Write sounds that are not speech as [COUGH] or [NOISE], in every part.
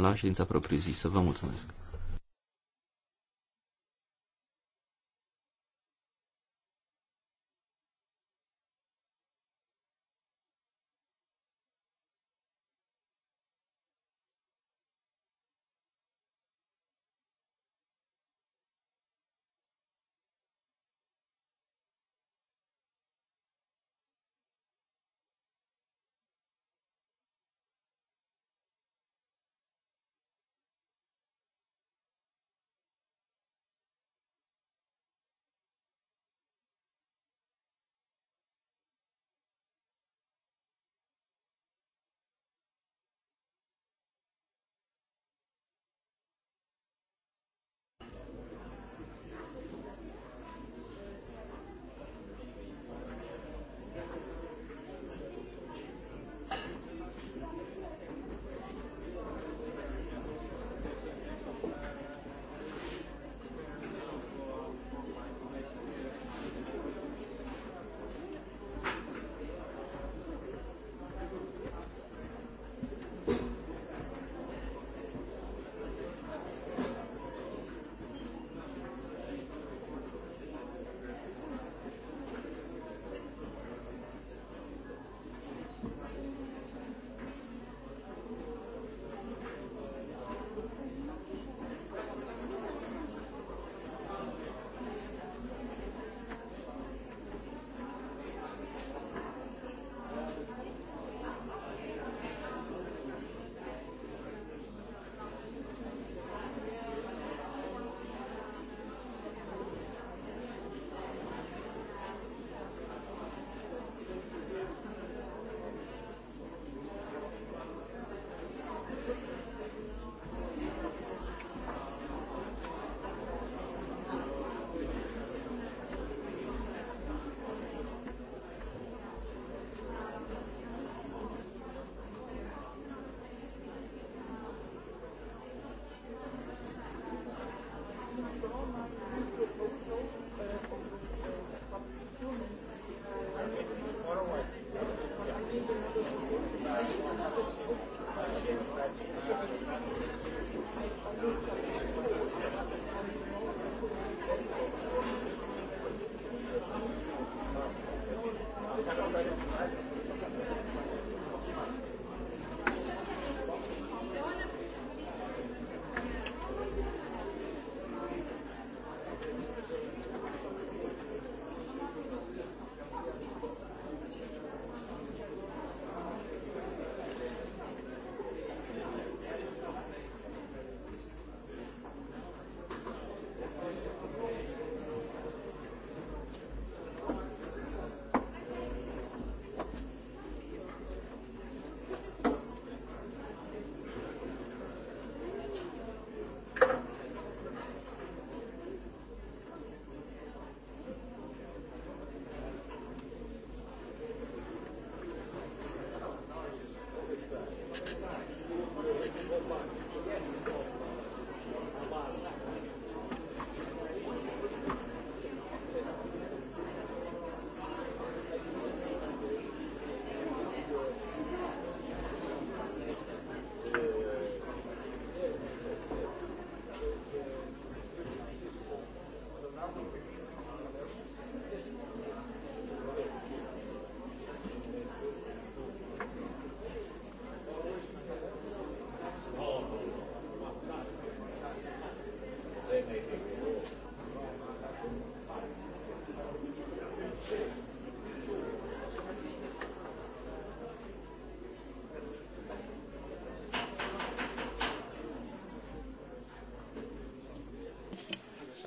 la ședința propriu-zisă. Vă mulțumesc!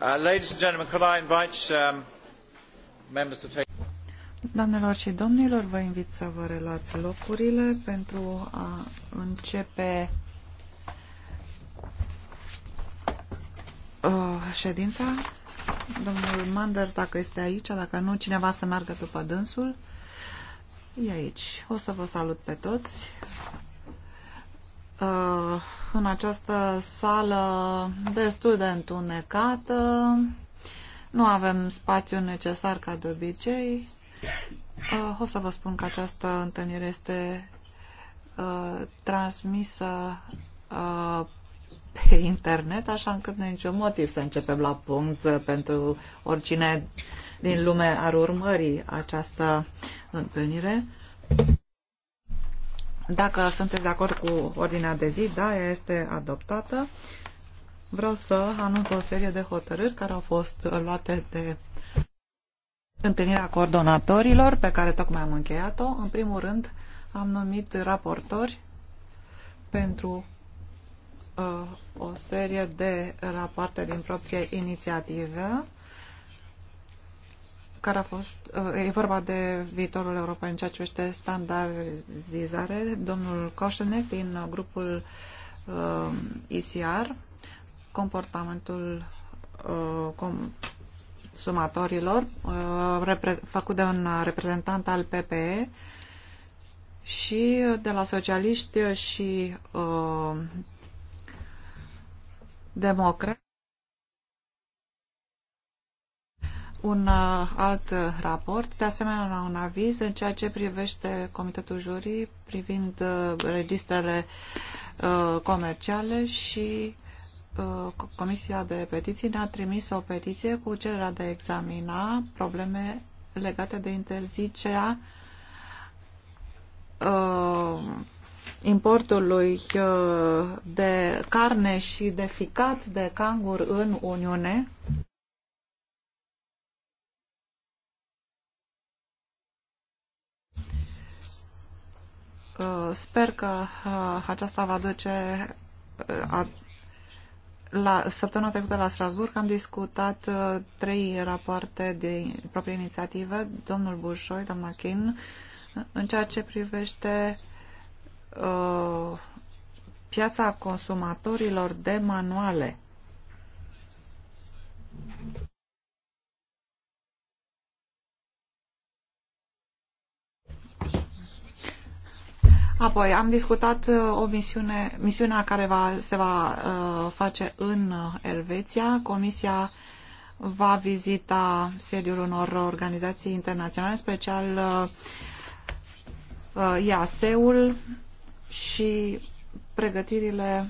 Uh, ladies and gentlemen, could I invite um, members to take... Doamnelor și domnilor, vă invit să vă relați locurile pentru a începe uh, ședința. Domnul Manders, dacă este aici, dacă nu, cineva să meargă după dânsul. E aici. O să vă salut pe toți. Uh, în această sală destul de întunecată. Nu avem spațiu necesar ca de obicei. Uh, o să vă spun că această întâlnire este uh, transmisă uh, pe internet, așa încât nu e niciun motiv să începem la punct pentru oricine din lume ar urmări această întâlnire. Dacă sunteți de acord cu ordinea de zi, da, ea este adoptată. Vreau să anunț o serie de hotărâri care au fost luate de întâlnirea coordonatorilor pe care tocmai am încheiat-o. În primul rând, am numit raportori pentru uh, o serie de rapoarte din proprie inițiativă care a fost, uh, e vorba de viitorul european în ceea ce este standardizare, domnul Coșenec din grupul uh, ICR, comportamentul uh, com consumatorilor, uh, făcut de un reprezentant al PPE și de la socialiști și uh, democrați un uh, alt uh, raport, de asemenea un aviz în ceea ce privește Comitetul Jurii privind uh, registrele comerciale și Comisia de Petiții ne-a trimis o petiție cu cererea de a examina probleme legate de interzicea uh, importului uh, de carne și de ficat de cangur în Uniune. Uh, sper că uh, aceasta va duce uh, a, la săptămâna trecută la Strasburg am discutat trei rapoarte de proprie inițiativă, domnul Bușoi, doamna Kim, în ceea ce privește uh, piața consumatorilor de manuale. Apoi am discutat uh, o misiune, misiunea care va, se va uh, face în uh, Elveția. Comisia va vizita sediul unor organizații internaționale, în special uh, uh IAS-ul și pregătirile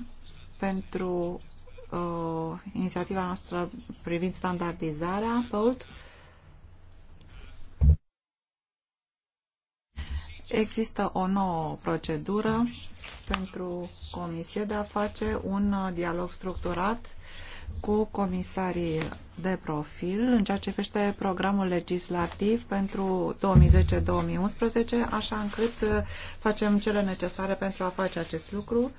pentru uh, inițiativa noastră privind standardizarea POUT. Există o nouă procedură pentru Comisie de a face un uh, dialog structurat cu comisarii de profil în ceea ce privește programul legislativ pentru 2010-2011, așa încât uh, facem cele necesare pentru a face acest lucru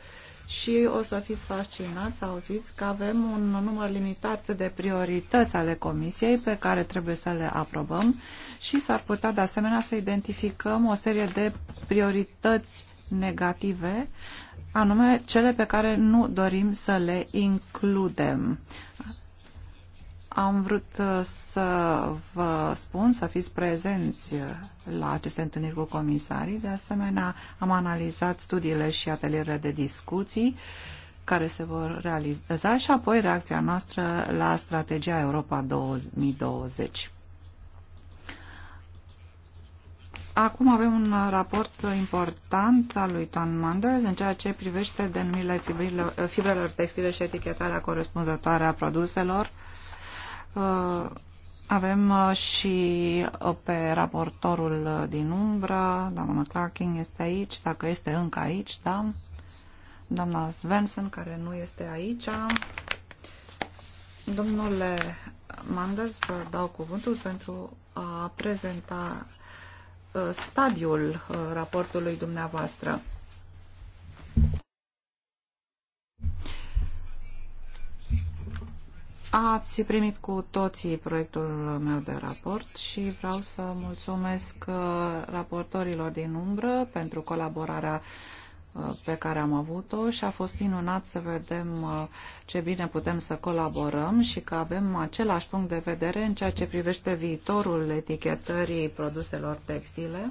și o să fiți fascinați să auziți că avem un număr limitat de priorități ale Comisiei pe care trebuie să le aprobăm și s-ar putea de asemenea să identificăm o serie de priorități negative, anume cele pe care nu dorim să le includem. Am vrut uh, să vă spun să fiți prezenți uh, la aceste întâlniri cu comisarii. De asemenea, am analizat studiile și atelierele de discuții care se vor realiza și apoi reacția noastră la strategia Europa 2020. Acum avem un raport important al lui Tom Manders în ceea ce privește denumirile fibrelor textile și etichetarea corespunzătoare a produselor Uh, avem uh, și uh, pe raportorul din umbră, doamna Clarking este aici, dacă este încă aici, da? Doamna Svensson, care nu este aici. Domnule Manders, vă dau cuvântul pentru a prezenta stadiul raportului dumneavoastră. Ați primit cu toții proiectul meu de raport și vreau să mulțumesc uh, raportorilor din umbră pentru colaborarea uh, pe care am avut-o și a fost minunat să vedem uh, ce bine putem să colaborăm și că avem același punct de vedere în ceea ce privește viitorul etichetării produselor textile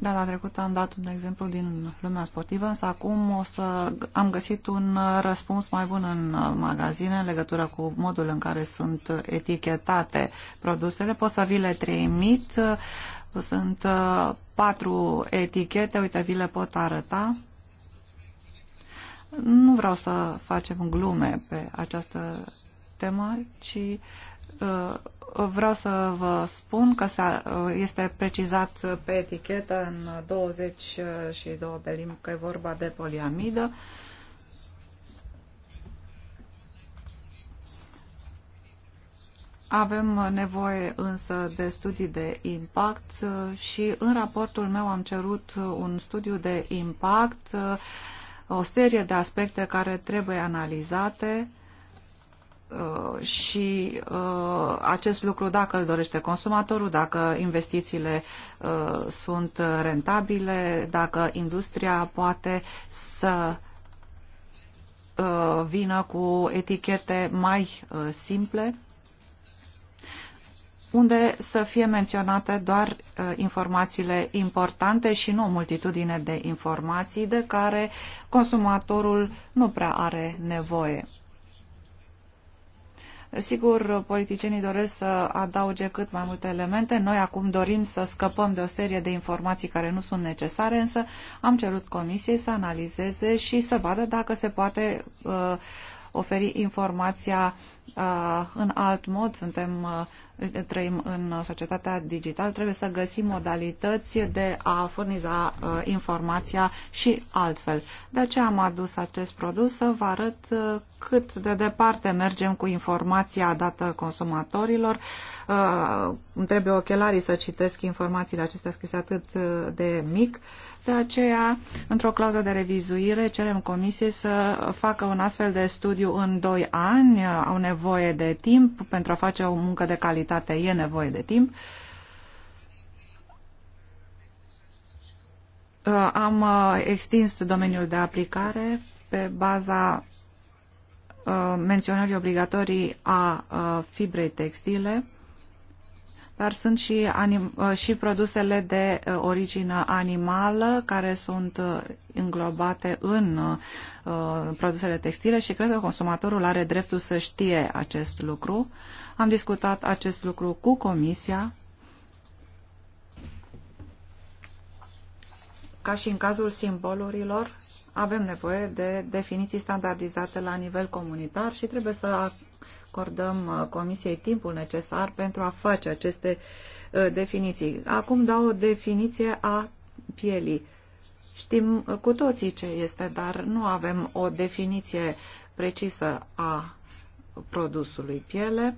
Da, la trecut am dat un exemplu din lumea sportivă, însă acum o să am găsit un răspuns mai bun în uh, magazine în legătură cu modul în care sunt etichetate produsele. Pot să vi le trimit. Sunt uh, patru etichete, uite, vi le pot arăta. Nu vreau să facem glume pe această temă, ci uh, vreau să vă spun că este precizat pe etichetă în 22 de limbi că e vorba de poliamidă. Avem nevoie însă de studii de impact și în raportul meu am cerut un studiu de impact, o serie de aspecte care trebuie analizate Uh, și uh, acest lucru dacă îl dorește consumatorul, dacă investițiile uh, sunt rentabile, dacă industria poate să vină cu etichete mai simple unde să fie menționate doar informațiile importante și nu o multitudine de informații de care consumatorul nu prea are nevoie. Sigur, politicienii doresc să adauge cât mai multe elemente. Noi acum dorim să scăpăm de o serie de informații care nu sunt necesare, însă am cerut comisiei să analizeze și să vadă dacă se poate uh, oferi informația Uh, în alt mod, suntem, uh, trăim în societatea digitală, trebuie să găsim modalități de a furniza uh, informația și altfel. De aceea am adus acest produs să vă arăt cât de departe mergem cu informația dată consumatorilor, Uh, îmi trebuie ochelarii să citesc informațiile acestea scrise atât uh, de mic. De aceea, într-o clauză de revizuire, cerem comisiei să facă un astfel de studiu în 2 ani. Uh, au nevoie de timp pentru a face o muncă de calitate, e nevoie de timp. Am extins domeniul de aplicare pe baza menționării obligatorii a fibrei textile dar sunt și, uh, și produsele de uh, origine animală care sunt uh, înglobate în produsele textile și cred că consumatorul are dreptul să știe acest lucru. Am discutat acest lucru cu Comisia. Ca și în cazul simbolurilor, avem nevoie de definiții standardizate la nivel comunitar și trebuie să acordăm uh, Comisiei timpul necesar pentru a face aceste uh, definiții. Acum dau o definiție a pielii. Știm uh, cu toții ce este, dar nu avem o definiție precisă a produsului piele.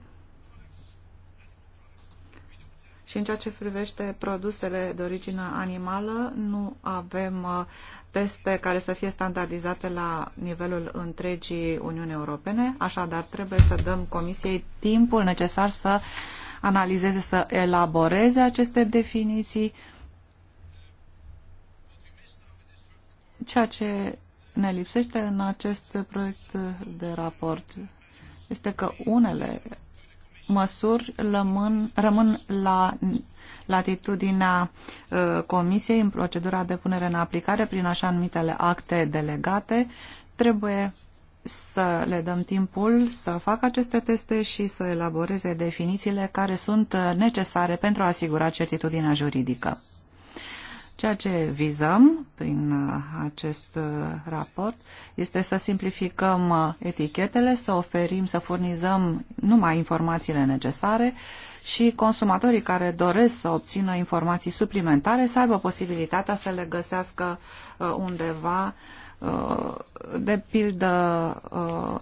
Și în ceea ce privește produsele de origine animală, nu avem teste care să fie standardizate la nivelul întregii Uniuni Europene, așadar trebuie să dăm Comisiei timpul necesar să analizeze, să elaboreze aceste definiții, ceea ce ne lipsește în acest proiect de raport este că unele măsuri rămân, rămân la latitudinea uh, Comisiei în procedura de punere în aplicare prin așa numitele acte delegate. Trebuie să le dăm timpul să facă aceste teste și să elaboreze definițiile care sunt uh, necesare pentru a asigura certitudinea juridică. Ceea ce vizăm prin uh, acest raport este să simplificăm etichetele, să oferim, să furnizăm numai informațiile necesare și consumatorii care doresc să obțină informații suplimentare să aibă posibilitatea să le găsească uh, undeva uh, de pildă uh,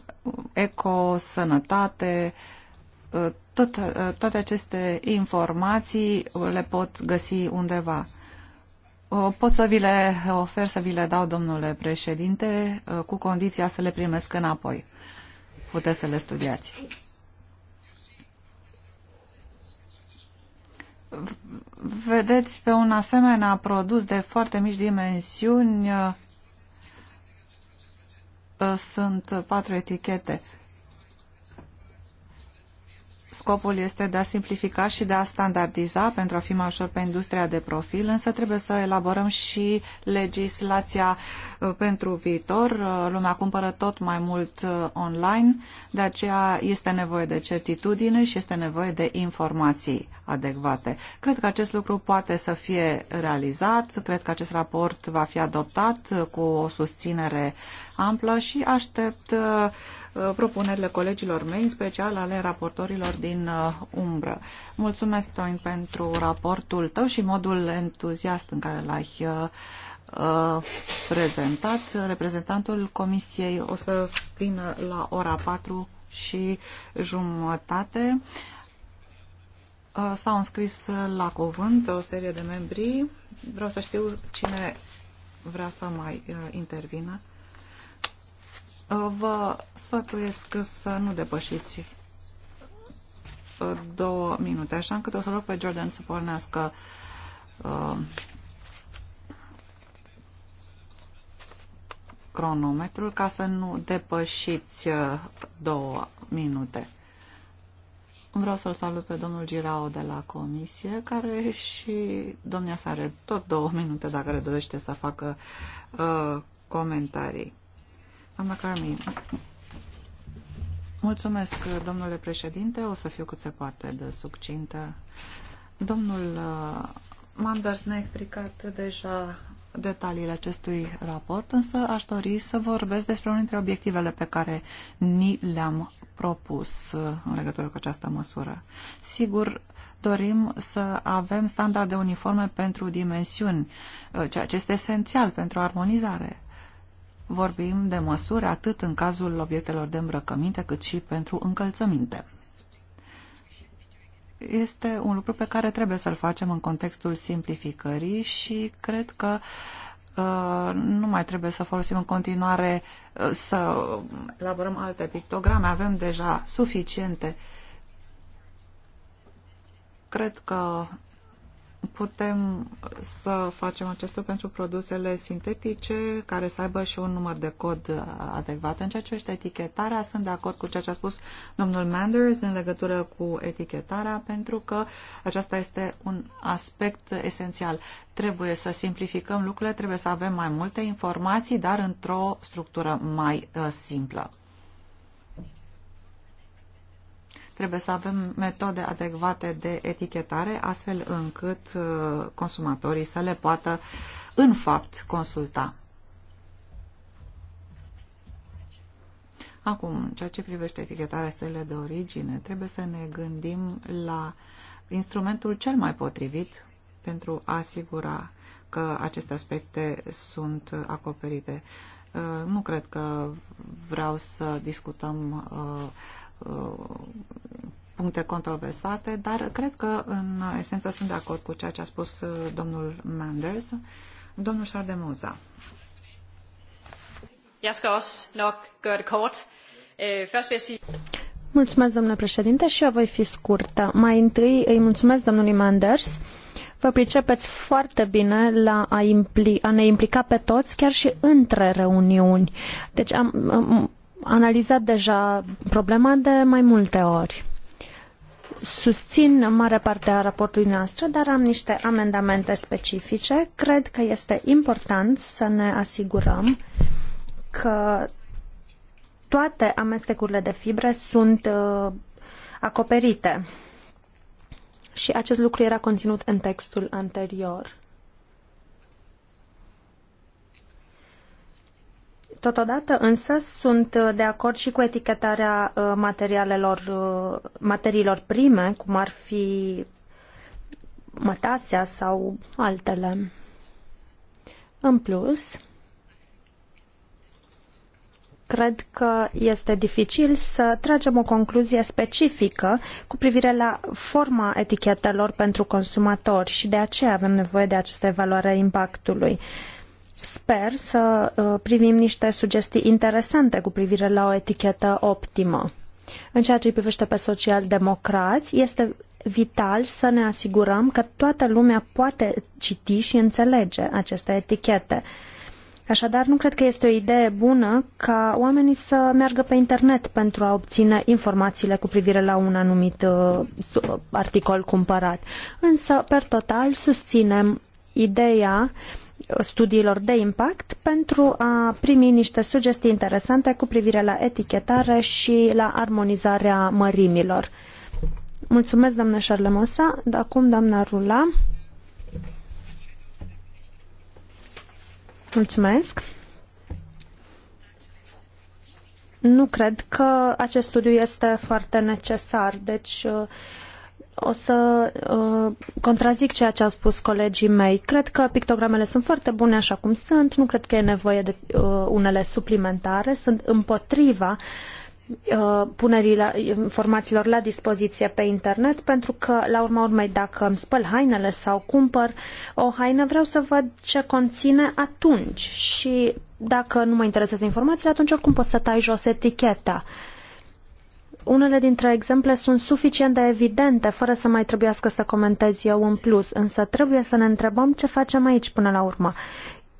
eco, sănătate, tot, toate aceste informații le pot găsi undeva. Pot să vi le ofer, să vi le dau, domnule președinte, cu condiția să le primesc înapoi. Puteți să le studiați. vedeți pe un asemenea produs de foarte mici dimensiuni uh, sunt patru etichete. Scopul este de a simplifica și de a standardiza pentru a fi mai ușor pe industria de profil, însă trebuie să elaborăm și legislația uh, pentru viitor. Uh, lumea cumpără tot mai mult uh, online, de aceea este nevoie de certitudine și este nevoie de informații adecvate. Cred că acest lucru poate să fie realizat, cred că acest raport va fi adoptat cu o susținere amplă și aștept uh, Uh, propunerile colegilor mei, în special ale raportorilor din uh, umbră. Mulțumesc, Toin, pentru raportul tău și modul entuziast în care l-ai uh, prezentat. Reprezentantul comisiei o să vină la ora 4 și jumătate. S-au înscris la cuvânt o serie de membri. Vreau să știu cine vrea să mai intervină. Vă sfătuiesc să nu depășiți uh, două minute, așa încât o să rog pe Jordan să pornească uh, cronometrul ca să nu depășiți uh, două minute. Vreau să-l salut pe domnul Girao de la comisie, care și domnia Sare are tot două minute dacă le dorește să facă uh, comentarii mulțumesc, domnule președinte, o să fiu cât se poate de succintă. Domnul uh, Manders ne-a explicat deja detaliile acestui raport, însă aș dori să vorbesc despre unul dintre obiectivele pe care ni le-am propus uh, în legătură cu această măsură. Sigur, dorim să avem standarde uniforme pentru dimensiuni, uh, ceea ce este esențial pentru armonizare vorbim de măsuri atât în cazul obiectelor de îmbrăcăminte cât și pentru încălțăminte. Este un lucru pe care trebuie să-l facem în contextul simplificării și cred că uh, nu mai trebuie să folosim în continuare uh, să elaborăm alte pictograme. Avem deja suficiente. Cred că putem să facem acest lucru pentru produsele sintetice care să aibă și un număr de cod adecvat. În ceea ce privește etichetarea, sunt de acord cu ceea ce a spus domnul Manders în legătură cu etichetarea, pentru că aceasta este un aspect esențial. Trebuie să simplificăm lucrurile, trebuie să avem mai multe informații, dar într-o structură mai uh, simplă. Trebuie să avem metode adecvate de etichetare, astfel încât uh, consumatorii să le poată, în fapt, consulta. Acum, ceea ce privește etichetarea țările de origine, trebuie să ne gândim la instrumentul cel mai potrivit pentru a asigura că aceste aspecte sunt acoperite. Uh, nu cred că vreau să discutăm uh, Uh, puncte controversate, dar cred că în esență sunt de acord cu ceea ce a spus uh, domnul Manders, domnul Șardemoza. Øh, mulțumesc, domnule președinte, și eu voi fi scurtă. Mai întâi îi mulțumesc domnului Manders. Vă pricepeți foarte bine la a, impli, a ne implica pe toți, chiar și între reuniuni. Deci am, am analizat deja problema de mai multe ori. Susțin mare parte a raportului noastră, dar am niște amendamente specifice. Cred că este important să ne asigurăm că toate amestecurile de fibre sunt uh, acoperite. Și acest lucru era conținut în textul anterior. Totodată însă sunt uh, de acord și cu etichetarea uh, materialelor, uh, materiilor prime, cum ar fi mătasea sau altele. În plus, cred că este dificil să tragem o concluzie specifică cu privire la forma etichetelor pentru consumatori și de aceea avem nevoie de această evaluare a impactului. Uh, Sper să uh, primim niște sugestii interesante cu privire la o etichetă optimă. În ceea ce îi privește pe socialdemocrați, este vital să ne asigurăm că toată lumea poate citi și înțelege aceste etichete. Așadar, nu cred că este o idee bună ca oamenii să meargă pe internet pentru a obține informațiile cu privire la un anumit uh, articol cumpărat. Însă, per total, susținem ideea uh, studiilor de impact pentru a primi niște sugestii interesante cu privire la etichetare și la armonizarea mărimilor. Mulțumesc, doamna Șarlemosa. Acum, doamna Rula. Mulțumesc. Nu cred că acest studiu este foarte necesar, deci uh, o să uh, contrazic ceea ce au spus colegii mei. Cred că pictogramele sunt foarte bune așa cum sunt, nu cred că e nevoie de uh, unele suplimentare, sunt împotriva uh, punerii la, informațiilor la dispoziție pe internet, pentru că, la urma urmei, dacă îmi spăl hainele sau cumpăr o haină, vreau să văd ce conține atunci și dacă nu mă interesează informațiile, atunci oricum pot să tai jos eticheta. Uh, unele dintre exemple sunt suficient de evidente, fără să mai trebuiască să comentez eu în plus, însă trebuie să ne întrebăm ce facem aici până la urmă.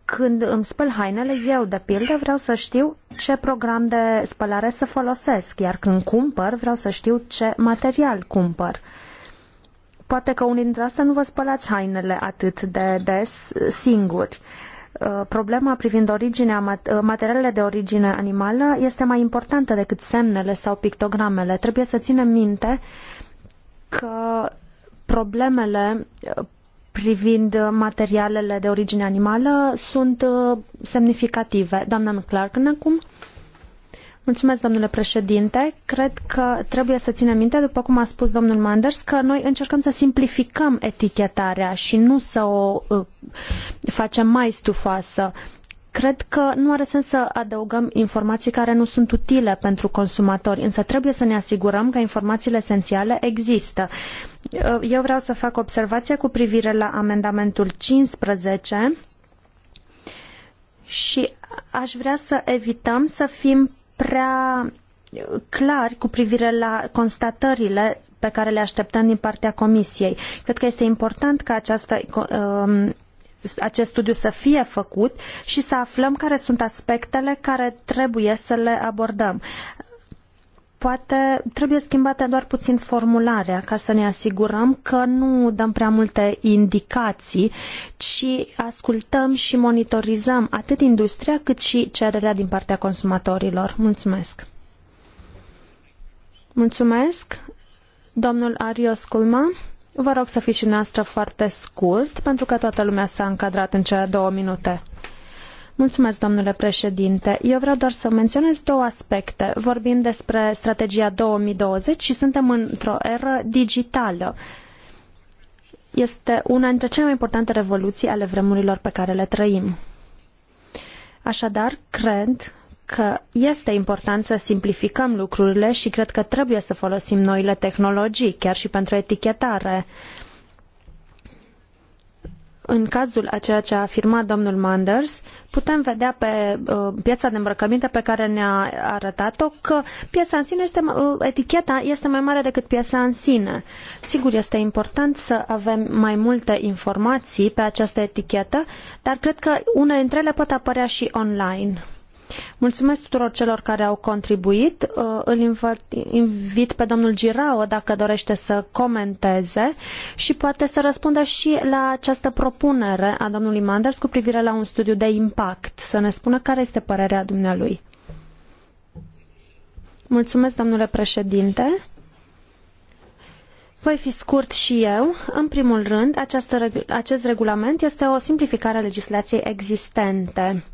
Când îmi spăl hainele, eu, de pildă, vreau să știu ce program de spălare să folosesc, iar când cumpăr, vreau să știu ce material cumpăr. Poate că unii dintre astea nu vă spălați hainele atât de des singuri. Uh, Uh, problema privind originea, uh, materialele de origine animală este mai importantă decât semnele sau pictogramele. Trebuie să ținem minte că problemele uh, privind materialele de origine animală sunt semnificative. Doamna McClarkin acum. Mulțumesc, domnule președinte. Cred că trebuie să ținem minte, după cum a spus domnul Manders, că noi încercăm să simplificăm etichetarea și nu să o uh, facem mai stufoasă. Cred că nu are sens să adăugăm informații care nu sunt utile pentru consumatori, însă trebuie să ne asigurăm că informațiile esențiale există. Uh, eu vreau să fac observație cu privire la amendamentul 15 și aș vrea să evităm să fim prea clari cu privire la constatările pe care le așteptăm din partea Comisiei. Cred că este important ca această um, acest studiu să fie făcut și să aflăm care sunt aspectele care trebuie să le abordăm. Poate trebuie schimbată doar puțin formularea ca să ne asigurăm că nu dăm prea multe indicații, ci ascultăm și monitorizăm atât industria cât și cererea din partea consumatorilor. Mulțumesc! Mulțumesc! Domnul Arios Culma, vă rog să fiți și noastră foarte scurt, pentru că toată lumea s-a încadrat în cele două minute. Mulțumesc, domnule președinte. Eu vreau doar să menționez două aspecte. Vorbim despre strategia 2020 și suntem într-o eră digitală. Este una dintre cele mai importante revoluții ale vremurilor pe care le trăim. Așadar, cred că este important să simplificăm lucrurile și cred că trebuie să folosim noile tehnologii, chiar și pentru etichetare. În cazul a ceea ce a afirmat domnul Manders, putem vedea pe uh, piața de îmbrăcăminte pe care ne-a arătat-o că piața în sine este, uh, eticheta este mai mare decât piața în sine. Sigur, este important să avem mai multe informații pe această etichetă, dar cred că unele dintre ele pot apărea și online. Mulțumesc tuturor celor care au contribuit. Uh, îl invit pe domnul Girao dacă dorește să comenteze și poate să răspundă și la această propunere a domnului Manders cu privire la un studiu de impact, să ne spună care este părerea dumnealui. Mulțumesc, domnule președinte. Voi fi scurt și eu. În primul rând, această, acest regulament este o simplificare a legislației existente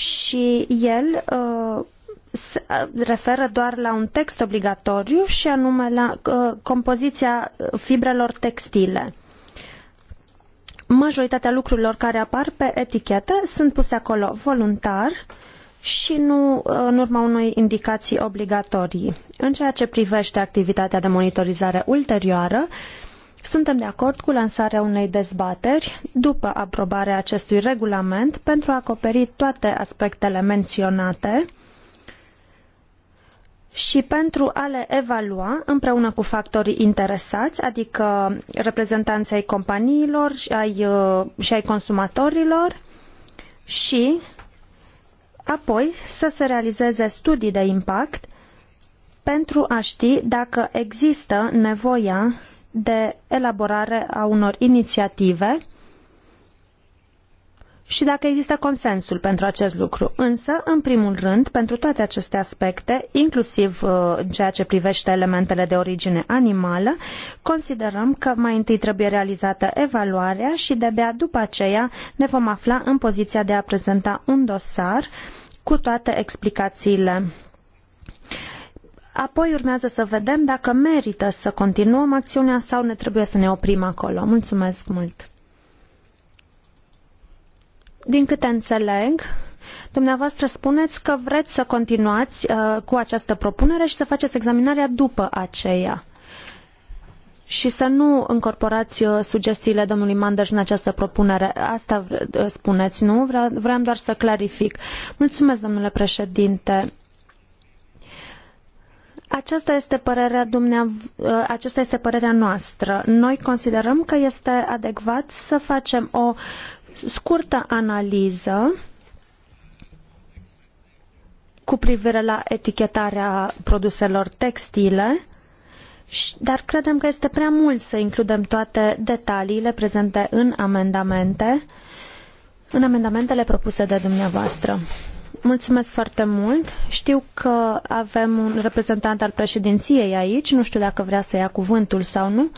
și el uh, se uh, referă doar la un text obligatoriu și anume la uh, compoziția fibrelor textile. Majoritatea lucrurilor care apar pe etichetă sunt puse acolo voluntar și nu uh, în urma unei indicații obligatorii. În ceea ce privește activitatea de monitorizare ulterioară, uh, suntem de acord cu lansarea unei dezbateri după aprobarea acestui regulament pentru a acoperi toate aspectele menționate și pentru a le evalua împreună cu factorii interesați, adică reprezentanții ai companiilor și ai, uh, și ai consumatorilor și apoi să se realizeze studii de impact pentru a ști dacă există nevoia de elaborare a unor inițiative și dacă există consensul pentru acest lucru. Însă, în primul rând, pentru toate aceste aspecte, inclusiv uh, în ceea ce privește elementele de origine animală, considerăm că mai întâi trebuie realizată evaluarea și de-abia după aceea ne vom afla în poziția de a prezenta un dosar cu toate explicațiile Apoi urmează să vedem dacă merită să continuăm acțiunea sau ne trebuie să ne oprim acolo. Mulțumesc mult! Din câte înțeleg, dumneavoastră spuneți că vreți să continuați uh, cu această propunere și să faceți examinarea după aceea și să nu încorporați uh, sugestiile domnului Manders în această propunere. Asta uh, spuneți, nu? Vreau doar să clarific. Mulțumesc, domnule președinte. Aceasta este părerea, dumneav- ă, aceasta este părerea noastră. Noi considerăm că este adecvat să facem o scurtă analiză cu privire la etichetarea produselor textile, dar credem că este prea mult să includem toate detaliile prezente în amendamente, în amendamentele propuse de dumneavoastră. Mulțumesc foarte mult. Știu că avem un reprezentant al președinției aici. Nu știu dacă vrea să ia cuvântul sau nu.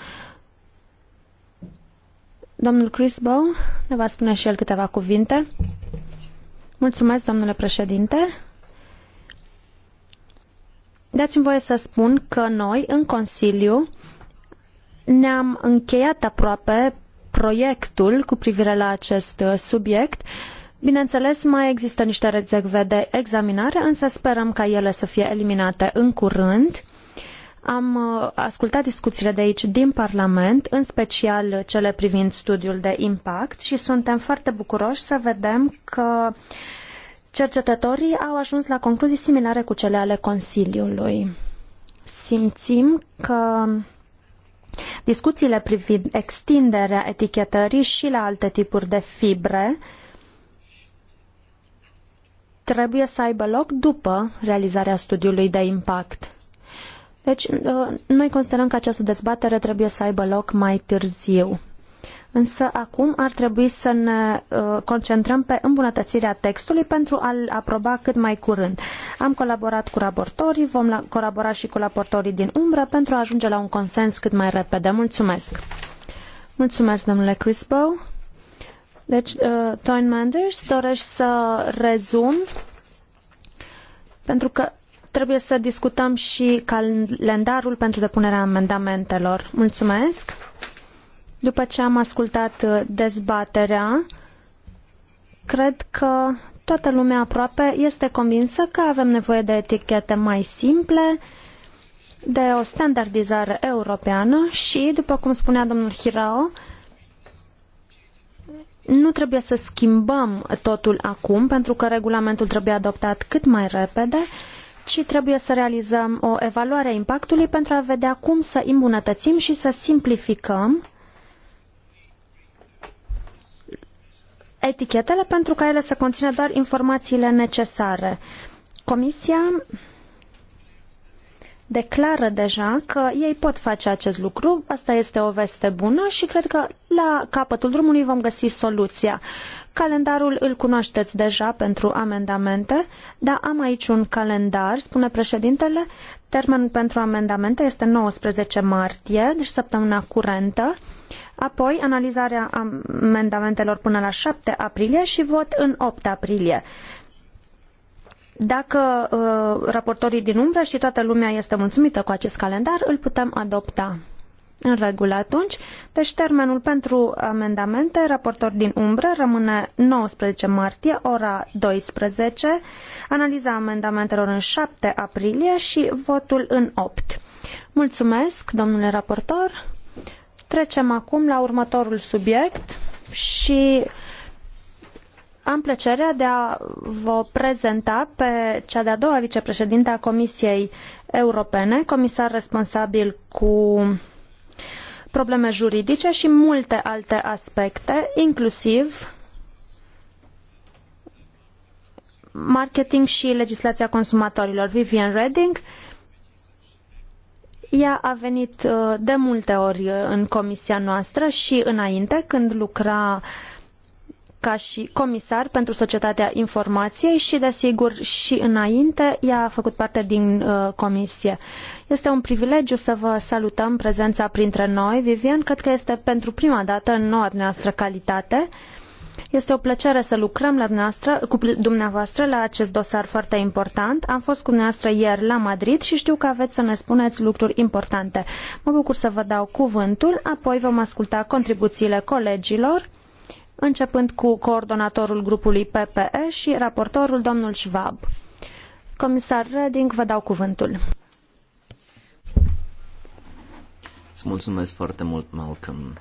Domnul Chris Crisbow ne va spune și el câteva cuvinte. Mulțumesc, domnule președinte. Dați-mi voie să spun că noi, în Consiliu, ne-am încheiat aproape proiectul cu privire la acest subiect. Bineînțeles, mai există niște rezerve de examinare, însă sperăm ca ele să fie eliminate în curând. Am uh, ascultat discuțiile de aici din Parlament, în special cele privind studiul de impact și suntem foarte bucuroși să vedem că cercetătorii au ajuns la concluzii similare cu cele ale Consiliului. Simțim că discuțiile privind extinderea etichetării și la alte tipuri de fibre trebuie să aibă loc după realizarea studiului de impact. Deci, uh, noi considerăm că această dezbatere trebuie să aibă loc mai târziu. Însă acum ar trebui să ne uh, concentrăm pe îmbunătățirea textului pentru a-l aproba cât mai curând. Am colaborat cu raportorii, vom colabora și cu raportorii din umbră pentru a ajunge la un consens cât mai repede. Mulțumesc! Mulțumesc, domnule Crispo. Deci, uh, Toin Manders, dorești să rezum? Pentru că trebuie să discutăm și calendarul pentru depunerea amendamentelor. Mulțumesc! După ce am ascultat uh, dezbaterea, cred că toată lumea aproape este convinsă că avem nevoie de etichete mai simple, de o standardizare europeană și, după cum spunea domnul Hirao, nu trebuie să schimbăm totul acum, pentru că regulamentul trebuie adoptat cât mai repede, ci trebuie să realizăm o evaluare a impactului pentru a vedea cum să îmbunătățim și să simplificăm etichetele pentru ca ele să conțină doar informațiile necesare. Comisia declară deja că ei pot face acest lucru, asta este o veste bună și cred că la capătul drumului vom găsi soluția. Calendarul îl cunoașteți deja pentru amendamente, dar am aici un calendar, spune președintele. Termenul pentru amendamente este 19 martie, deci săptămâna curentă. Apoi analizarea amendamentelor până la 7 aprilie și vot în 8 aprilie. Dacă uh, raportorii din umbră și toată lumea este mulțumită cu acest calendar, îl putem adopta. În regulă atunci, deci termenul pentru amendamente, raportor din umbră, rămâne 19 martie, ora 12, analiza amendamentelor în 7 aprilie și votul în 8. Mulțumesc, domnule raportor. Trecem acum la următorul subiect și am plăcerea de a vă prezenta pe cea de-a doua vicepreședinte a Comisiei Europene, comisar responsabil cu probleme juridice și multe alte aspecte, inclusiv marketing și legislația consumatorilor. Vivian Redding, ea a venit uh, de multe ori uh, în comisia noastră și înainte, când lucra uh, ca și comisar pentru societatea informației și, desigur, și înainte ea a făcut parte din uh, comisie. Este un privilegiu să vă salutăm prezența printre noi. Vivian, cred că este pentru prima dată în noua noastră calitate. Este o plăcere să lucrăm la dumneavoastră, cu dumneavoastră la acest dosar foarte important. Am fost cu dumneavoastră ieri la Madrid și știu că aveți să ne spuneți lucruri importante. Mă bucur să vă dau cuvântul, apoi vom asculta contribuțiile colegilor începând cu coordonatorul grupului PPE și raportorul domnul Schwab. Comisar Reding, vă dau cuvântul. Îți mulțumesc foarte mult, Malcolm.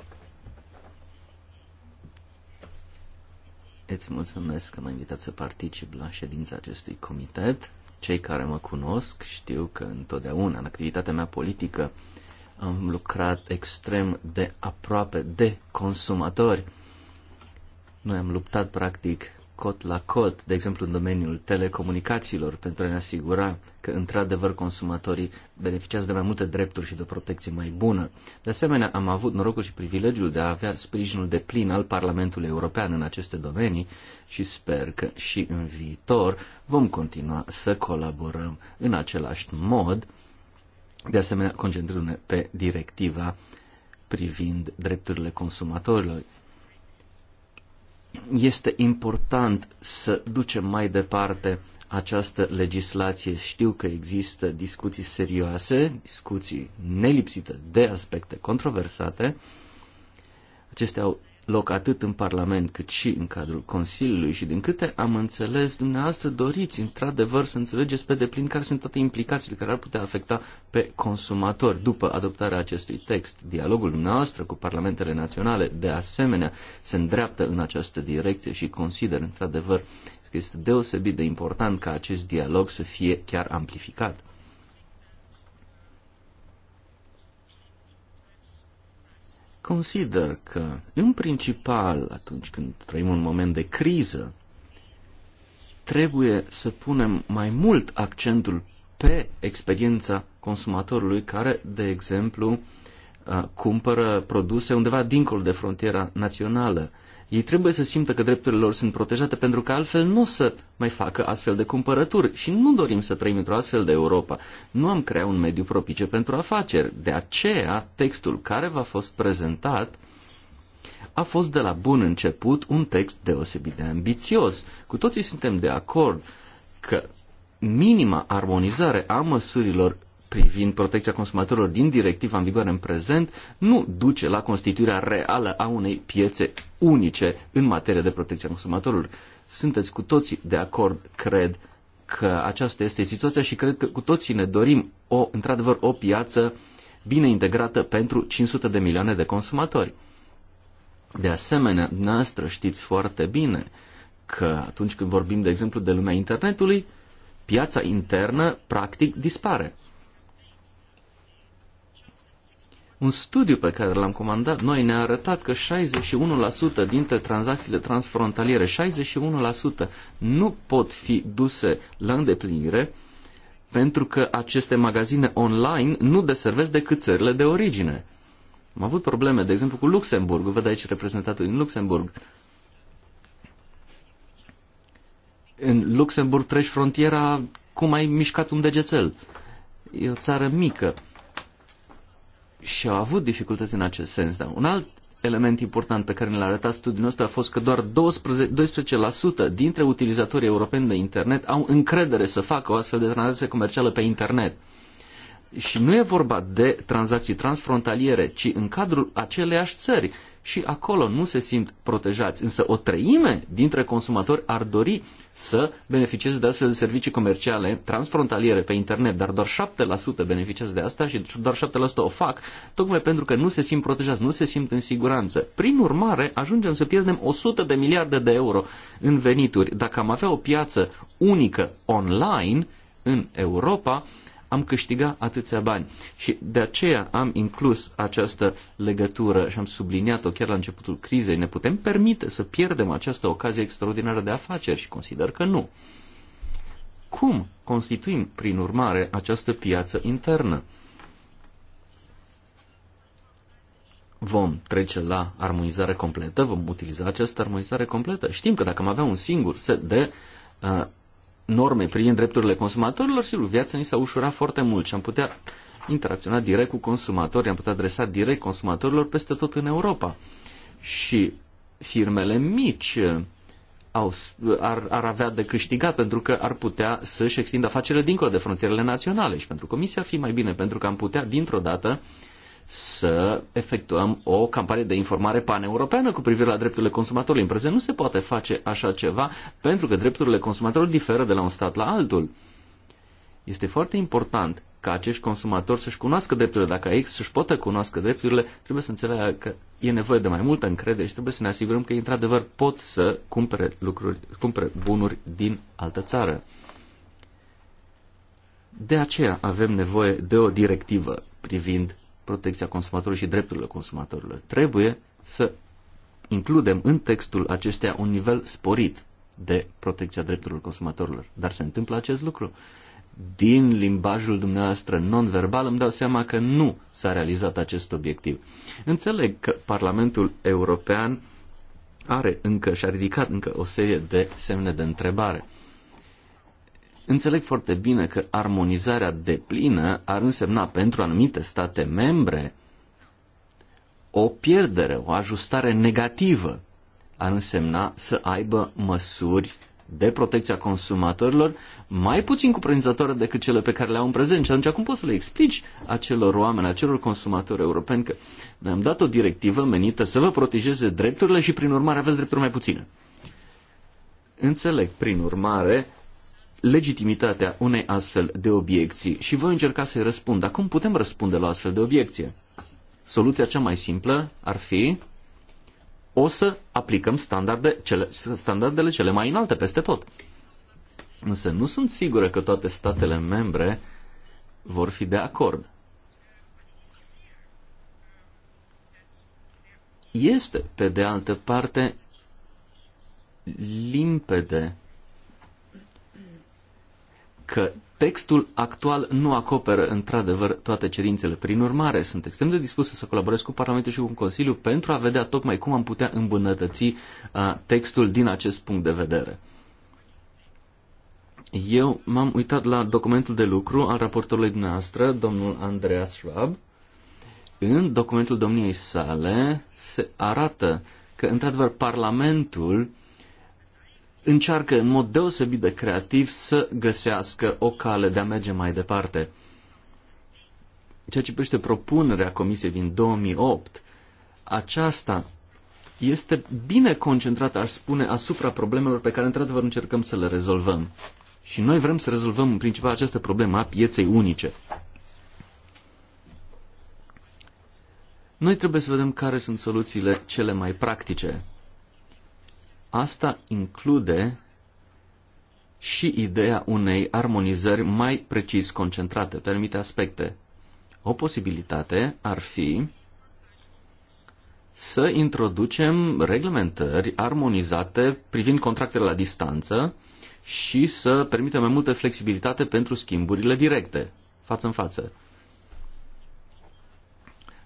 Îți mulțumesc că m ați invitat să particip la ședința acestui comitet. Cei care mă cunosc știu că întotdeauna, în activitatea mea politică, am lucrat extrem de aproape de consumatori noi am luptat practic cot la cot, de exemplu în domeniul telecomunicațiilor, pentru a ne asigura că într-adevăr consumatorii beneficiază de mai multe drepturi și de o protecție mai bună. De asemenea, am avut norocul și privilegiul de a avea sprijinul de plin al Parlamentului European în aceste domenii și sper că și în viitor vom continua să colaborăm în același mod, de asemenea concentrându-ne pe directiva privind drepturile consumatorilor, este important să ducem mai departe această legislație. Știu că există discuții serioase, discuții nelipsite de aspecte controversate. Acestea au loc atât în Parlament cât și în cadrul Consiliului și din câte am înțeles, dumneavoastră doriți într-adevăr să înțelegeți pe deplin care sunt toate implicațiile care ar putea afecta pe consumatori după adoptarea acestui text. Dialogul dumneavoastră cu Parlamentele Naționale de asemenea se îndreaptă în această direcție și consider într-adevăr că este deosebit de important ca acest dialog să fie chiar amplificat. Consider că, în principal, atunci când trăim un moment de criză, trebuie să punem mai mult accentul pe experiența consumatorului care, de exemplu, uh, cumpără produse undeva dincolo de frontiera națională ei trebuie să simtă că drepturile lor sunt protejate pentru că altfel nu o să mai facă astfel de cumpărături și nu dorim să trăim într-o astfel de Europa. Nu am creat un mediu propice pentru afaceri. De aceea, textul care v-a fost prezentat a fost de la bun început un text deosebit de ambițios. Cu toții suntem de acord că minima armonizare a măsurilor privind protecția consumatorilor din directiva în vigoare în prezent nu duce la constituirea reală a unei piețe unice în materie de protecția consumatorilor. Sunteți cu toții de acord, cred, că aceasta este situația și cred că cu toții ne dorim o, într-adevăr, o piață bine integrată pentru 500 de milioane de consumatori. De asemenea, noastră știți foarte bine că atunci când vorbim, de exemplu, de lumea internetului, piața internă practic dispare. Un studiu pe care l-am comandat noi ne-a arătat că 61% dintre tranzacțiile transfrontaliere, 61% nu pot fi duse la îndeplinire pentru că aceste magazine online nu deservesc decât țările de origine. Am avut probleme, de exemplu, cu Luxemburg. Văd aici reprezentatul din Luxemburg. În Luxemburg treci frontiera cum ai mișcat un degețel. E o țară mică și au avut dificultăți în acest sens. Dar un alt element important pe care ne l-a arătat studiul nostru a fost că doar 12, 12% dintre utilizatorii europeni de internet au încredere să facă o astfel de tranzacție comercială pe internet. Și nu e vorba de tranzacții transfrontaliere, ci în cadrul aceleiași țări. Și acolo nu se simt protejați, însă o treime dintre consumatori ar dori să beneficieze de astfel de servicii comerciale transfrontaliere pe internet, dar doar 7% beneficiază de asta și doar 7% o fac, tocmai pentru că nu se simt protejați, nu se simt în siguranță. Prin urmare, ajungem să pierdem 100 de miliarde de euro în venituri. Dacă am avea o piață unică online în Europa, am câștigat atâția bani. Și de aceea am inclus această legătură și am subliniat-o chiar la începutul crizei. Ne putem permite să pierdem această ocazie extraordinară de afaceri și consider că nu. Cum constituim, prin urmare, această piață internă? vom trece la armonizare completă, vom utiliza această armonizare completă. Știm că dacă am avea un singur set de uh, norme privind drepturile consumatorilor, sigur, viața ni s-a ușurat foarte mult și am putea interacționa direct cu consumatorii, am putea adresa direct consumatorilor peste tot în Europa. Și firmele mici uh, au, uh, ar, ar avea de câștigat pentru că ar putea să-și extindă afacerile dincolo de frontierele naționale și pentru Comisia ar fi mai bine pentru că am putea dintr-o dată uh, să efectuăm o campanie de informare paneuropeană cu privire la drepturile consumatorilor. În prezent nu se poate face așa ceva pentru că drepturile consumatorilor diferă de la un stat la altul. Este foarte important ca acești consumatori să-și cunoască drepturile. Dacă ei să-și poată cunoască drepturile, trebuie să înțeleagă că e nevoie de mai multă încredere și trebuie să ne asigurăm că într-adevăr, pot să cumpere, lucruri, cumpere bunuri din altă țară. De aceea avem nevoie de o directivă privind protecția consumatorului și drepturile consumatorilor. Trebuie să includem în textul acestea un nivel sporit de protecția drepturilor consumatorilor. Dar se întâmplă acest lucru? Din limbajul dumneavoastră non-verbal îmi dau seama că nu s-a realizat acest obiectiv. Înțeleg că Parlamentul European are încă și-a ridicat încă o serie de semne de întrebare Înțeleg foarte bine că armonizarea deplină ar însemna pentru anumite state membre o pierdere, o ajustare negativă. Ar însemna să aibă măsuri de protecția consumatorilor mai puțin cuprinzătoare decât cele pe care le au în prezent. Și atunci acum poți să le explici acelor oameni, acelor consumatori europeni că ne-am dat o directivă menită să vă protejeze drepturile și prin urmare aveți drepturi mai puține. Înțeleg, prin urmare, legitimitatea unei astfel de obiecții și voi încerca să-i răspund. Dar cum putem răspunde la astfel de obiecție? Soluția cea mai simplă ar fi o să aplicăm standarde, cele, standardele cele mai înalte peste tot. Însă nu sunt sigură că toate statele membre vor fi de acord. Este, pe de altă parte, limpede că textul actual nu acoperă într-adevăr toate cerințele. Prin urmare, sunt extrem de dispus să colaborez cu Parlamentul și cu Consiliul pentru a vedea tocmai cum am putea îmbunătăți uh, textul din acest punct de vedere. Eu m-am uitat la documentul de lucru al raportorului dumneavoastră, domnul Andreas Schwab. În documentul domniei sale se arată că, într-adevăr, Parlamentul încearcă în mod deosebit de creativ să găsească o cale de a merge mai departe. Ceea ce privește propunerea Comisiei din 2008, aceasta este bine concentrată, aș spune, asupra problemelor pe care, într-adevăr, încercăm să le rezolvăm. Și noi vrem să rezolvăm, în principal, această problemă a pieței unice. Noi trebuie să vedem care sunt soluțiile cele mai practice Asta include și ideea unei armonizări mai precis concentrate pe anumite aspecte. O posibilitate ar fi să introducem reglementări armonizate privind contractele la distanță și să permitem mai multă flexibilitate pentru schimburile directe, față în față.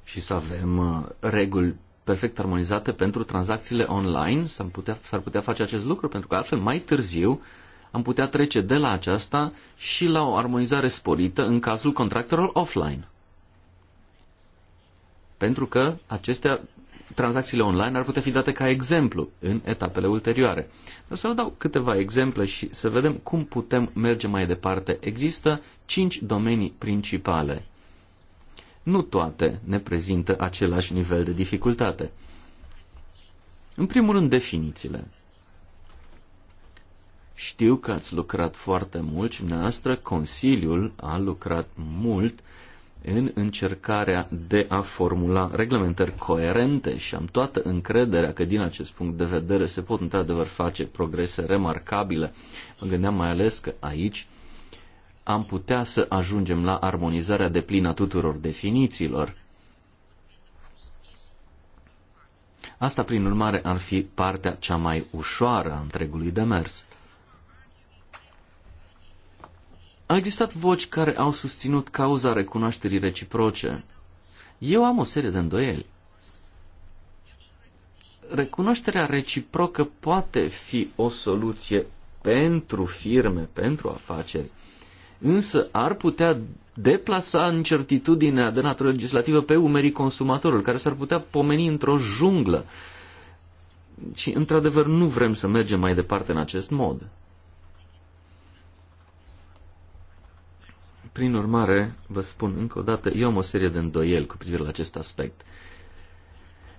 Și să avem uh, reguli perfect armonizate pentru tranzacțiile online, s-ar putea, s-ar putea face acest lucru, pentru că altfel mai târziu am putea trece de la aceasta și la o armonizare sporită în cazul contractelor offline. Pentru că acestea, tranzacțiile online ar putea fi date ca exemplu în etapele ulterioare. Dar să vă dau câteva exemple și să vedem cum putem merge mai departe. Există cinci domenii principale nu toate ne prezintă același nivel de dificultate. În primul rând, definițiile. Știu că ați lucrat foarte mult și dumneavoastră Consiliul a lucrat mult în încercarea de a formula reglementări coerente și am toată încrederea că din acest punct de vedere se pot într-adevăr face progrese remarcabile. Mă gândeam mai ales că aici am putea să ajungem la armonizarea deplină a tuturor definițiilor. Asta, prin urmare, ar fi partea cea mai ușoară a întregului demers. Au existat voci care au susținut cauza recunoașterii reciproce. Eu am o serie de îndoieli. Recunoașterea reciprocă poate fi o soluție pentru firme, pentru afaceri, însă ar putea deplasa incertitudinea de natură legislativă pe umerii consumatorului, care s-ar putea pomeni într-o junglă. Și, într-adevăr, nu vrem să mergem mai departe în acest mod. Prin urmare, vă spun încă o dată, eu am o serie de îndoieli cu privire la acest aspect.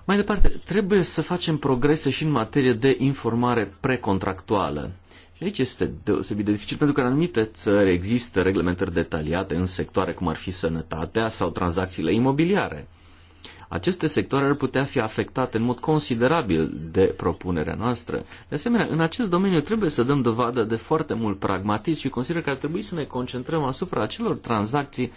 Mai departe, trebuie să facem progrese și în materie de informare precontractuală. Și aici este deosebit de dificil pentru că în anumite țări există reglementări detaliate în sectoare cum ar fi sănătatea sau tranzacțiile imobiliare. Aceste sectoare ar putea fi afectate în mod considerabil de propunerea noastră. De asemenea, în acest domeniu trebuie să dăm dovadă de foarte mult pragmatism și consider că ar trebui să ne concentrăm asupra acelor tranzacții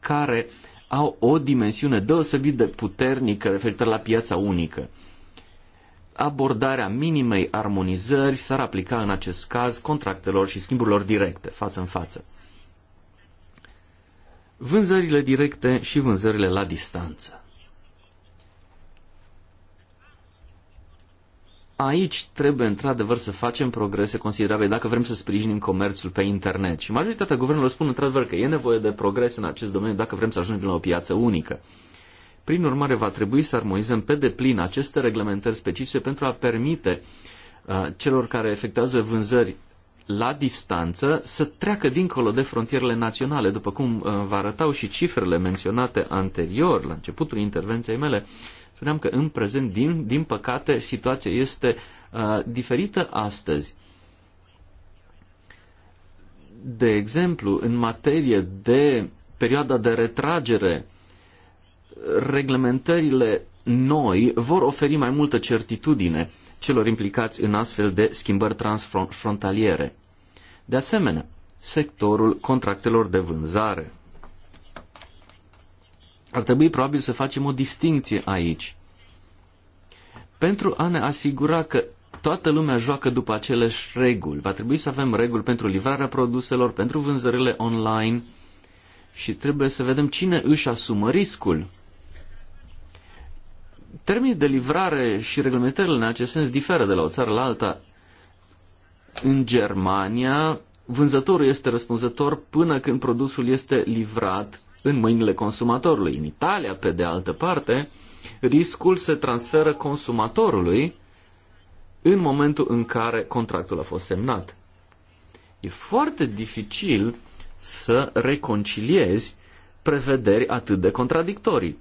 care au o dimensiune deosebit de puternică referitor la piața unică abordarea minimei armonizări s-ar aplica în acest caz contractelor și schimburilor directe, față în față. Vânzările directe și vânzările la distanță. Aici trebuie într-adevăr să facem progrese considerabile dacă vrem să sprijinim comerțul pe internet. Și majoritatea guvernelor spun într-adevăr că e nevoie de progres în acest domeniu dacă vrem să ajungem la o piață unică. Prin urmare, va trebui să armonizăm pe deplin aceste reglementări specifice pentru a permite uh, celor care efectuează vânzări la distanță să treacă dincolo de frontierele naționale. După cum uh, vă arătau și cifrele menționate anterior, la începutul intervenției mele, spuneam că în prezent, din, din păcate, situația este uh, diferită astăzi de exemplu, în materie de perioada de retragere reglementările noi vor oferi mai multă certitudine celor implicați în astfel de schimbări transfrontaliere. De asemenea, sectorul contractelor de vânzare. Ar trebui probabil să facem o distinție aici. Pentru a ne asigura că toată lumea joacă după aceleași reguli, va trebui să avem reguli pentru livrarea produselor, pentru vânzările online și trebuie să vedem cine își asumă riscul Termenii de livrare și reglementările în acest sens diferă de la o țară la alta. În Germania, vânzătorul este răspunzător până când produsul este livrat în mâinile consumatorului. În Italia, pe de altă parte, riscul se transferă consumatorului în momentul în care contractul a fost semnat. E foarte dificil să reconciliezi prevederi atât de contradictorii.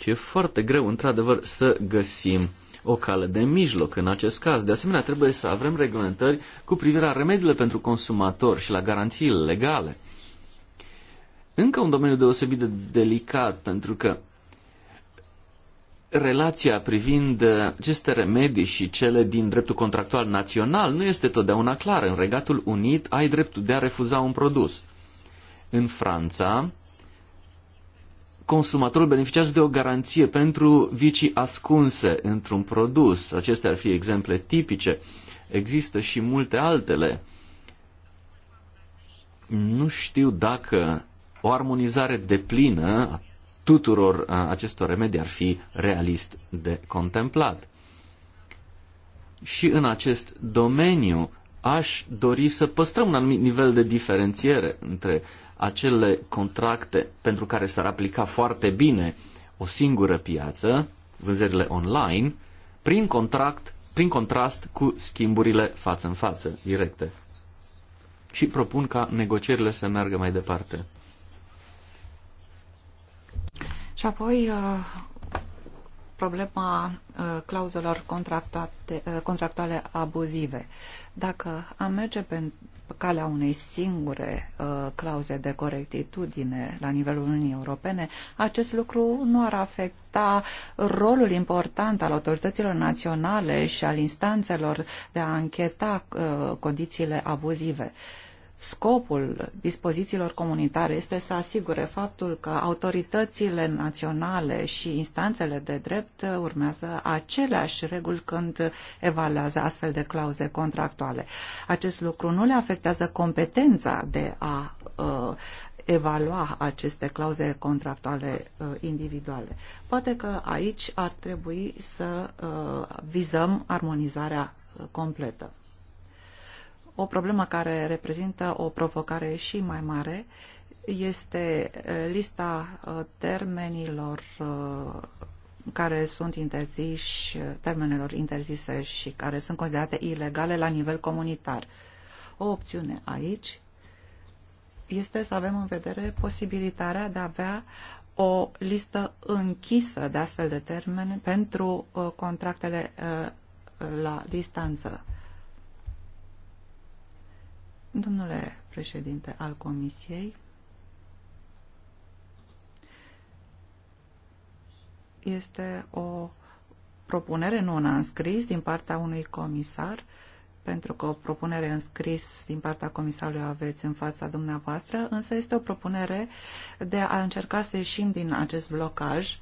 Și deci e foarte greu, într-adevăr, să găsim o cale de mijloc în acest caz. De asemenea, trebuie să avem reglementări cu privire la remediile pentru consumator și la garanțiile legale. Încă un domeniu deosebit de delicat, pentru că relația privind aceste remedii și cele din dreptul contractual național nu este totdeauna clară. În Regatul Unit ai dreptul de a refuza un produs. În Franța, consumatorul beneficiază de o garanție pentru vicii ascunse într-un produs. Acestea ar fi exemple tipice. Există și multe altele. Nu știu dacă o armonizare deplină a tuturor acestor remedii ar fi realist de contemplat. Și în acest domeniu aș dori să păstrăm un anumit nivel de diferențiere între acele contracte pentru care s-ar aplica foarte bine o singură piață, vânzările online, prin, contract, prin contrast cu schimburile față în față, directe. Și propun ca negocierile să meargă mai departe. Și apoi uh, problema uh, clauzelor uh, contractuale abuzive. Dacă am merge pe calea unei singure uh, clauze de corectitudine la nivelul Uniunii Europene, acest lucru nu ar afecta rolul important al autorităților naționale și al instanțelor de a încheta uh, condițiile abuzive. Uh, Scopul dispozițiilor comunitare este să asigure faptul că autoritățile naționale și instanțele de drept urmează aceleași reguli când evaluează astfel de clauze contractuale. Acest lucru nu le afectează competența de a uh, evalua aceste clauze contractuale uh, individuale. Poate că aici ar trebui să uh, vizăm armonizarea uh, completă. O problemă care reprezintă o provocare și mai mare este lista termenilor care sunt interziși, termenelor interzise și care sunt considerate ilegale la nivel comunitar. O opțiune aici este să avem în vedere posibilitatea de a avea o listă închisă de astfel de termene pentru contractele la distanță. Domnule președinte al Comisiei, este o propunere, nu una înscris, din partea unui comisar, pentru că o propunere înscris din partea comisarului o aveți în fața dumneavoastră, însă este o propunere de a încerca să ieșim din acest blocaj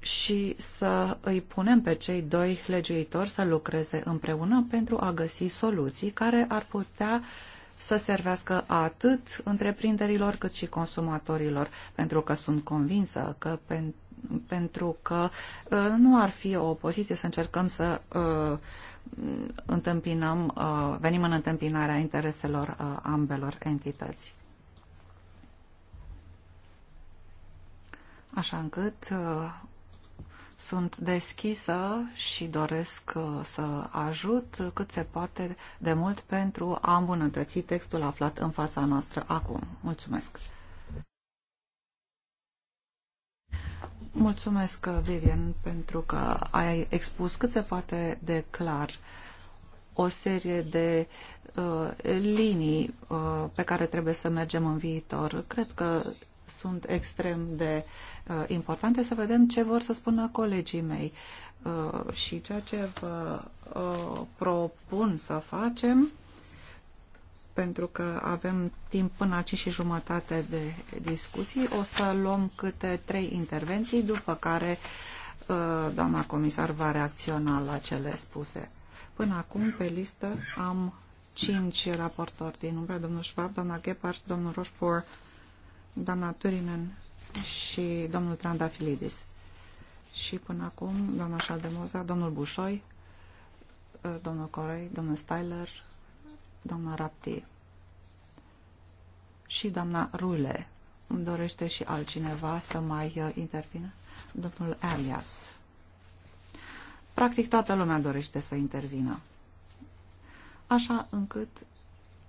și să îi punem pe cei doi legiuitori să lucreze împreună pentru a găsi soluții care ar putea să servească atât întreprinderilor cât și consumatorilor, pentru că sunt convinsă că pen, pentru că uh, nu ar fi o poziție să încercăm să uh, întâmpinăm, uh, venim în întâmpinarea intereselor uh, ambelor entități. Așa încât uh, sunt deschisă și doresc uh, să ajut cât se poate de mult pentru a îmbunătăți textul aflat în fața noastră acum. Mulțumesc! Mulțumesc, Vivian, pentru că ai expus cât se poate de clar o serie de uh, linii uh, pe care trebuie să mergem în viitor. Cred că sunt extrem de uh, importante, să vedem ce vor să spună colegii mei. Uh, și ceea ce vă uh, propun să facem, pentru că avem timp până la 5 și jumătate de discuții, o să luăm câte trei intervenții, după care uh, doamna comisar va reacționa la cele spuse. Până acum, pe listă, am cinci raportori din umbra, domnul Schwab, doamna Gephardt, domnul Rochefort, doamna Turinen și domnul Trandafilidis. Și până acum, doamna Șaldemoza, domnul Bușoi, uh, domnul Corei, domnul Styler, doamna Rapti și doamna Rule. Îmi dorește și altcineva să mai uh, intervină? Domnul Elias. Practic toată lumea dorește să intervină. Așa încât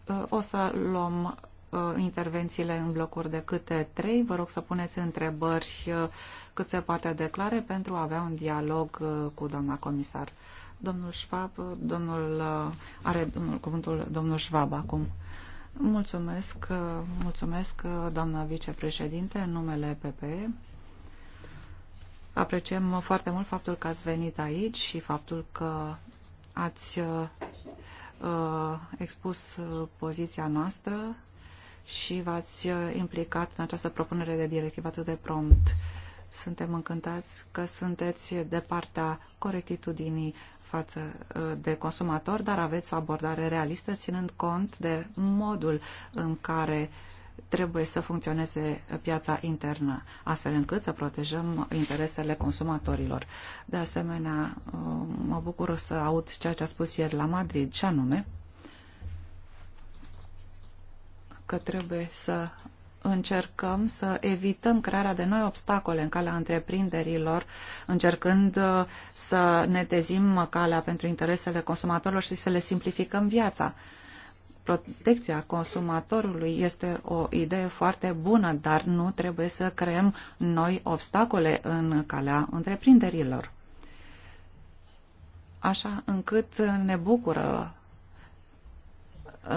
uh, o să luăm Uh, intervențiile în blocuri de câte trei. Vă rog să puneți întrebări uh, cât se poate declare pentru a avea un dialog uh, cu doamna comisar. Domnul Schwab, domnul, are domnul, cuvântul domnul Schwab acum. Mulțumesc, mulțumesc doamna vicepreședinte în numele PPE. Apreciem foarte mult faptul că ați venit aici și faptul că ați uh, expus poziția noastră și v-ați uh, implicat în această propunere de directivă atât de prompt. Suntem încântați că sunteți de partea corectitudinii față uh, de consumator, dar aveți o abordare realistă, ținând cont de modul în care trebuie să funcționeze piața internă, astfel încât să protejăm interesele consumatorilor. De asemenea, uh, mă bucur să aud ceea ce a spus ieri la Madrid, ce anume că trebuie să încercăm să evităm crearea de noi obstacole în calea întreprinderilor, încercând uh, să netezim calea pentru interesele consumatorilor și să le simplificăm viața. Protecția consumatorului este o idee foarte bună, dar nu trebuie să creăm noi obstacole în calea întreprinderilor. Așa încât ne bucură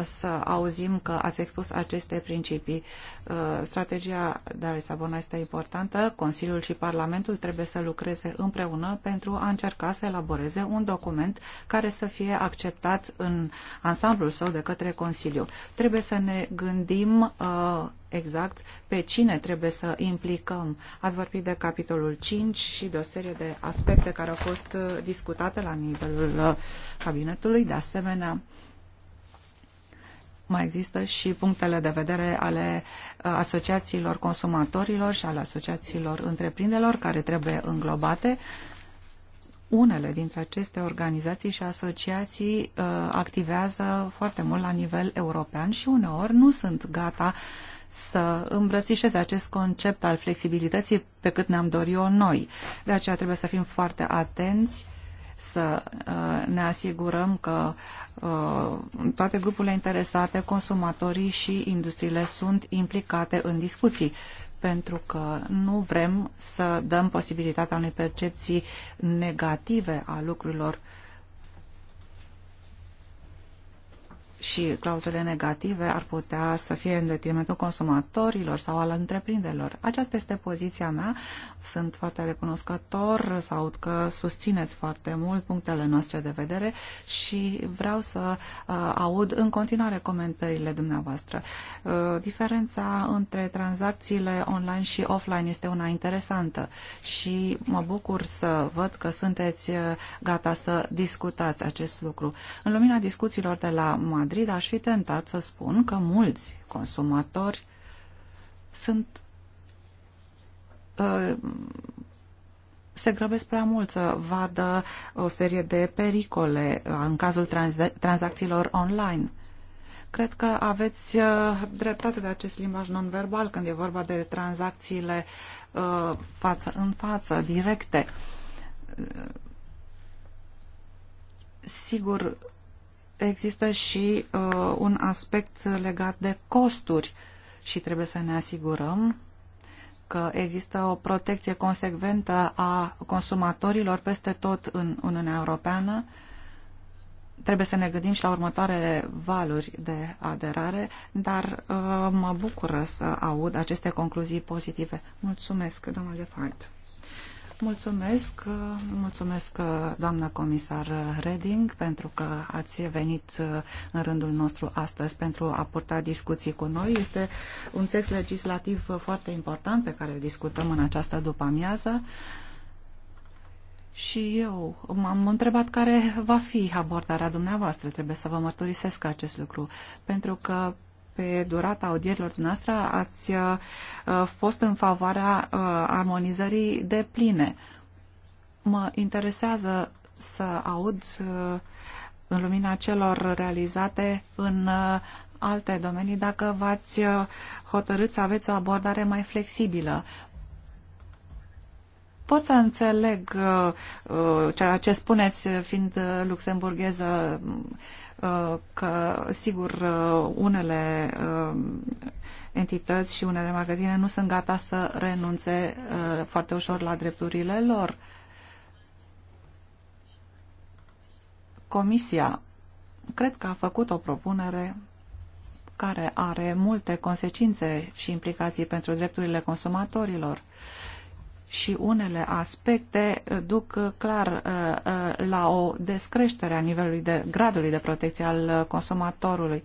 să auzim că ați expus aceste principii. Uh, strategia de la Lisabona este importantă. Consiliul și Parlamentul trebuie să lucreze împreună pentru a încerca să elaboreze un document care să fie acceptat în ansamblul său de către Consiliu. Trebuie să ne gândim uh, exact pe cine trebuie să implicăm. Ați vorbit de capitolul 5 și de o serie de aspecte care au fost uh, discutate la nivelul cabinetului. De asemenea, mai există și punctele de vedere ale uh, asociațiilor consumatorilor și ale asociațiilor întreprinderilor care trebuie înglobate. Unele dintre aceste organizații și asociații uh, activează foarte mult la nivel european și uneori nu sunt gata să îmbrățișeze acest concept al flexibilității pe cât ne-am dorit-o noi. De aceea trebuie să fim foarte atenți să uh, ne asigurăm că uh, toate grupurile interesate, consumatorii și industriile sunt implicate în discuții pentru că nu vrem să dăm posibilitatea unei percepții negative a lucrurilor și clauzele negative ar putea să fie în detrimentul consumatorilor sau al întreprinderilor. Aceasta este poziția mea. Sunt foarte recunoscător să aud că susțineți foarte mult punctele noastre de vedere și vreau să uh, aud în continuare comentariile dumneavoastră. Uh, diferența între tranzacțiile online și offline este una interesantă și mă bucur să văd că sunteți uh, gata să discutați acest lucru. În lumina discuțiilor de la Madrid, Madrid, aș fi tentat să spun că mulți consumatori sunt uh, se grăbesc prea mult să vadă o serie de pericole uh, în cazul tranz tranzacțiilor online. Cred că aveți uh, dreptate de acest limbaj non-verbal când e vorba de tranzacțiile față în față, directe. Sigur, există și uh, un aspect legat de costuri și trebuie să ne asigurăm că există o protecție consecventă a consumatorilor peste tot în Uniunea Europeană. Trebuie să ne gândim și la următoarele valuri de aderare, dar uh, mă bucură să aud aceste concluzii pozitive. Mulțumesc, doamna Zefart. Mulțumesc, mulțumesc doamna comisar Reding pentru că ați venit în rândul nostru astăzi pentru a purta discuții cu noi. Este un text legislativ foarte important pe care îl discutăm în această după-amiază. Și eu m-am întrebat care va fi abordarea dumneavoastră. Trebuie să vă mărturisesc acest lucru, pentru că pe durata audierilor noastre ați uh, fost în favoarea uh, armonizării de pline. Mă interesează să aud uh, în lumina celor realizate în alte domenii dacă v-ați hotărât să aveți o abordare mai flexibilă. Pot să înțeleg ceea ce spuneți fiind luxemburgheză Uh, că, sigur, uh, unele uh, entități și unele magazine nu sunt gata să renunțe foarte ușor la drepturile lor. Comisia cred că a făcut o propunere care are multe consecințe și implicații pentru drepturile consumatorilor și unele aspecte duc uh, clar uh, uh, la o descreștere a nivelului de gradului de protecție al consumatorului.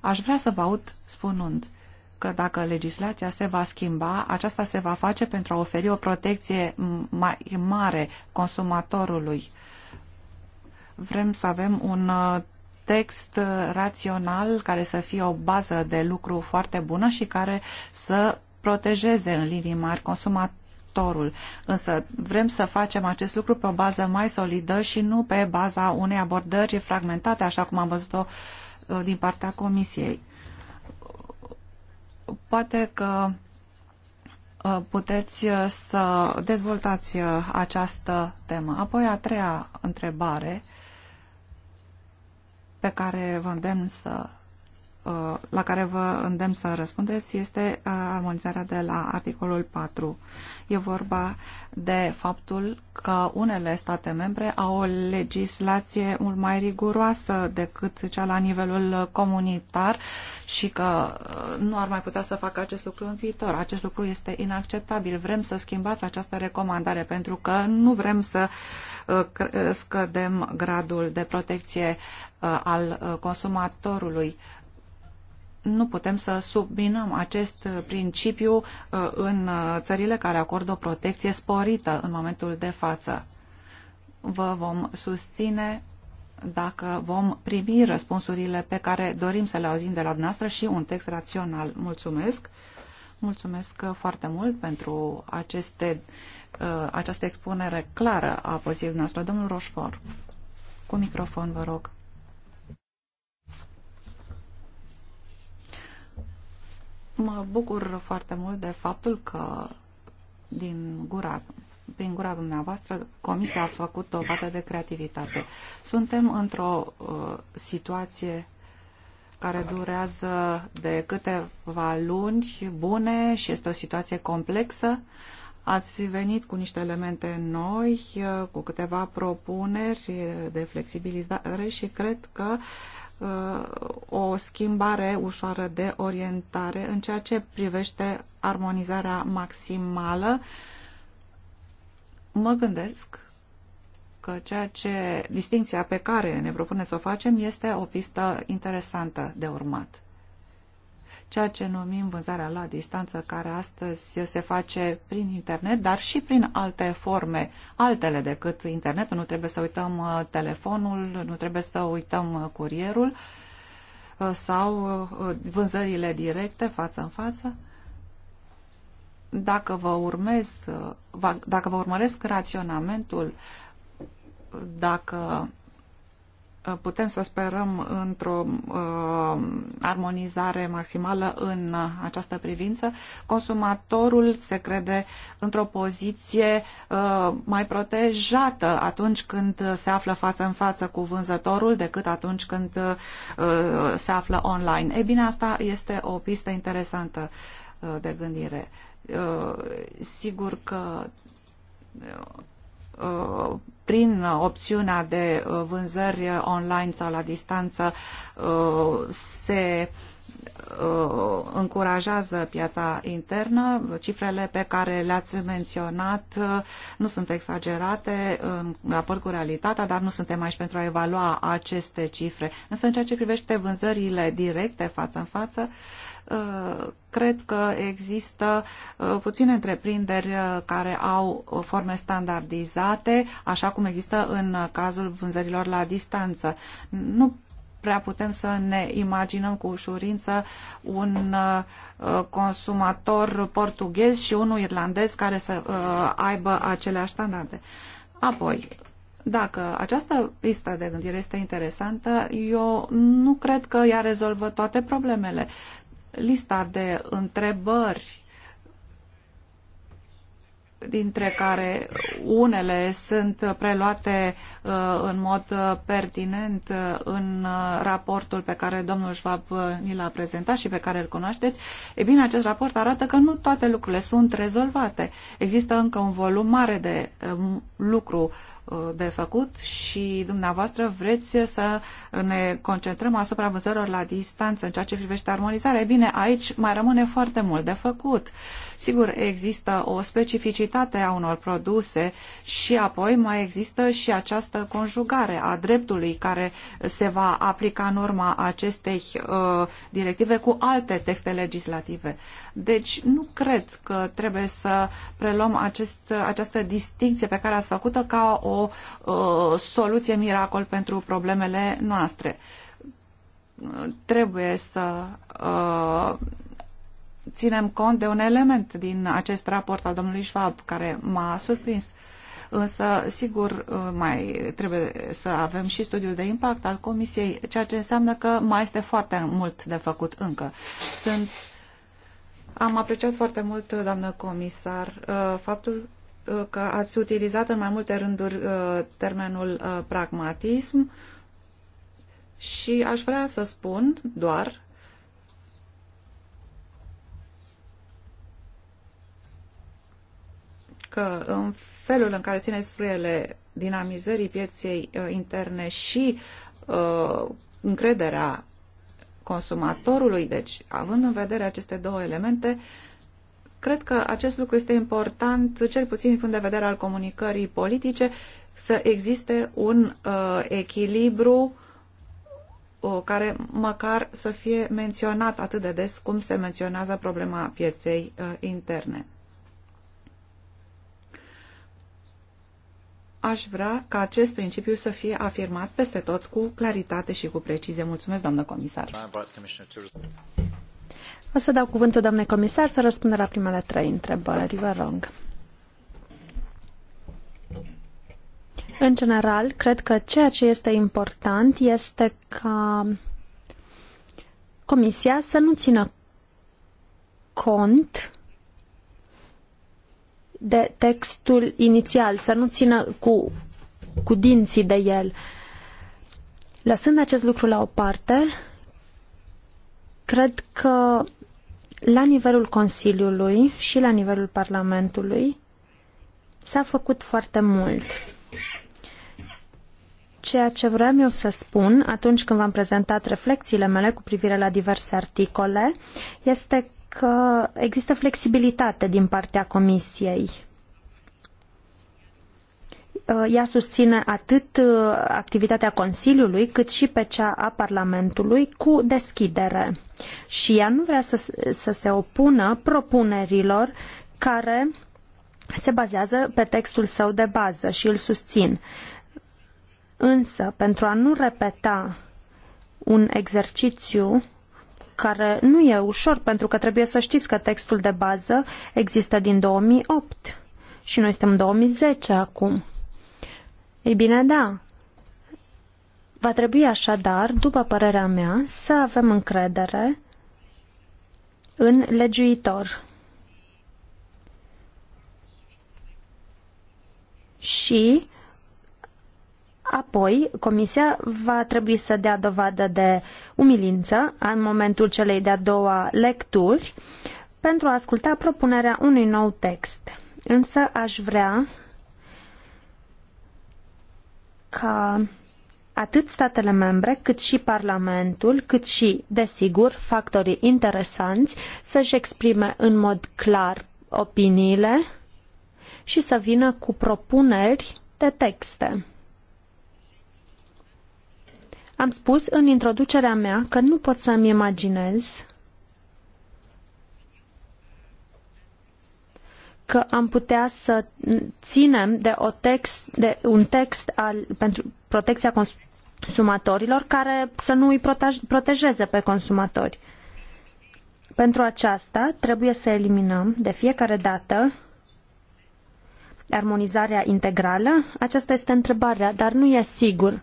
Aș vrea să vă aud spunând că dacă legislația se va schimba, aceasta se va face pentru a oferi o protecție mai mare consumatorului. Vrem să avem un text rațional care să fie o bază de lucru foarte bună și care să protejeze în linii mari consumatorul sectorul. Însă vrem să facem acest lucru pe o bază mai solidă și nu pe baza unei abordări fragmentate, așa cum am văzut-o uh, din partea Comisiei. Poate că uh, puteți uh, să dezvoltați această temă. Apoi a treia întrebare pe care vă îndemn să Uh, la care vă îndemn să răspundeți este uh, armonizarea de la articolul 4. E vorba de faptul că unele state membre au o legislație mult mai riguroasă decât cea la nivelul comunitar și că uh, nu ar mai putea să facă acest lucru în viitor. Acest lucru este inacceptabil. Vrem să schimbați această recomandare pentru că nu vrem să scădem gradul de protecție al consumatorului nu putem să subminăm acest principiu uh, în uh, țările care acordă o protecție sporită în momentul de față. Vă vom susține dacă vom primi răspunsurile pe care dorim să le auzim de la dumneavoastră și un text rațional. Mulțumesc! Mulțumesc foarte mult pentru aceste, uh, această expunere clară a poziției noastre. Domnul Roșfor, cu microfon, vă rog. Mă bucur foarte mult de faptul că din gura, prin gura dumneavoastră Comisia a făcut dovadă de creativitate. Suntem într-o uh, situație care durează de câteva luni bune și este o situație complexă. Ați venit cu niște elemente noi, uh, cu câteva propuneri de flexibilizare și cred că Uh, o schimbare ușoară de orientare în ceea ce privește armonizarea maximală. Mă gândesc că ceea ce distinția pe care ne propuneți să o facem este o pistă interesantă de urmat ceea ce numim vânzarea la distanță, care astăzi se face prin internet, dar și prin alte forme, altele decât internetul. Nu trebuie să uităm uh, telefonul, nu trebuie să uităm uh, curierul uh, sau vânzările directe față în față. Dacă vă, urmez, dacă vă urmăresc raționamentul, dacă Uh, putem să sperăm într-o uh, armonizare maximală în uh, această privință, consumatorul se crede într-o poziție uh, mai protejată atunci când se află față în față cu vânzătorul decât atunci când uh, se află online. Ei bine, asta este o pistă interesantă uh, de gândire. Uh, sigur că uh, Uh, prin opțiunea de uh, vânzări online sau la distanță uh, se încurajează piața internă. Cifrele pe care le-ați menționat nu sunt exagerate în raport cu realitatea, dar nu suntem aici pentru a evalua aceste cifre. Însă în ceea ce privește vânzările directe față în față, Uh, cred că există uh, puține întreprinderi uh, care au forme standardizate, așa cum există în cazul vânzărilor la distanță. Nu prea putem să ne imaginăm cu ușurință un consumator portughez și unul irlandez care să aibă aceleași standarde. Apoi, dacă această pistă de gândire este interesantă, eu nu cred că ea rezolvă toate problemele lista de întrebări dintre care unele sunt preluate uh, în mod uh, pertinent uh, în raportul pe care domnul Schwab ni l-a prezentat și pe care îl cunoașteți, e bine, acest raport arată că nu toate lucrurile sunt rezolvate. Există încă un volum mare de lucru de făcut și dumneavoastră vreți să ne concentrăm asupra vânzărilor la distanță în ceea ce privește armonizarea. E bine, aici mai rămâne foarte mult de făcut. Sigur, există o specificitate a unor produse și apoi mai există și această conjugare a dreptului care se va aplica în urma acestei uh, directive cu alte texte legislative. Deci nu cred că trebuie să preluăm acest, această distinție pe care ați făcut-o ca o uh, soluție miracol pentru problemele noastre trebuie să uh, ținem cont de un element din acest raport al domnului Schwab care m-a surprins. Însă, sigur, uh, mai trebuie să avem și studiul de impact al Comisiei, ceea ce înseamnă că mai este foarte mult de făcut încă. Sunt am apreciat foarte mult, doamnă comisar, uh, faptul uh, că ați utilizat în mai multe rânduri termenul pragmatism și aș vrea să spun doar că în felul în care țineți frâiele dinamizării pieței uh, interne și uh, încrederea consumatorului, deci având în vedere aceste două elemente, cred că acest lucru este important, cel puțin din punct de vedere al comunicării politice, să existe un uh, echilibru uh, care măcar să fie menționat atât de des cum se menționează problema pieței uh, interne. aș vrea ca acest principiu să fie afirmat peste tot cu claritate și cu precizie. Mulțumesc, doamnă comisar. O să dau cuvântul doamnei comisar să răspundă la primele trei întrebări. Vă rog. În general, cred că ceea ce este important este ca Comisia să nu țină cont de textul inițial, să nu țină cu, cu dinții de el. Lăsând acest lucru la o parte, cred că la nivelul Consiliului și la nivelul Parlamentului s-a făcut foarte mult. Ceea ce vreau eu să spun atunci când v-am prezentat reflexiile mele cu privire la diverse articole este că există flexibilitate din partea Comisiei uh, ea susține atât uh, activitatea Consiliului cât și pe cea a Parlamentului cu deschidere. Și ea nu vrea să, să se opună propunerilor care se bazează pe textul său de bază și îl susțin. Uh, Însă, pentru a nu repeta un exercițiu care nu e ușor, pentru că trebuie să știți că textul de bază există din 2008 și noi suntem 2010 acum. Ei bine, da. Va trebui așadar, după părerea mea, să avem încredere în legiuitor. Și Apoi, Comisia va trebui să dea dovadă de umilință în momentul celei de-a doua lecturi pentru a asculta propunerea unui nou text. Însă aș vrea ca atât statele membre, cât și Parlamentul, cât și, desigur, factorii interesanți să-și exprime în mod clar opiniile și să vină cu propuneri de texte. Am spus în introducerea mea că nu pot să-mi imaginez că am putea să ținem de, o text, de un text al, pentru protecția consumatorilor care să nu îi protejeze pe consumatori. Pentru aceasta trebuie să eliminăm de fiecare dată armonizarea integrală? Aceasta este întrebarea, dar nu e sigur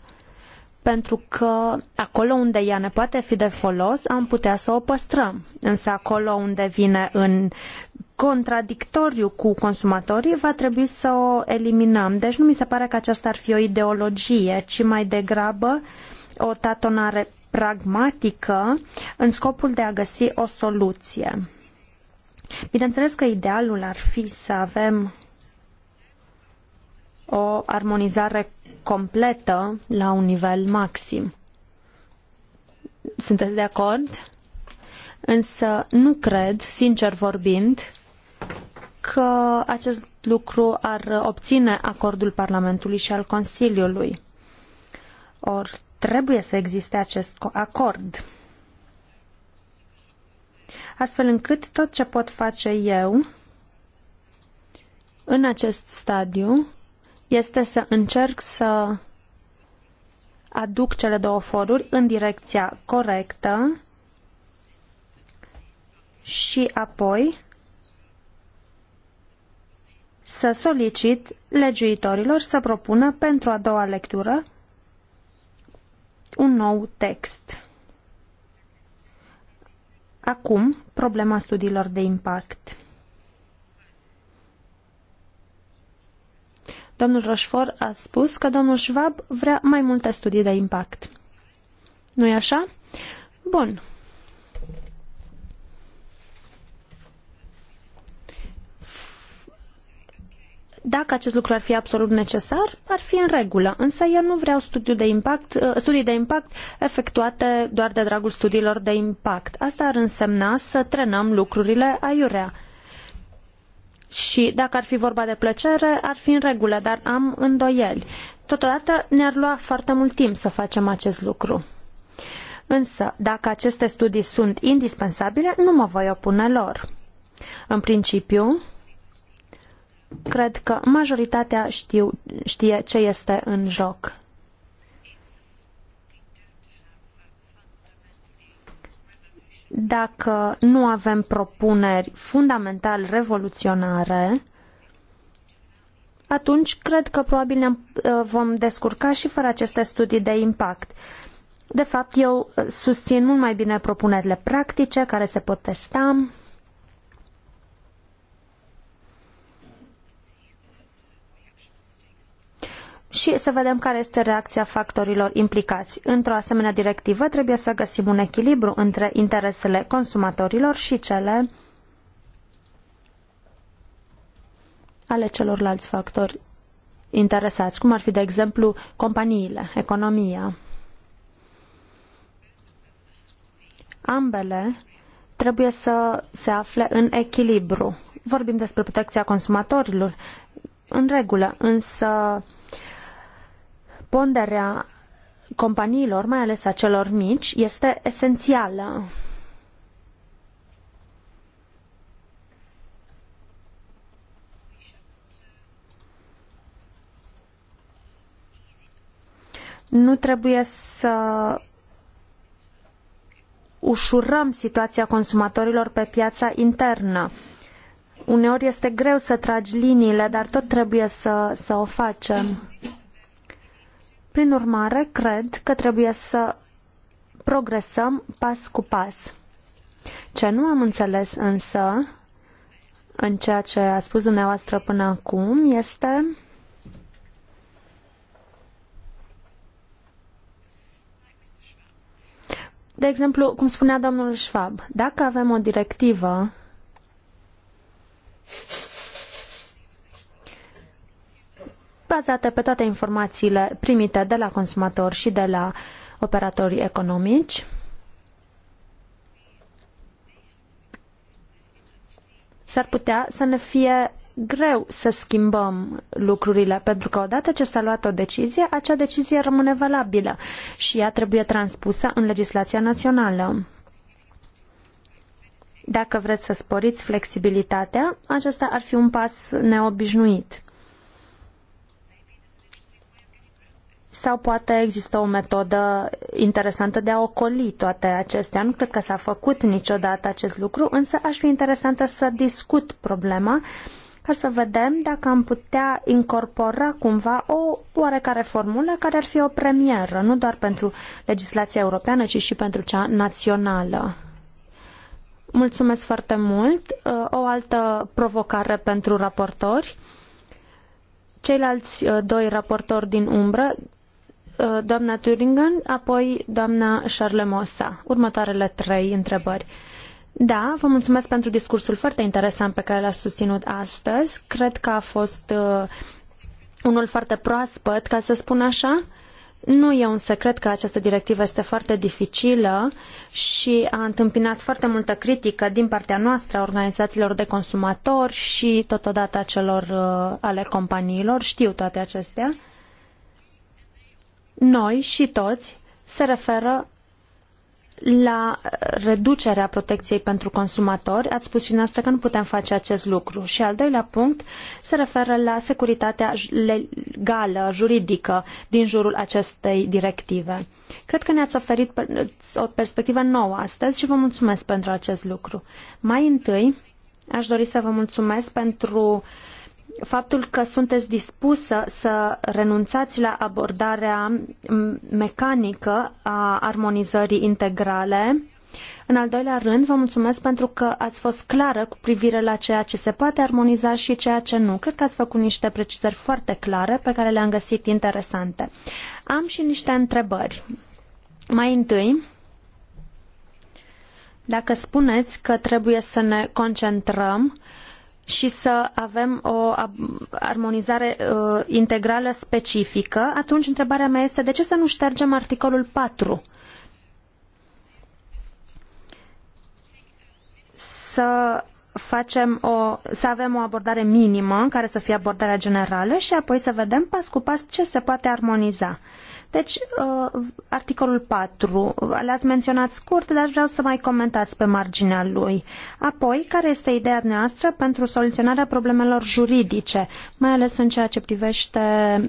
pentru că acolo unde ea ne poate fi de folos, am putea să o păstrăm. Însă acolo unde vine în contradictoriu cu consumatorii, va trebui să o eliminăm. Deci nu mi se pare că aceasta ar fi o ideologie, ci mai degrabă o tatonare pragmatică în scopul de a găsi o soluție. Bineînțeles că idealul ar fi să avem o armonizare completă la un nivel maxim. Sunteți de acord? Însă nu cred, sincer vorbind, că acest lucru ar obține acordul Parlamentului și al Consiliului. Or, trebuie să existe acest acord. Astfel încât tot ce pot face eu în acest stadiu este să încerc să aduc cele două foruri în direcția corectă și apoi să solicit legiuitorilor să propună pentru a doua lectură un nou text. Acum, problema studiilor de impact. Domnul Roșfor a spus că domnul Schwab vrea mai multe studii de impact. Nu-i așa? Bun. Dacă acest lucru ar fi absolut necesar, ar fi în regulă, însă eu nu vreau studiu de impact, uh, studii de impact efectuate doar de dragul studiilor de impact. Asta ar însemna să trenăm lucrurile aiurea și dacă ar fi vorba de plăcere, ar fi în regulă, dar am îndoieli. Totodată ne-ar lua foarte mult timp să facem acest lucru. Însă, dacă aceste studii sunt indispensabile, nu mă voi opune lor. În principiu, cred că majoritatea știu, știe ce este în joc. dacă nu avem propuneri fundamental revoluționare, atunci cred că probabil ne ă, vom descurca și fără aceste studii de impact. De fapt, eu ă, susțin mult mai bine propunerile practice care se pot testa, și să vedem care este reacția factorilor implicați. Într-o asemenea directivă trebuie să găsim un echilibru între interesele consumatorilor și cele ale celorlalți factori interesați, cum ar fi, de exemplu, companiile, economia. Ambele trebuie să se afle în echilibru. Vorbim despre protecția consumatorilor, în regulă, însă ponderea companiilor, mai ales a celor mici, este esențială. Nu trebuie să ușurăm situația consumatorilor pe piața internă. Uneori este greu să tragi liniile, dar tot trebuie să, să o facem. Prin urmare, cred că trebuie să progresăm pas cu pas. Ce nu am înțeles însă în ceea ce a spus dumneavoastră până acum este De exemplu, cum spunea domnul Schwab, dacă avem o directivă bazate pe toate informațiile primite de la consumator și de la operatorii economici. S-ar putea să ne fie greu să schimbăm lucrurile, pentru că odată ce s-a luat o decizie, acea decizie rămâne valabilă și ea trebuie transpusă în legislația națională. Dacă vreți să sporiți flexibilitatea, acesta ar fi un pas neobișnuit. sau poate există o metodă interesantă de a ocoli toate acestea. Nu cred că s-a făcut niciodată acest lucru, însă aș fi interesantă să discut problema ca să vedem dacă am putea incorpora cumva o oarecare formulă care ar fi o premieră, nu doar pentru legislația europeană, ci și pentru cea națională. Mulțumesc foarte mult. Uh, o altă provocare pentru raportori. Ceilalți uh, doi raportori din umbră Uh, doamna Turingen, apoi doamna Charlemosa. Următoarele trei întrebări. Da, vă mulțumesc pentru discursul foarte interesant pe care l-a susținut astăzi. Cred că a fost uh, unul foarte proaspăt, ca să spun așa. Nu e un secret că această directivă este foarte dificilă și a întâmpinat foarte multă critică din partea noastră a organizațiilor de consumatori și totodată a celor uh, ale companiilor. Știu toate acestea noi și toți se referă la reducerea protecției pentru consumatori. Ați spus și noastră că nu putem face acest lucru. Și al doilea punct se referă la securitatea legală, juridică din jurul acestei directive. Cred că ne-ați oferit o perspectivă nouă astăzi și vă mulțumesc pentru acest lucru. Mai întâi, aș dori să vă mulțumesc pentru uh, faptul că sunteți dispusă să renunțați la abordarea mecanică a armonizării integrale. În al doilea rând, vă mulțumesc pentru că ați fost clară cu privire la ceea ce se poate armoniza și ceea ce nu. Cred că ați făcut niște precizări foarte clare pe care le-am găsit interesante. Am și niște întrebări. Mai întâi, dacă spuneți că trebuie să ne concentrăm și să avem o armonizare uh, integrală specifică, atunci întrebarea mea este de ce să nu ștergem articolul 4? Să facem o, să avem o abordare minimă, care să fie abordarea generală și apoi să vedem pas cu pas ce se poate armoniza. Uh, deci, uh, articolul 4, l-ați menționat scurt, dar vreau să mai comentați pe marginea lui. Apoi, care este ideea noastră pentru soluționarea problemelor juridice, mai ales în ceea ce privește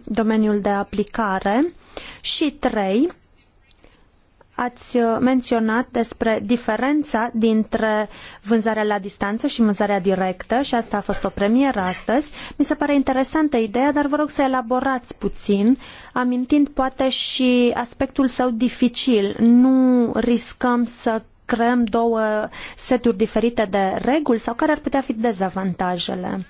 domeniul de aplicare? Și 3 ați uh, menționat despre diferența dintre vânzarea la distanță și vânzarea directă și asta a fost o premieră astăzi. Mi se pare interesantă ideea, dar vă rog să elaborați puțin, amintind poate și aspectul său dificil. Nu riscăm să creăm două seturi diferite de reguli sau care ar putea fi dezavantajele?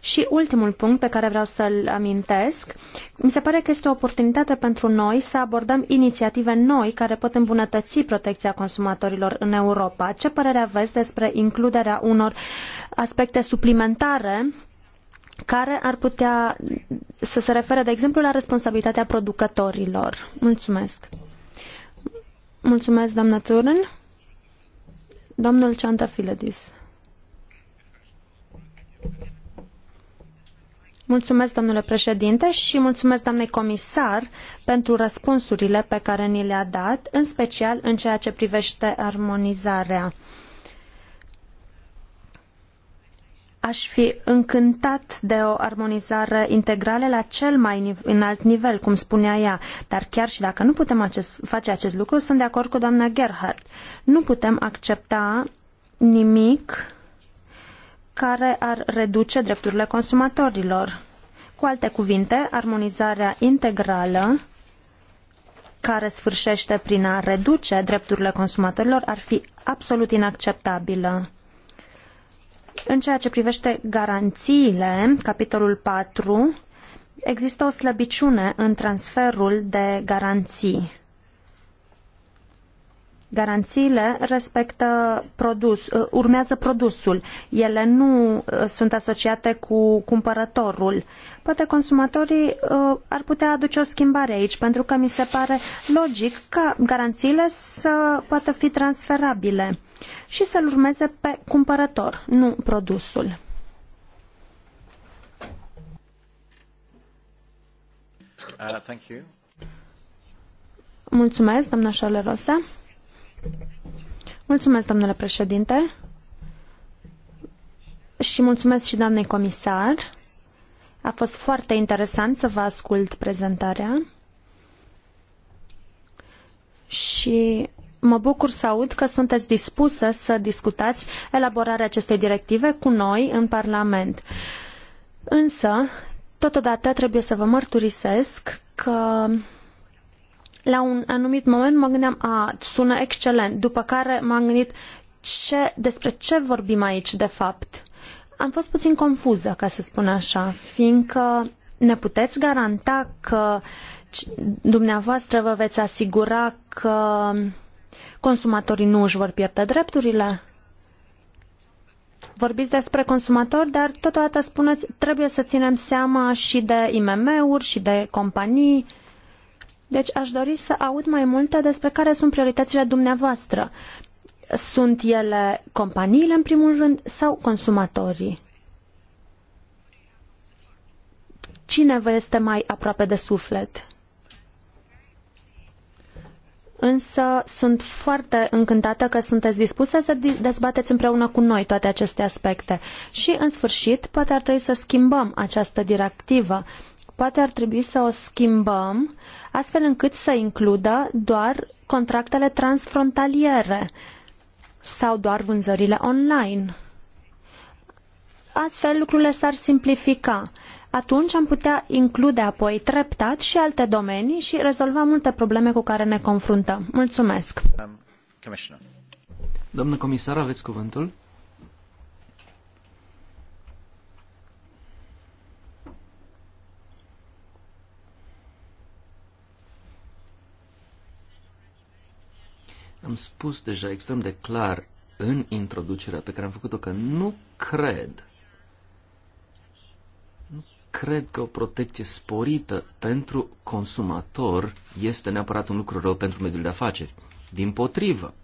Și ultimul punct pe care vreau să-l amintesc, mi se pare că este o oportunitate pentru noi să abordăm inițiative noi care pot îmbunătăți protecția consumatorilor în Europa. Ce părere aveți despre includerea unor aspecte suplimentare care ar putea să se refere, de exemplu, la responsabilitatea producătorilor? Mulțumesc! Mulțumesc, doamnă Turin. Domnul Cianta Uh, Mulțumesc, domnule președinte, și mulțumesc, doamnei comisar, pentru răspunsurile pe care ni le-a dat, în special în ceea ce privește armonizarea. Aș fi încântat de o armonizare integrală la cel mai înalt nivel, cum spunea ea, dar chiar și dacă nu putem acest, face acest lucru, sunt de acord cu doamna Gerhardt. Nu putem accepta nimic care ar reduce drepturile consumatorilor. Cu alte cuvinte, armonizarea integrală care sfârșește prin a reduce drepturile consumatorilor ar fi absolut inacceptabilă. În ceea ce privește garanțiile, capitolul 4, există o slăbiciune în transferul de garanții. Garanțiile respectă produs, uh, urmează produsul. Ele nu uh, sunt asociate cu cumpărătorul. Poate consumatorii uh, ar putea aduce o schimbare aici, pentru că mi se pare logic ca garanțiile să poată fi transferabile și să-l urmeze pe cumpărător, nu produsul. Uh, thank you. Mulțumesc, doamna Șale Rosa. Mulțumesc, președinte. Și mulțumesc și doamnei comisar. A fost foarte interesant să vă ascult prezentarea. Și mă bucur să aud că sunteți dispusă să discutați elaborarea acestei directive cu noi în Parlament. Însă, totodată trebuie să vă mărturisesc că la un anumit moment mă gândeam, a, sună excelent, după care m-am gândit ce, despre ce vorbim aici de fapt. Am fost puțin confuză, ca să spun așa, fiindcă ne puteți garanta că dumneavoastră vă veți asigura că consumatorii nu își vor pierde drepturile? Vorbiți despre consumatori, dar totodată spuneți trebuie să ținem seama și de IMM-uri și de companii. Uh, deci aș dori să aud mai multe despre care sunt prioritățile dumneavoastră. Sunt ele companiile, în primul rând, sau consumatorii? Cine vă este mai aproape de suflet? Însă sunt foarte încântată că sunteți dispuse să dezbateți împreună cu noi toate aceste aspecte. Și, în sfârșit, poate ar trebui să schimbăm această directivă poate ar trebui să o schimbăm astfel încât să includă doar contractele transfrontaliere sau doar vânzările online. Astfel lucrurile s-ar simplifica. Atunci am putea include apoi treptat și alte domenii și rezolva multe probleme cu care ne confruntăm. Mulțumesc! Um, Doamnă comisar, aveți cuvântul. Am spus deja extrem de clar în introducerea pe care am făcut-o că nu cred, nu cred că o protecție sporită pentru consumator este neapărat un lucru rău pentru mediul de afaceri. Din potrivă,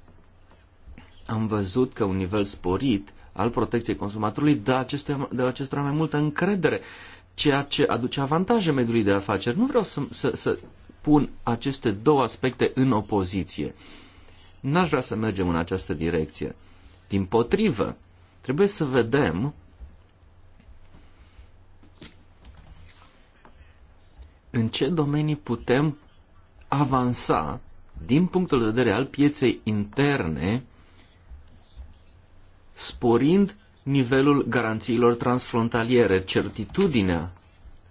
am văzut că un nivel sporit al protecției consumatorului dă acestora, dă acestora mai multă încredere, ceea ce aduce avantaje mediului de afaceri. Nu vreau să, să, să pun aceste două aspecte în opoziție. Uh, N-aș vrea să mergem în această direcție. Din potrivă, trebuie să vedem în ce domenii putem avansa din punctul de vedere al pieței interne, sporind nivelul garanțiilor transfrontaliere, certitudinea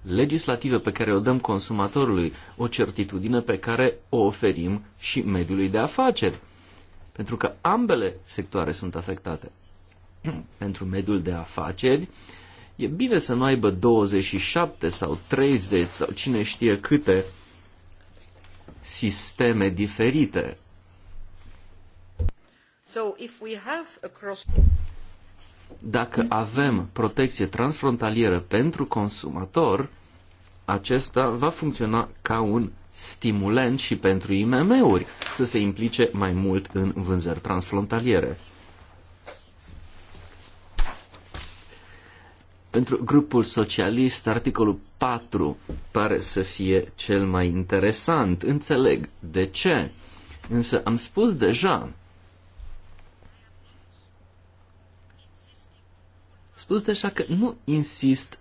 legislativă pe care o dăm consumatorului, o certitudine pe care o oferim și mediului de afaceri pentru că ambele sectoare sunt afectate. [CLEARS THROAT] pentru mediul de afaceri, e bine să nu aibă 27 sau 30 sau cine știe câte sisteme diferite. So if we have a cross dacă avem protecție transfrontalieră pentru consumator, acesta va funcționa ca un stimulent și pentru IMM-uri să se implice mai mult în vânzări transfrontaliere. Pentru grupul socialist, articolul 4 pare să fie cel mai interesant. Înțeleg de ce, însă am spus deja spus deja că nu insist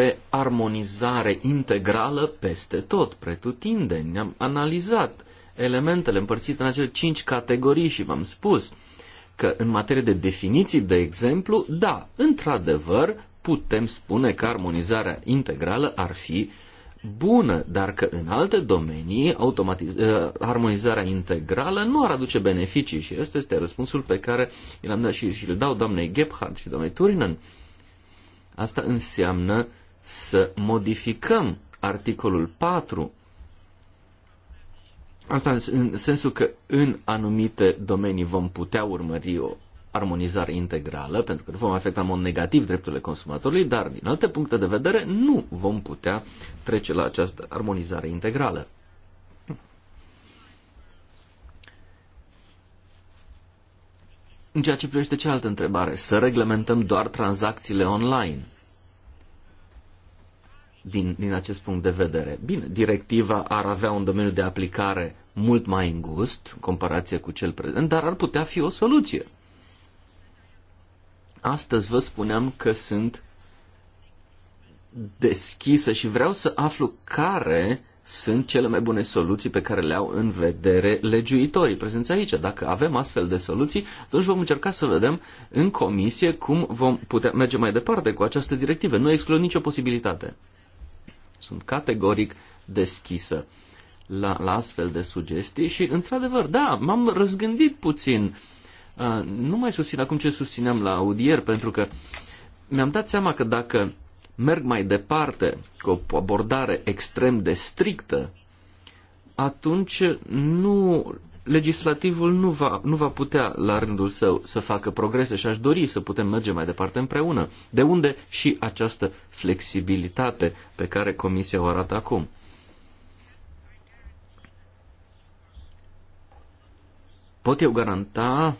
pe armonizare integrală peste tot, pretutindeni. Ne-am analizat elementele împărțite în acele cinci categorii și v-am spus că în materie de definiții, de exemplu, da, într-adevăr, putem spune că armonizarea integrală ar fi bună, dar că în alte domenii automatiz- eh, armonizarea integrală nu ar aduce beneficii și ăsta este răspunsul pe care l-am dat și, și îl dau doamnei Gebhardt și doamnei Turinen. Asta înseamnă să modificăm articolul 4. Asta în sensul că în anumite domenii vom putea urmări o armonizare integrală, pentru că nu vom afecta în mod negativ drepturile consumatorului, dar din alte puncte de vedere nu vom putea trece la această armonizare integrală. În ceea ce privește cealaltă întrebare, să reglementăm doar tranzacțiile online din, din acest punct de vedere. Bine, directiva ar avea un domeniu de aplicare mult mai îngust în comparație cu cel prezent, dar ar putea fi o soluție. Astăzi vă spuneam că sunt deschisă și vreau să aflu care sunt cele mai bune soluții pe care le au în vedere legiuitorii prezenți aici. Dacă avem astfel de soluții, atunci vom încerca să vedem în comisie cum vom putea merge mai departe cu această directivă. Nu exclu nicio posibilitate. Sunt categoric deschisă la, la astfel de sugestii și, într-adevăr, da, m-am răzgândit puțin. Uh, nu mai susțin acum ce susțineam la audier, pentru că mi-am dat seama că dacă merg mai departe cu o abordare extrem de strictă, atunci nu legislativul nu va, nu va putea la rândul său să facă progrese și aș dori să putem merge mai departe împreună. De unde și această flexibilitate pe care Comisia o arată acum. Pot eu garanta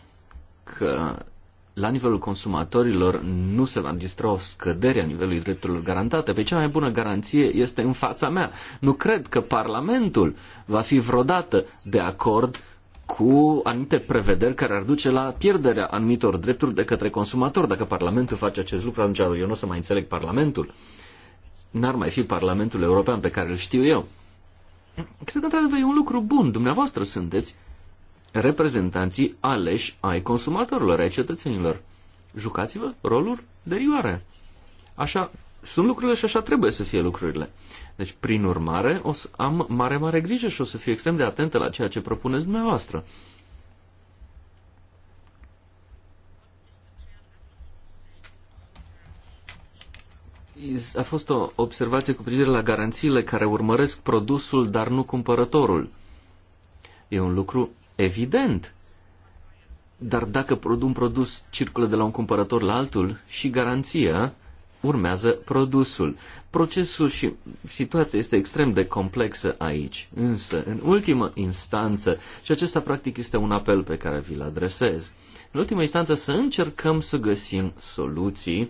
că la nivelul consumatorilor nu se va înregistra o scădere a nivelului drepturilor garantate. Pe păi cea mai bună garanție este în fața mea. Nu cred că Parlamentul va fi vreodată de acord cu anumite prevederi care ar duce la pierderea anumitor drepturi de către consumator. Dacă Parlamentul face acest lucru, atunci eu nu o să mai înțeleg Parlamentul. N-ar mai fi Parlamentul European pe care îl știu eu. Cred că, într-adevăr, e un lucru bun. Dumneavoastră sunteți reprezentanții aleși ai consumatorilor, ai cetățenilor. Jucați-vă rolul de rioare. Așa sunt lucrurile și așa trebuie să fie lucrurile. Deci, prin urmare, o să am mare, mare grijă și o să fiu extrem de atentă la ceea ce propuneți dumneavoastră. A fost o observație cu privire la garanțiile care urmăresc produsul, dar nu cumpărătorul. E un lucru evident. Dar dacă un produs circulă de la un cumpărător la altul și garanția urmează produsul. Procesul și situația este extrem de complexă aici, însă, în ultimă instanță, și acesta practic este un apel pe care vi-l adresez, în ultimă instanță să încercăm să găsim soluții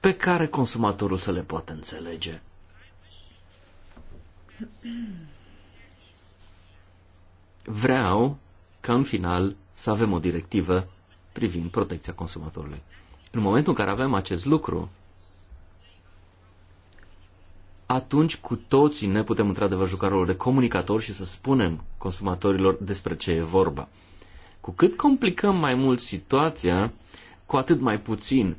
pe care consumatorul să le poată înțelege. Vreau ca în final să avem o directivă privind protecția consumatorului. În momentul în care avem acest lucru, atunci cu toții ne putem într-adevăr juca rolul de comunicator și să spunem consumatorilor despre ce e vorba. Cu cât complicăm mai mult situația, cu atât mai puțin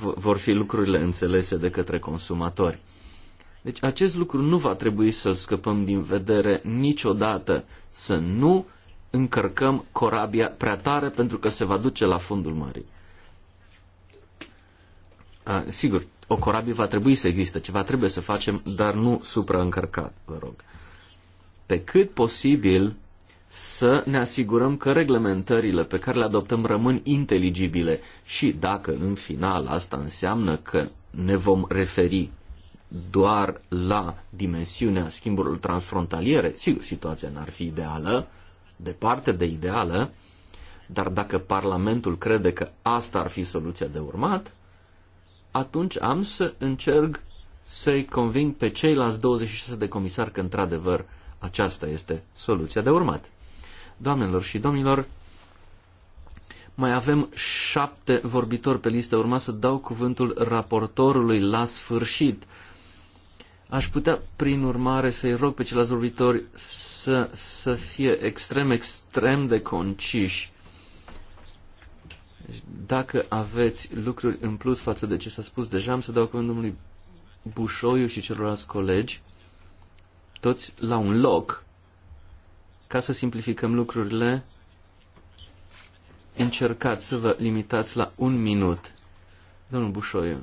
vor fi lucrurile înțelese de către consumatori. Deci acest lucru nu va trebui să-l scăpăm din vedere niciodată, să nu încărcăm corabia prea tare pentru că se va duce la fundul mării. A, sigur, o corabie va trebui să existe, ceva trebuie să facem, dar nu supraîncărcat, vă rog. Pe cât posibil să ne asigurăm că reglementările pe care le adoptăm rămân inteligibile și dacă în final asta înseamnă că ne vom referi doar la dimensiunea schimburilor transfrontaliere, sigur, situația n-ar fi ideală, departe de ideală, dar dacă Parlamentul crede că asta ar fi soluția de urmat, atunci am să încerc să-i conving pe ceilalți 26 de comisari că, într-adevăr, aceasta este soluția de urmat. Doamnelor și domnilor, mai avem șapte vorbitori pe listă. Urma să dau cuvântul raportorului la sfârșit. Aș putea, prin urmare, să-i rog pe ceilalți vorbitori să, să fie extrem, extrem de conciși. Deci, dacă aveți lucruri în plus față de ce s-a spus deja, am să dau cuvântul domnului Bușoiu și celorlalți colegi, toți la un loc, ca să simplificăm lucrurile, încercați să vă limitați la un minut. Domnul Bușoiu.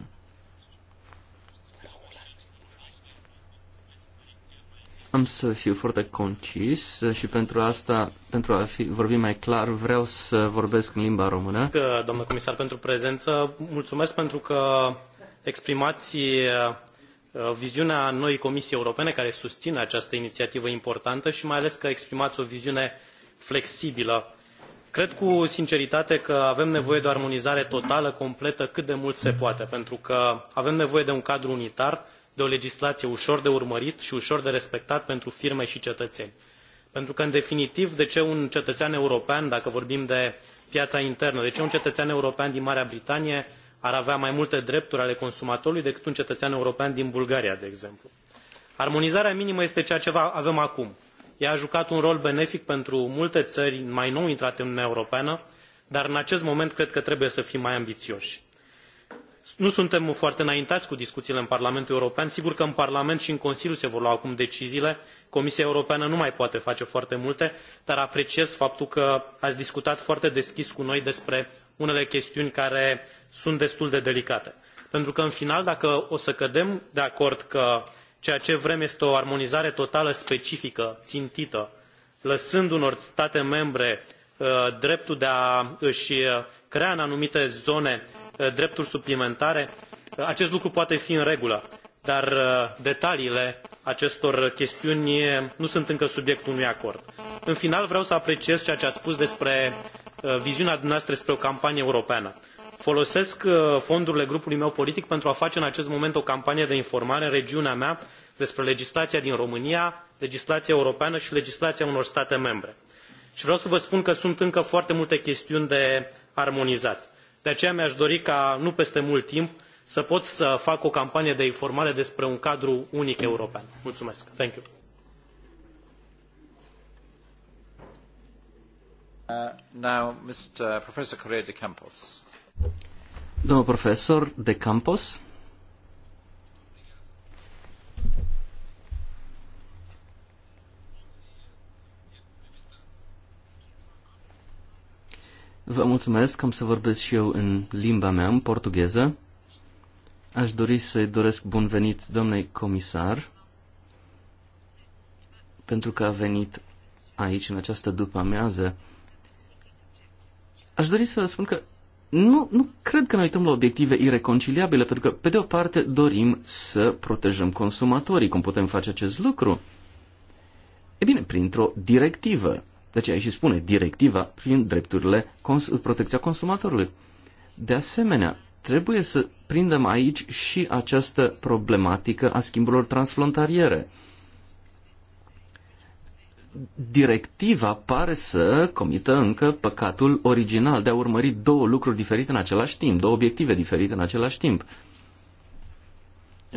Am să fiu foarte concis și pentru asta, pentru a fi, vorbi mai clar, vreau să vorbesc în limba română. Doamnă comisar, pentru prezență, mulțumesc pentru că exprimați uh, viziunea noii Comisii Europene care susține această inițiativă importantă și mai ales că exprimați o viziune flexibilă. Cred cu sinceritate că avem nevoie de o armonizare totală, completă, cât de mult se poate, pentru că avem nevoie de un cadru unitar de o legislație ușor de urmărit și ușor de respectat pentru firme și cetățeni. Pentru că, în definitiv, de ce un cetățean european, dacă vorbim de piața internă, de ce un cetățean european din Marea Britanie ar avea mai multe drepturi ale consumatorului decât un cetățean european din Bulgaria, de exemplu? Armonizarea minimă este ceea ce avem acum. Ea a jucat un rol benefic pentru multe țări mai nou intrate în Uniunea Europeană, dar în acest moment cred că trebuie să fim mai ambiioi nu suntem foarte înaintai cu discuiile în parlamentul european sigur că în parlament i în consiliu se vor lua acum deciziile comisia europeană nu mai poate face foarte multe dar apreciez faptul că ai discutat foarte deschis cu noi despre unele chestiuni care sunt destul de delicate pentru că în final dacă o să cădem de acord că ceea ce vrem este o armonizare totală specifică intită lăsând unor state membre uh, dreptul de a i crea în anumite zone Uh, drepturi suplimentare uh, acest lucru poate fi în regulă dar uh, detaliile acestor chestiuni nu sunt încă subiectul unui acord. în final vreau să apreciez ceea ce ai spus despre viziunea dumneavoastră spre o campanie europeană. folosesc fondurile grupului meu politic pentru a face în acest moment o campanie de informare în regiunea mea despre legislaia din românia legislaia europeană i legislaia unor state membre i vreau să vă spun că sunt încă foarte multe chestiuni de armonizat de aceea mi a dori ca nu peste mult timp să pot să fac o campanie de informare despre un cadru unic european. Mulțumesc. Thank you. Uh, now, Mr. Professor Correa de Campos. Domnul profesor de Campos. Vă mulțumesc, am să vorbesc și eu în limba mea, în portugheză. Aș dori să-i doresc bun venit domnului comisar, pentru că a venit aici în această după-amiază. Aș dori să vă spun că nu, nu cred că ne uităm la obiective ireconciliabile, pentru că, pe de o parte, dorim să protejăm consumatorii. Cum putem face acest lucru? E bine, printr-o directivă. De aceea și spune directiva prin drepturile, cons- protecția consumatorului. De asemenea, trebuie să prindem aici și această problematică a schimburilor transfrontaliere. Directiva pare să comită încă păcatul original de a urmări două lucruri diferite în același timp, două obiective diferite în același timp.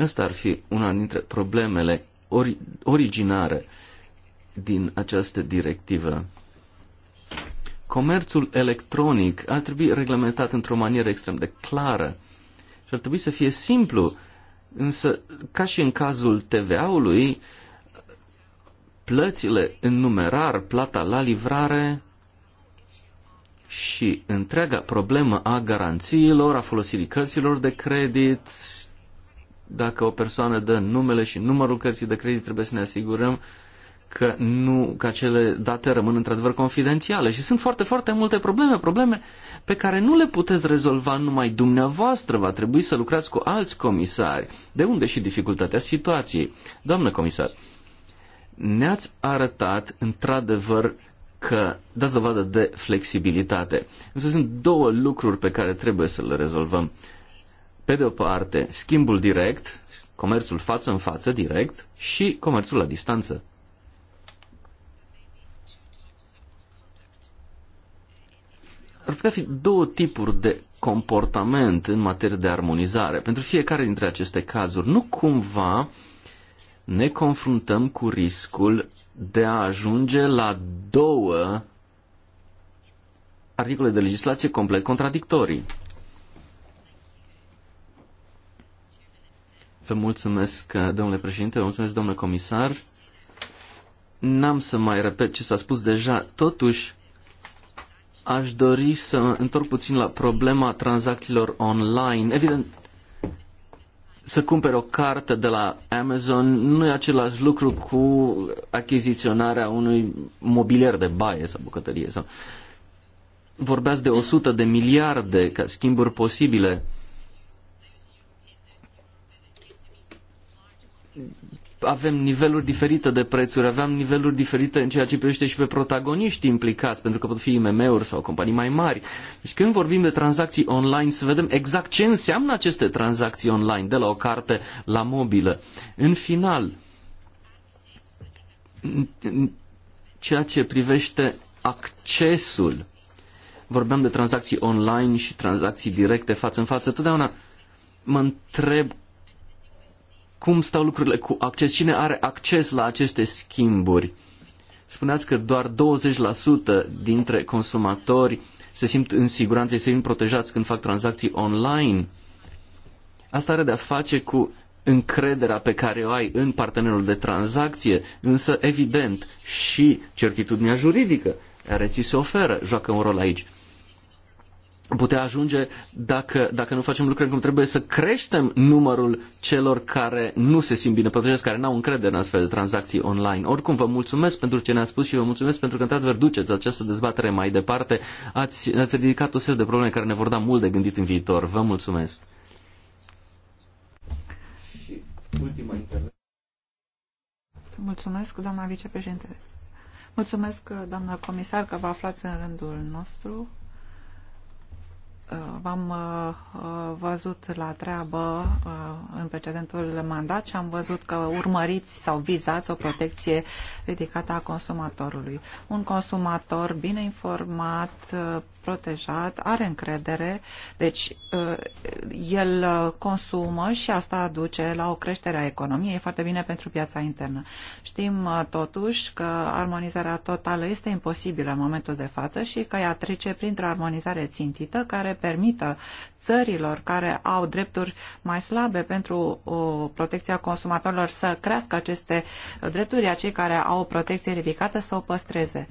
Asta ar fi una dintre problemele ori, originare uh, din această directivă. Comerțul electronic ar trebui reglementat într-o manieră extrem de clară și ar trebui să fie simplu, însă, ca și în cazul TVA-ului, plățile în numerar, plata la livrare și întreaga problemă a garanțiilor, a folosirii cărților de credit, dacă o persoană dă numele și numărul cărții de credit, trebuie să ne asigurăm că, nu, că acele date rămân într-adevăr confidențiale. Și sunt foarte, foarte multe probleme, probleme pe care nu le puteți rezolva numai dumneavoastră. Va trebui să lucrați cu alți comisari. De unde și dificultatea situației? Doamnă comisar, ne-ați arătat într-adevăr că dați dovadă de flexibilitate. Însă sunt două lucruri pe care trebuie să le rezolvăm. Pe de o parte, schimbul direct, comerțul față în față direct și comerțul la distanță. ar putea fi două tipuri de comportament în materie de armonizare. Pentru fiecare dintre aceste cazuri, nu cumva ne confruntăm cu riscul de a ajunge la două articole de legislație complet contradictorii. Vă mulțumesc, domnule președinte, vă mulțumesc, domnule comisar. N-am să mai repet ce s-a spus deja. Totuși, Aș dori să mă întorc puțin la problema tranzacțiilor online. Evident, să cumperi o carte de la Amazon nu e același lucru cu achiziționarea unui mobilier de baie sau bucătărie. Sau... Vorbeați de 100 de miliarde ca schimburi posibile. avem niveluri diferite de prețuri, aveam niveluri diferite în ceea ce privește și pe protagoniști implicați, pentru că pot fi IMM-uri sau companii mai mari. Deci când vorbim de tranzacții online, să vedem exact ce înseamnă aceste tranzacții online, de la o carte la mobilă. În final, în ceea ce privește accesul, vorbeam de tranzacții online și tranzacții directe față în față, totdeauna mă întreb cum stau lucrurile cu acces, cine are acces la aceste schimburi. Spuneați că doar 20% dintre consumatori se simt în siguranță, se simt protejați când fac tranzacții online. Asta are de-a face cu încrederea pe care o ai în partenerul de tranzacție, însă, evident, și certitudinea juridică care ți se oferă joacă un rol aici putea ajunge, dacă, dacă nu facem lucruri cum trebuie, să creștem numărul celor care nu se simt bine protejați, care n-au încredere în astfel de tranzacții online. Oricum, vă mulțumesc pentru ce ne-ați spus și vă mulțumesc pentru că, într-adevăr, duceți această dezbatere mai departe. Ați, ați ridicat o serie de probleme care ne vor da mult de gândit în viitor. Vă mulțumesc. Și ultima intervenție. Mulțumesc, doamna vicepreședinte. Mulțumesc, doamna comisar, că vă aflați în rândul nostru. Uh, v-am uh, uh, văzut la treabă în precedentul mandat și am văzut că urmăriți sau vizați o protecție ridicată a consumatorului. Un consumator bine informat, protejat are încredere, deci uh, el uh, consumă și asta aduce la o creștere a economiei, e foarte bine pentru piața internă. Știm uh, totuși că armonizarea totală este imposibilă în momentul de față și că ea trece printr-o armonizare țintită care permită țărilor care au drepturi mai slabe pentru protecția consumatorilor să crească aceste drepturi, iar cei care au o protecție ridicată să o păstreze.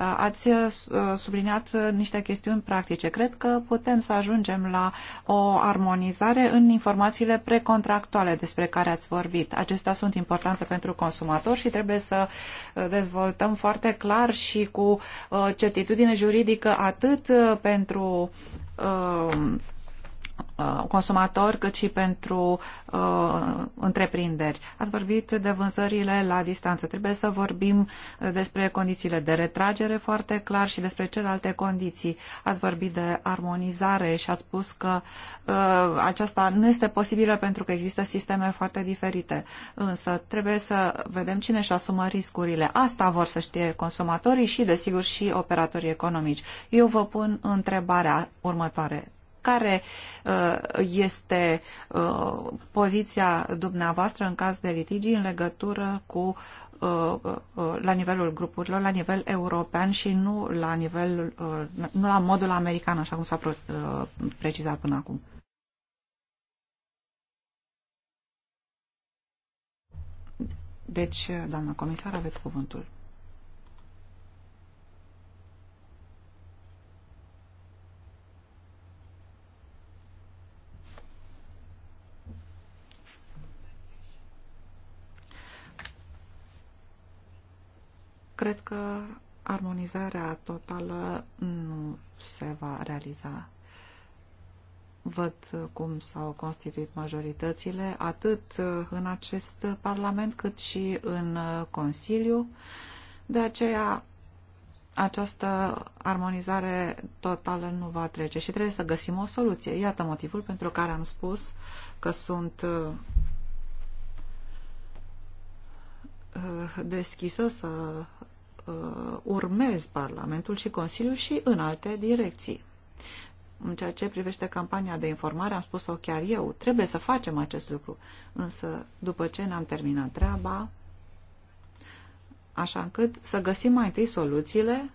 Uh, ați uh, uh, subliniat niște chestiuni practice. Cred că putem să ajungem la o armonizare în informațiile precontractuale despre care ați vorbit. Acestea sunt importante pentru consumator și trebuie să dezvoltăm foarte clar și cu certitudine juridică atât pentru Uh, consumatori cât și pentru uh, întreprinderi. Ați vorbit de vânzările la distanță. Trebuie să vorbim uh, despre condițiile de retragere foarte clar și despre celelalte condiții. Ați vorbit de armonizare și ați spus că uh, aceasta nu este posibilă pentru că există sisteme foarte diferite. Însă trebuie să vedem cine își asumă riscurile. Asta vor să știe consumatorii și, desigur, și operatorii economici. Eu vă pun întrebarea următoare care uh, este uh, poziția dumneavoastră în caz de litigii în legătură cu uh, la nivelul grupurilor, la nivel european și nu la nivel, nu la modul american, așa cum s-a precizat până acum. Deci, doamna comisar, aveți cuvântul. Cred că armonizarea totală nu se va realiza. Văd cum s-au constituit majoritățile, atât în acest Parlament cât și în Consiliu. De aceea, această armonizare totală nu va trece și trebuie să găsim o soluție. Iată motivul pentru care am spus că sunt uh, deschisă să Uh, urmez Parlamentul și Consiliul și în alte direcții. În ceea ce privește campania de informare, am spus-o chiar eu, trebuie să facem acest lucru. Însă, după ce ne-am terminat treaba, așa încât să găsim mai întâi soluțiile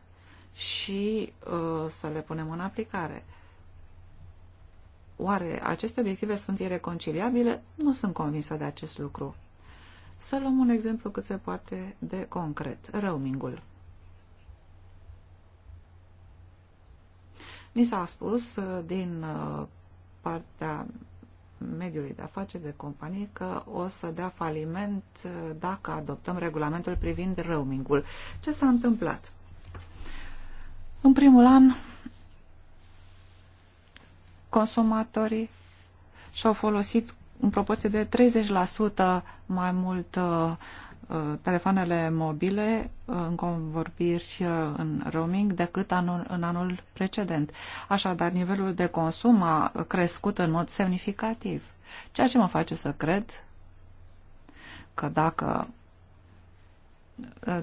și uh, să le punem în aplicare. Oare aceste obiective sunt ireconciliabile? Nu sunt convinsă de acest lucru. Să luăm un exemplu cât se poate de concret, roamingul. Ni s-a spus uh, din uh, partea mediului de afaceri de companie că o să dea faliment uh, dacă adoptăm regulamentul privind roamingul. Ce s-a întâmplat? În primul an, consumatorii și-au folosit în proporție de 30% mai mult uh, uh, telefoanele mobile uh, în convorbiri în roaming decât anul, în anul precedent. Așadar, nivelul de consum a crescut în mod semnificativ, ceea ce mă face să cred că dacă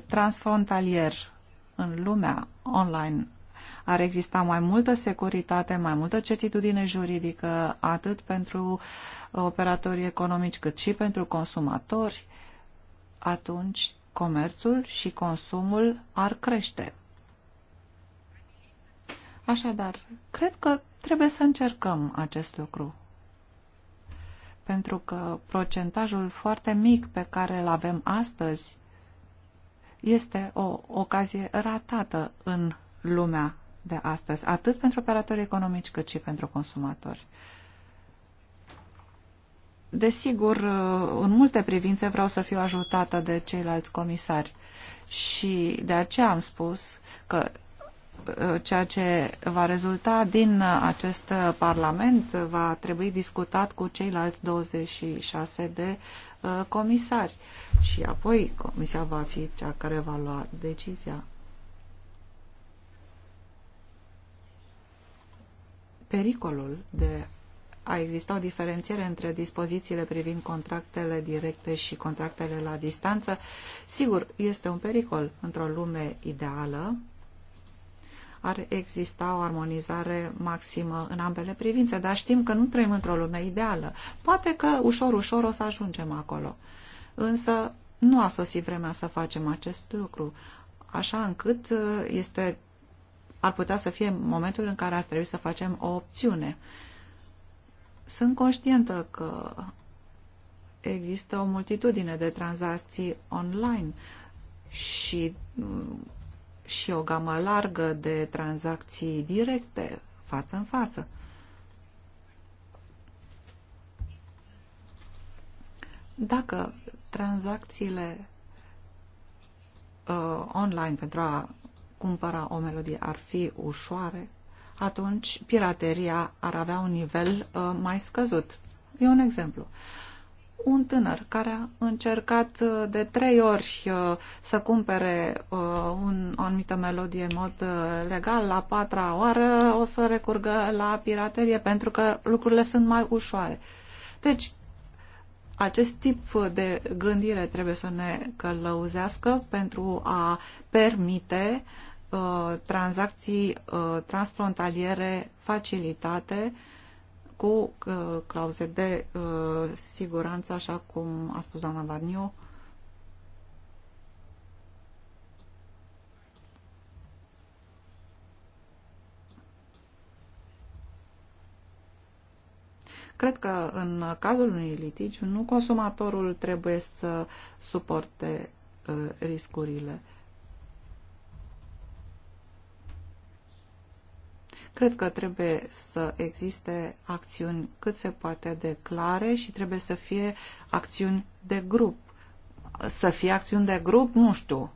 transfrontalier în lumea online ar exista mai multă securitate, mai multă certitudine juridică, atât pentru operatorii economici cât și pentru consumatori. Atunci comerțul și consumul ar crește. Așadar, cred că trebuie să încercăm acest lucru. Pentru că procentajul foarte mic pe care îl avem astăzi este o ocazie ratată în lumea de astăzi, atât pentru operatorii economici cât și pentru consumatori. Desigur, în multe privințe vreau să fiu ajutată de ceilalți comisari și de aceea am spus că uh, ceea ce va rezulta din acest Parlament va trebui discutat cu ceilalți 26 de uh, comisari și apoi Comisia va fi cea care va lua decizia. pericolul de a exista o diferențiere între dispozițiile privind contractele directe și contractele la distanță, sigur, este un pericol într-o lume ideală. Ar exista o armonizare maximă în ambele privințe, dar știm că nu trăim într-o lume ideală. Poate că ușor, ușor o să ajungem acolo. Însă nu a sosit vremea să facem acest lucru, așa încât este ar putea să fie momentul în care ar trebui să facem o opțiune. Sunt conștientă că există o multitudine de tranzacții online și, și o gamă largă de tranzacții directe, față în față. Dacă tranzacțiile uh, online pentru a cumpăra o melodie ar fi ușoare, atunci pirateria ar avea un nivel uh, mai scăzut. E un exemplu. Un tânăr care a încercat uh, de trei ori uh, să cumpere uh, un, o anumită melodie în mod uh, legal, la patra oară o să recurgă la piraterie pentru că lucrurile sunt mai ușoare. Deci, acest tip de gândire trebuie să ne călăuzească pentru a permite uh, Uh, tranzacții uh, transfrontaliere facilitate cu uh, clauze de siguranță, așa cum a spus doamna Barniu. Cred că în cazul unui litigiu, nu consumatorul trebuie să suporte riscurile. Cred că trebuie să existe acțiuni cât se poate de clare și trebuie să fie acțiuni de grup. Să fie acțiuni de grup, nu știu.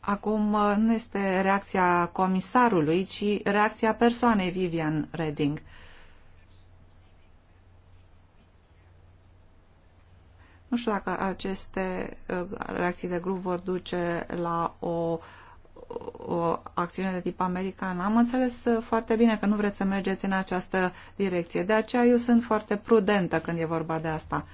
Acum nu este reacția comisarului, ci reacția persoanei Vivian Redding. Uh, Nu știu dacă aceste uh, reacții de grup vor duce la o, o acțiune de tip american. Am înțeles uh, foarte bine că nu vreți să mergeți în această direcție. De aceea eu sunt foarte prudentă când e vorba de asta.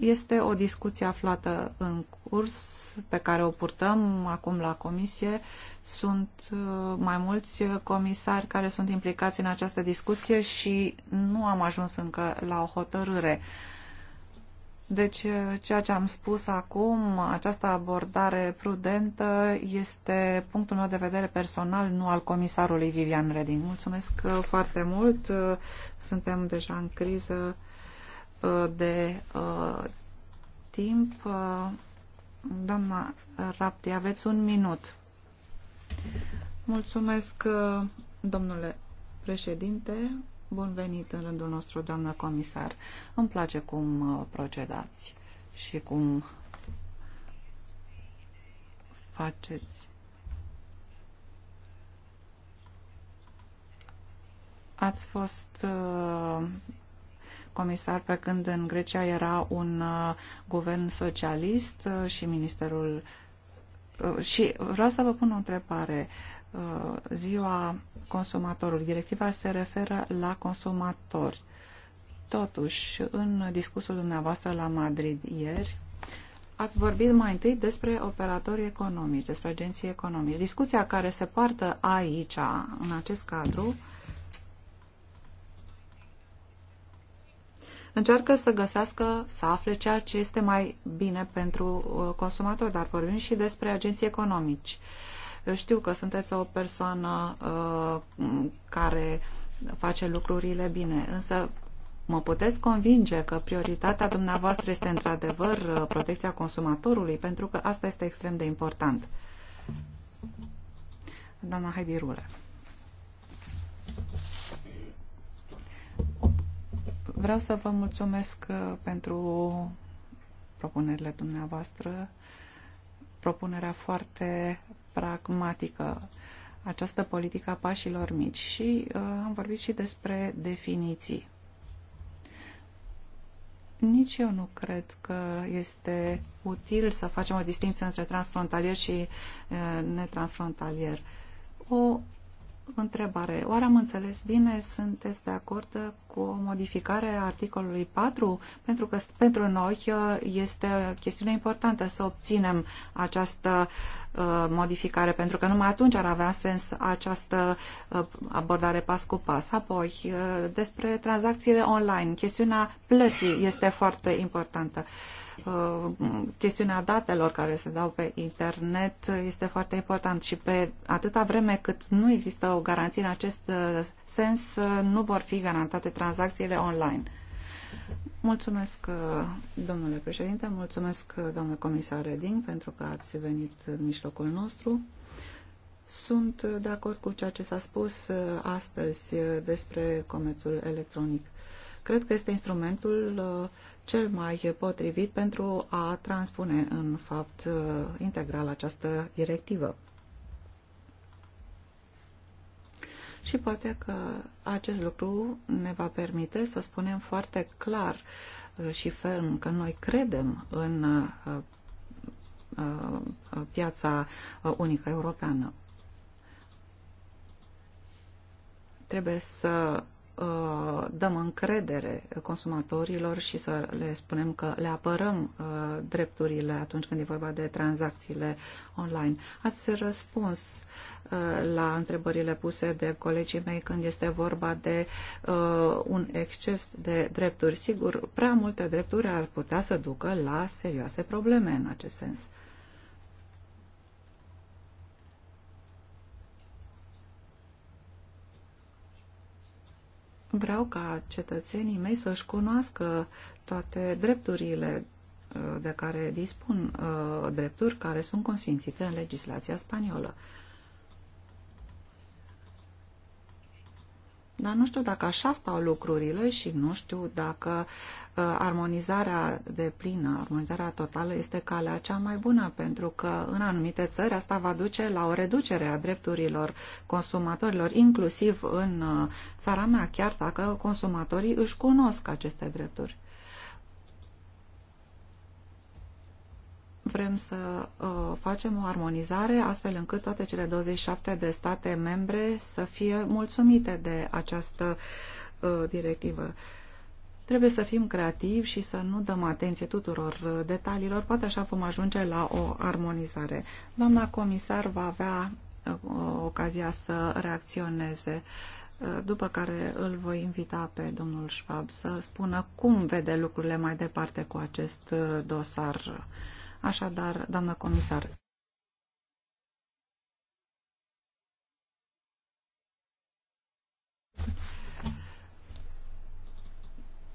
Este o discuție aflată în curs pe care o purtăm acum la comisie. Sunt uh, mai mulți comisari care sunt implicați în această discuție și nu am ajuns încă la o hotărâre. Uh, deci, eh, ceea ce am spus acum, această abordare prudentă, este punctul meu de vedere personal, nu al comisarului Vivian Reding. Mulțumesc eh, foarte mult. Eh, suntem deja în criză de timp. Doamna Rapti, aveți un minut. Mulțumesc, domnule președinte. Bun venit în rândul nostru, doamnă comisar. Îmi place cum uh, procedați și cum faceți. Ați fost uh, comisar pe când în Grecia era un uh, guvern socialist și ministerul și vreau să vă pun o întrebare. Uh, ziua consumatorului. Directiva se referă la consumatori. Totuși, în discursul dumneavoastră la Madrid ieri, ați vorbit mai întâi despre operatori economici, despre agenții economici. Discuția care se poartă aici, în acest cadru, încearcă să găsească, să afle ceea ce este mai bine pentru uh, consumator, dar vorbim și despre agenții economici. Uh, știu că sunteți o persoană uh, care face lucrurile bine, însă mă puteți convinge că prioritatea dumneavoastră este într-adevăr uh, protecția consumatorului, pentru că asta este extrem de important. Doamna Heidi Rule. Vreau să vă mulțumesc uh, pentru propunerile dumneavoastră, propunerea foarte pragmatică această politică a pașilor mici și uh, am vorbit și despre definiții. Nici eu nu cred că este util să facem o distinție între transfrontalier și uh, netransfrontalier. O întrebare. Oare am înțeles bine? Sunteți de acord cu o modificare a articolului 4? Pentru că pentru noi este o chestiune importantă să obținem această uh, modificare, pentru că numai atunci ar avea sens această uh, abordare pas cu pas. Apoi, uh, despre tranzacțiile online, chestiunea plății este foarte importantă. Uh, Uh, chestiunea datelor care se dau pe internet este foarte important și pe atâta vreme cât nu există o garanție în acest uh, sens, uh, nu vor fi garantate tranzacțiile online. Mulțumesc, domnule președinte, mulțumesc, domnule comisar Reding, pentru că ați venit în mijlocul nostru. Sunt de acord cu ceea ce s-a spus astăzi despre comerțul electronic. Cred că este instrumentul cel mai potrivit pentru a transpune în fapt uh, integral această directivă. Și poate că acest lucru ne va permite să spunem foarte clar uh, și ferm că noi credem în uh, piața unică europeană. Trebuie să Uh, dăm încredere consumatorilor și să le spunem că le apărăm uh, drepturile atunci când e vorba de tranzacțiile online. Ați răspuns uh, la întrebările puse de colegii mei când este vorba de un exces de drepturi. Sigur, prea multe drepturi ar putea să ducă la serioase probleme în acest sens. Vreau ca cetățenii mei să-și cunoască toate drepturile uh, de care dispun, uh, drepturi care sunt consfințite în legislația spaniolă. Dar nu știu dacă așa stau lucrurile și nu știu dacă uh, armonizarea de plină, armonizarea totală este calea cea mai bună, pentru că în anumite țări asta va duce la o reducere a drepturilor consumatorilor, inclusiv în uh, țara mea, chiar dacă consumatorii își cunosc aceste drepturi. Vrem să uh, facem o armonizare astfel încât toate cele 27 de state membre să fie mulțumite de această uh, directivă. Trebuie să fim creativi și să nu dăm atenție tuturor uh, detaliilor. Poate așa vom ajunge la o armonizare. Doamna comisar va avea uh, ocazia să reacționeze uh, după care îl voi invita pe domnul Schwab să spună cum vede lucrurile mai departe cu acest uh, dosar. Așadar, doamnă comisar,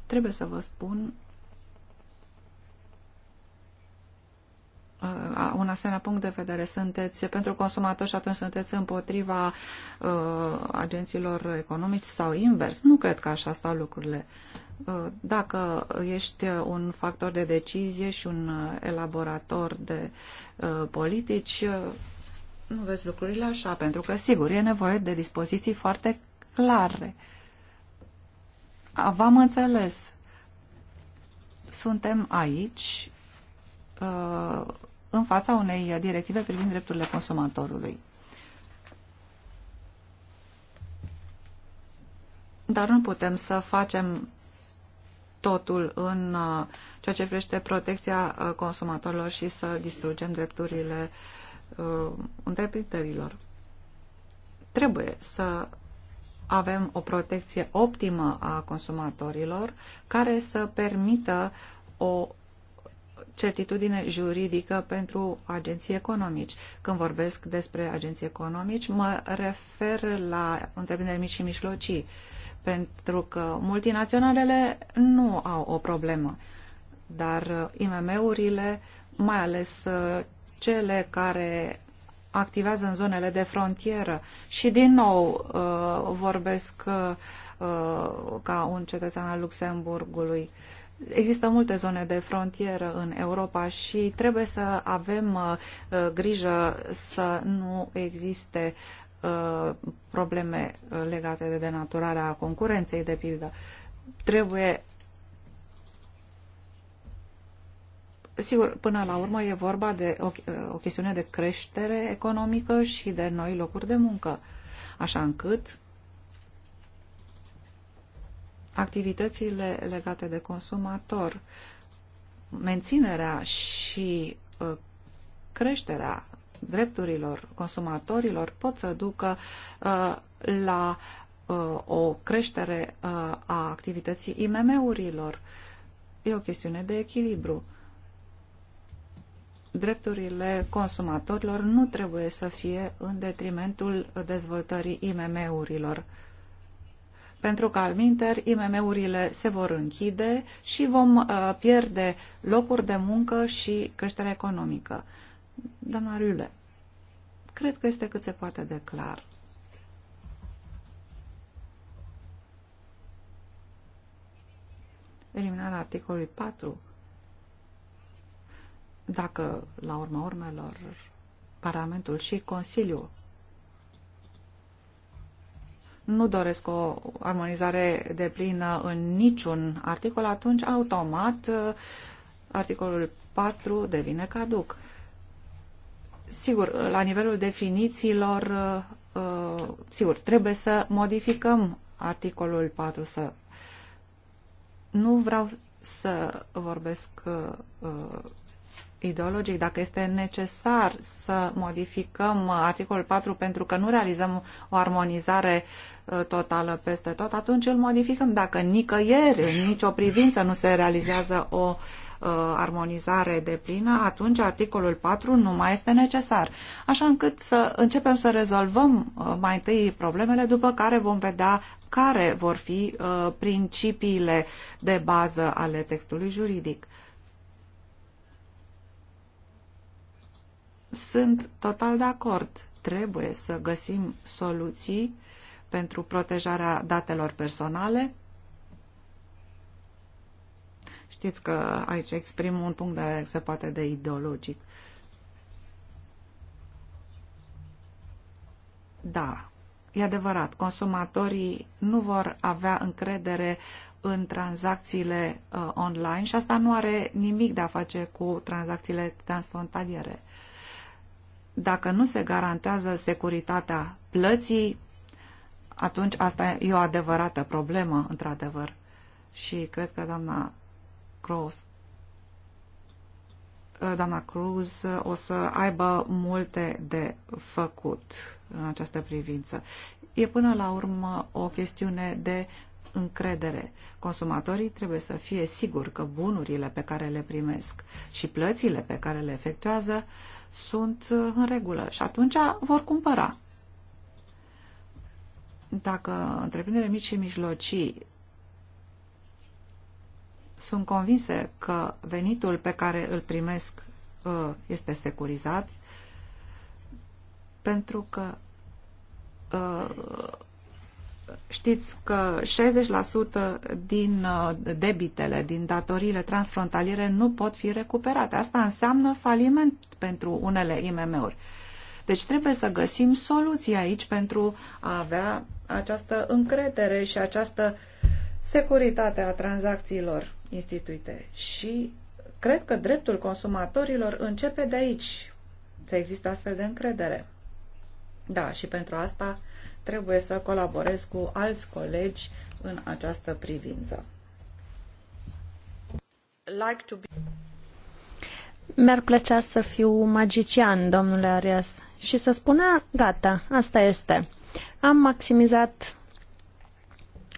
trebuie să vă spun un asemenea punct de vedere? Sunteți pentru consumator și atunci sunteți împotriva uh, agenților economici sau invers? Nu cred că așa stau lucrurile. Uh, dacă ești un factor de decizie și un elaborator de uh, politici, uh, nu vezi lucrurile așa, pentru că, sigur, e nevoie de dispoziții foarte clare. V-am înțeles. Suntem aici uh, în fața unei directive privind drepturile consumatorului. Dar nu putem să facem totul în uh, ceea ce privește protecția uh, consumatorilor și să distrugem drepturile uh, întreprinderilor. Trebuie să avem o protecție optimă a consumatorilor care să permită o certitudine juridică pentru agenții economici. Când vorbesc despre agenții economici, mă refer la întreprinderi mici și mijlocii, pentru că multinaționalele nu au o problemă, dar IMM-urile, mai ales cele care activează în zonele de frontieră și din nou uh, vorbesc uh, ca un cetățean al Luxemburgului, Există multe zone de frontieră în Europa și trebuie să avem uh, grijă să nu existe uh, probleme uh, legate de denaturarea concurenței, de pildă. Trebuie Sigur, până la urmă e vorba de o, o chestiune de creștere economică și de noi locuri de muncă, așa încât activitățile legate de consumator, menținerea și uh, creșterea drepturilor consumatorilor pot să ducă uh, la uh, o creștere a activității IMM-urilor. E o chestiune de echilibru. Drepturile consumatorilor nu trebuie să fie în detrimentul dezvoltării IMM-urilor pentru că minter IMM-urile se vor închide și vom uh, pierde locuri de muncă și creștere economică. Doamna Riule, cred că este cât se poate de clar. Eliminarea articolului 4 dacă, la urma urmelor, Parlamentul și Consiliul nu doresc o armonizare de plină în niciun articol, atunci automat uh, articolul 4 devine caduc. Sigur, la nivelul definițiilor, uh, uh, sigur, trebuie să modificăm articolul 4 să nu vreau să vorbesc uh, ideologic, dacă este necesar să modificăm articolul 4 pentru că nu realizăm o armonizare uh, totală peste tot, atunci îl modificăm. Dacă nicăieri, în nicio privință nu se realizează o uh, armonizare de plină, atunci articolul 4 nu mai este necesar. Așa încât să începem să rezolvăm uh, mai întâi problemele, după care vom vedea care vor fi principiile de bază ale textului juridic. Sunt total de acord. Trebuie să găsim soluții pentru protejarea datelor personale. Știți că aici exprim un punct de se poate de ideologic. Da, e adevărat, consumatorii nu vor avea încredere în tranzacțiile uh, online și asta nu are nimic de a face cu tranzacțiile transfrontaliere. Uh, dacă nu se garantează securitatea plății, atunci asta e o adevărată problemă, într-adevăr. Și cred că doamna Cross, doamna Cruz o să aibă multe de făcut în această privință. E până la urmă o chestiune de încredere. Consumatorii trebuie să fie siguri că bunurile pe care le primesc și plățile pe care le efectuează uh, sunt uh, în regulă și atunci vor cumpăra. Dacă întreprinderile mici și mijlocii sunt convinse că venitul pe care îl primesc uh, este securizat, pentru că uh, Știți că 60% din uh, debitele, din datoriile transfrontaliere nu pot fi recuperate. Asta înseamnă faliment pentru unele IMM-uri. Deci trebuie să găsim soluții aici pentru a avea această încredere și această securitate a tranzacțiilor instituite. Și cred că dreptul consumatorilor începe de aici, să există astfel de încredere. Da, și pentru asta trebuie să colaborez cu alți colegi în această privință. Like to be... Mi-ar plăcea să fiu magician, domnule Arias, și să spună, gata, asta este. Am maximizat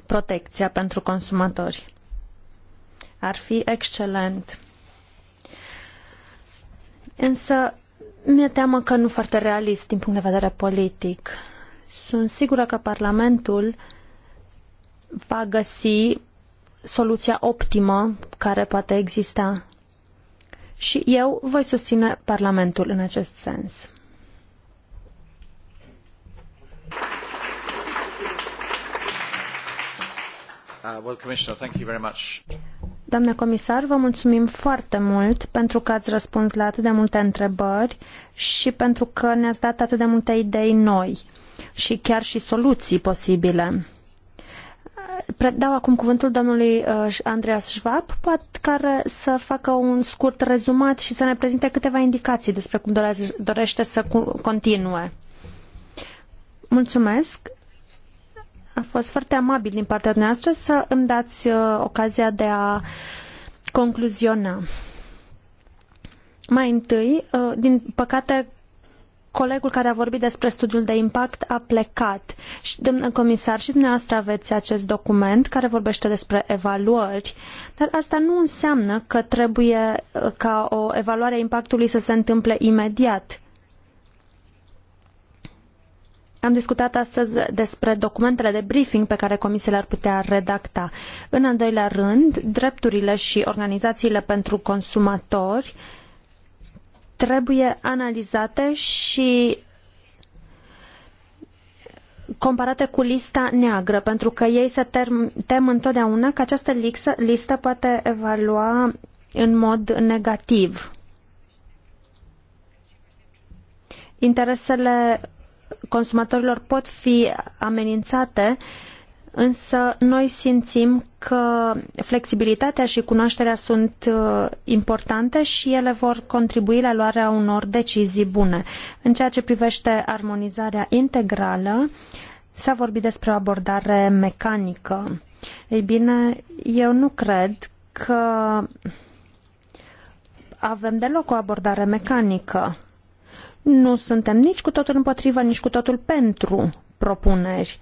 protecția pentru consumatori. Ar fi excelent. Însă, mi-e teamă că nu foarte realist din punct de vedere politic. Sunt sigură că Parlamentul va găsi soluția optimă care poate exista. Și eu voi susține Parlamentul în acest sens. Uh, Doamne comisar, vă mulțumim foarte mult pentru că ați răspuns la atât de multe întrebări și pentru că ne-ați dat atât de multe idei noi și chiar și soluții posibile. Predau acum cuvântul domnului uh, Andreas Schwab, poate care să facă un scurt rezumat și să ne prezinte câteva indicații despre cum dorește să continue. Mulțumesc. A fost foarte amabil din partea noastră să îmi dați uh, ocazia de a concluziona. Mai întâi, uh, din păcate, colegul care a vorbit despre studiul de impact a plecat. Și, domnul comisar, și dumneavoastră aveți acest document care vorbește despre evaluări, dar asta nu înseamnă că trebuie uh, ca o evaluare a impactului să se întâmple imediat. Am discutat astăzi despre documentele de briefing pe care comisiile ar putea redacta. În al doilea rând, drepturile și organizațiile pentru consumatori uh, trebuie analizate și comparate cu lista neagră, pentru că ei se tem întotdeauna că această listă, listă poate evalua în mod negativ interesele consumatorilor pot fi amenințate uh, însă noi simțim că flexibilitatea și cunoașterea sunt uh, importante și ele vor contribui la luarea unor decizii bune. În ceea ce privește armonizarea integrală, s-a vorbit despre o abordare mecanică. Ei bine, eu nu cred că avem deloc o abordare mecanică. Nu suntem nici cu totul împotrivă, nici cu totul pentru propuneri.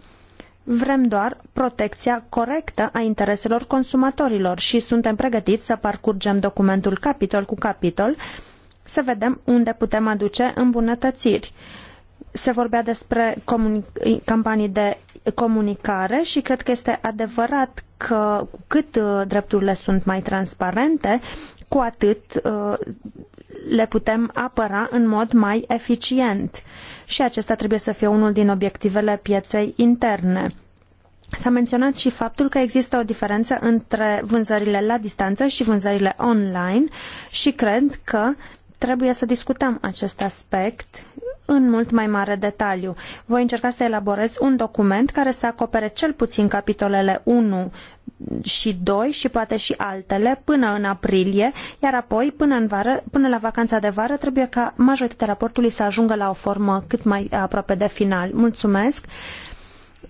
Vrem doar protecția corectă a intereselor consumatorilor și suntem pregătiți să parcurgem documentul capitol cu capitol, să vedem unde putem aduce îmbunătățiri. Se vorbea despre campanii de comunicare și cred că este adevărat că cu cât uh, drepturile sunt mai transparente, cu atât uh, le putem apăra în mod mai eficient. Și acesta trebuie să fie unul din obiectivele pieței interne. S-a menționat și faptul că există o diferență între vânzările la distanță și vânzările online și cred că trebuie să discutăm acest aspect în mult mai mare detaliu. Voi încerca să elaborez un document care să acopere cel puțin capitolele 1, și 2 și poate și altele până în aprilie, iar apoi până, în vară, până la vacanța de vară trebuie ca majoritatea raportului să ajungă la o formă cât mai aproape de final. Mulțumesc!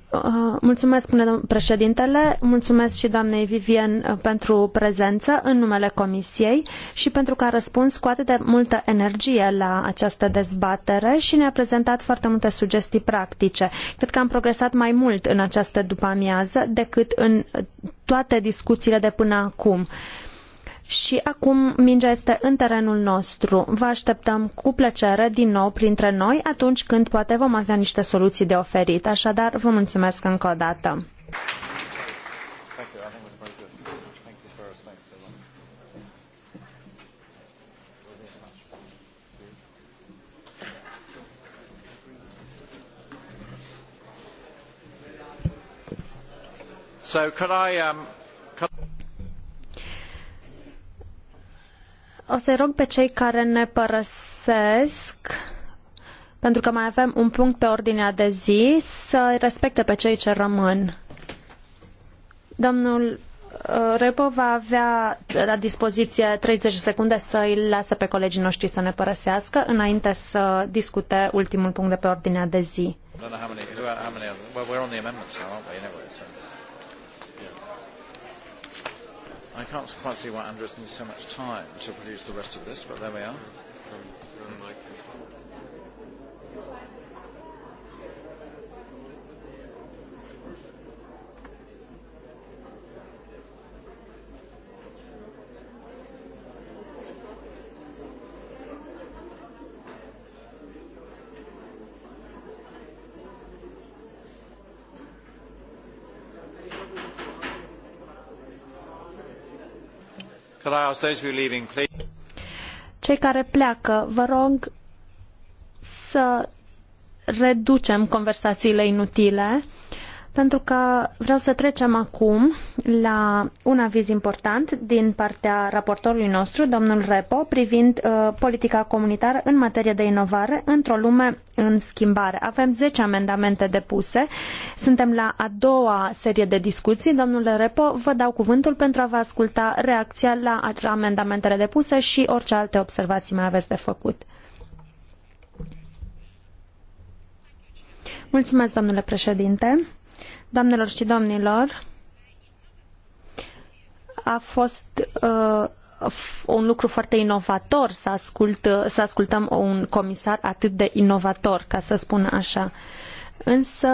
Ah, mulțumesc, spune președintele, mulțumesc și doamnei Vivien eh, pentru prezență în numele Comisiei și pentru că a răspuns cu atât de multă energie la această dezbatere și ne-a prezentat foarte multe sugestii practice. Cred că am progresat mai mult în această după-amiază decât în toate discuțiile de până acum. Și acum mingea este în terenul nostru. Vă așteptăm cu plăcere din nou printre noi atunci când poate vom avea niște soluții de oferit. Așadar, vă mulțumesc încă o dată. So could I um, O să-i rog pe cei care ne părăsesc, pentru că mai avem un punct pe ordinea de zi, să-i respecte pe cei ce rămân. Domnul uh, Repo va avea la dispoziție 30 de secunde să îi lasă pe colegii noștri să ne părăsească înainte să discute ultimul punct de pe ordinea de zi. I can't quite see why Andrew's needs so much time to produce the rest of this, but there we are. Cei care pleacă, vă rog să reducem conversațiile inutile pentru că vreau să trecem acum la un aviz important din partea raportorului nostru, domnul Repo, privind uh, politica comunitară în materie de inovare într-o lume în schimbare. Avem 10 amendamente depuse. Suntem la a doua serie de discuții. Domnule Repo, vă dau cuvântul pentru a vă asculta reacția la amendamentele depuse și orice alte observații mai aveți de făcut. Mulțumesc, domnule președinte și domnilor, a fost uh, un lucru foarte inovator să, ascult, să ascultăm un comisar atât de inovator, ca să spun așa. Însă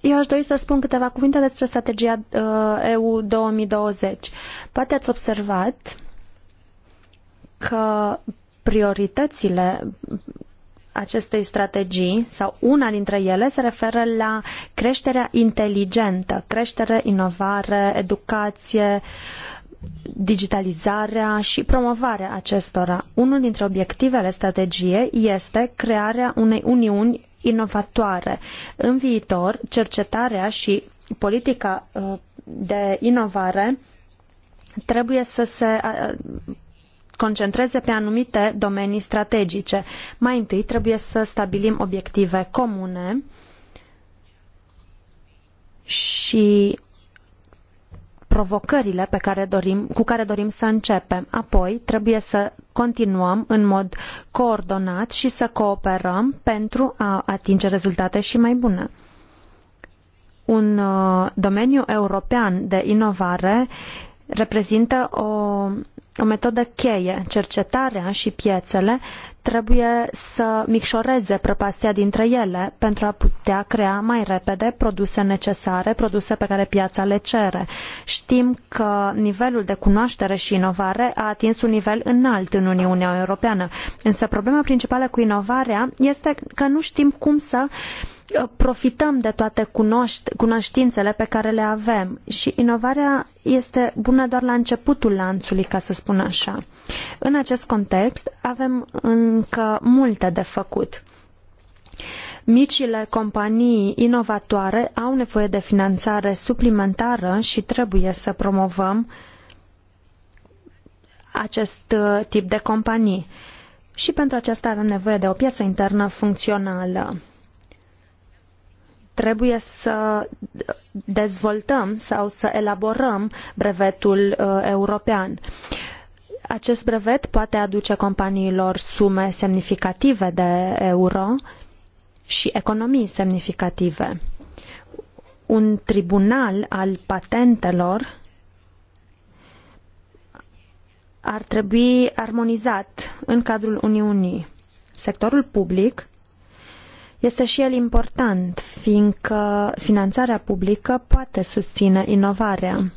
eu aș dori să spun câteva cuvinte despre strategia uh, EU 2020. Poate ați observat că prioritățile acestei strategii, sau una dintre ele, se referă la creșterea inteligentă, creștere, inovare, educație, digitalizarea și promovarea acestora. Unul dintre obiectivele strategiei este crearea unei uniuni inovatoare. În viitor, cercetarea și politica uh, de inovare trebuie să se uh, concentreze pe anumite domenii strategice. Mai întâi trebuie să stabilim obiective comune și provocările pe care dorim, cu care dorim să începem. Apoi trebuie să continuăm în mod coordonat și să cooperăm pentru a atinge rezultate și mai bune. Un uh, domeniu european de inovare uh, reprezintă o, o metodă cheie. Cercetarea și piețele trebuie să micșoreze prăpastia dintre ele pentru a putea crea mai repede produse necesare, produse pe care piața le cere. Știm că nivelul de cunoaștere și inovare a atins un nivel înalt în Uniunea Europeană, însă problema principală cu inovarea este că nu știm cum să uh, profităm de toate cunoștințele pe care le avem și inovarea este bună doar la începutul lanțului, ca să spun așa. În acest context avem încă multe de făcut. Micile companii inovatoare au nevoie de finanțare suplimentară și trebuie să promovăm acest uh, tip de companii. Și pentru aceasta avem nevoie de o piață internă funcțională trebuie să dezvoltăm sau să elaborăm brevetul uh, european. Acest brevet poate aduce companiilor sume semnificative de euro și economii semnificative. Un tribunal al patentelor ar trebui armonizat în cadrul Uniunii. Sectorul public este și el important, fiindcă finanțarea publică poate susține inovarea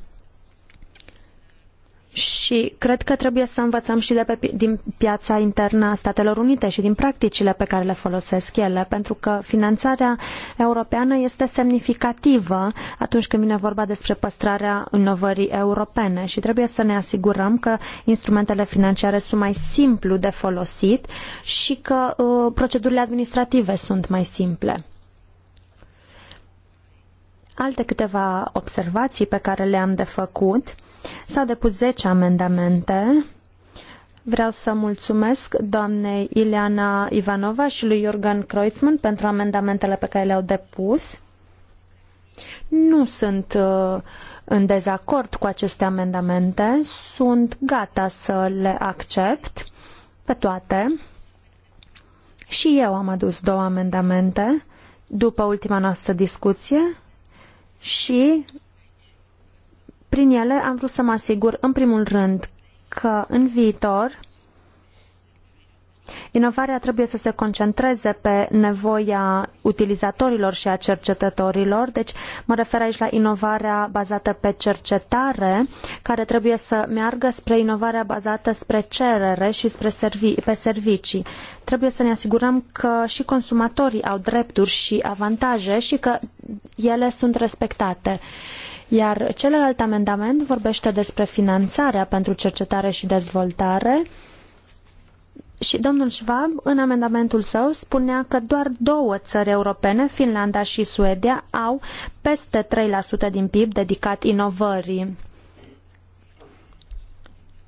și cred că trebuie să învățăm și de pe, din piața internă a Statelor Unite și din practicile pe care le folosesc ele, pentru că finanțarea europeană este semnificativă atunci când vine vorba despre păstrarea inovării europene și trebuie să ne asigurăm că instrumentele financiare sunt mai simplu de folosit și că uh, procedurile administrative sunt mai simple. Alte câteva observații pe care le-am de făcut S-au depus 10 amendamente. Vreau să mulțumesc doamnei Ileana Ivanova și lui Jürgen Kreutzmann pentru amendamentele pe care le-au depus. Nu sunt uh, în dezacord cu aceste amendamente, sunt gata să le accept pe toate. Și eu am adus două amendamente după ultima noastră discuție și prin ele am vrut să mă asigur, în primul rând, că în viitor inovarea trebuie să se concentreze pe nevoia utilizatorilor și a cercetătorilor, deci mă refer aici la inovarea bazată pe cercetare, care trebuie să meargă spre inovarea bazată spre cerere și spre servi- pe servicii. Trebuie să ne asigurăm că și consumatorii au drepturi și avantaje și că ele sunt respectate. Iar celălalt amendament vorbește despre finanțarea pentru cercetare și dezvoltare. Și domnul Schwab, în amendamentul său, spunea că doar două țări europene, Finlanda și Suedia, au peste 3% din PIB dedicat inovării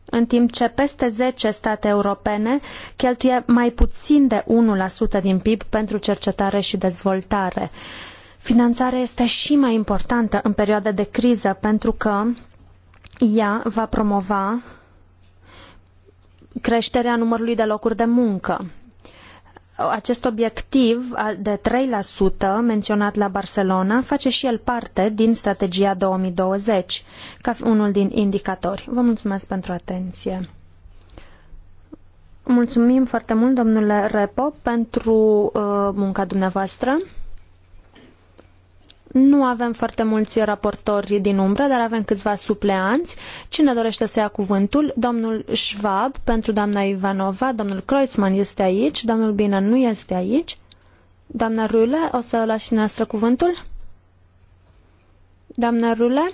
în timp ce peste zece state europene cheltuie mai puțin de 1% din PIB pentru cercetare și dezvoltare. Uh, Finanțarea este și mai importantă în perioada de criză pentru că ea va promova creșterea numărului de locuri de muncă. Acest obiectiv de 3% menționat la Barcelona face și el parte din strategia 2020, ca unul din indicatori. Vă mulțumesc pentru atenție. Mulțumim foarte mult, domnule Repo, pentru uh, munca dumneavoastră. Nu avem foarte mulți raportori din umbră, dar avem câțiva supleanți. Cine dorește să ia cuvântul? Domnul Schwab pentru doamna Ivanova, domnul Kreutzmann este aici, domnul Bina nu este aici. Doamna Rule, o să lași și noastră cuvântul? Doamna Rule?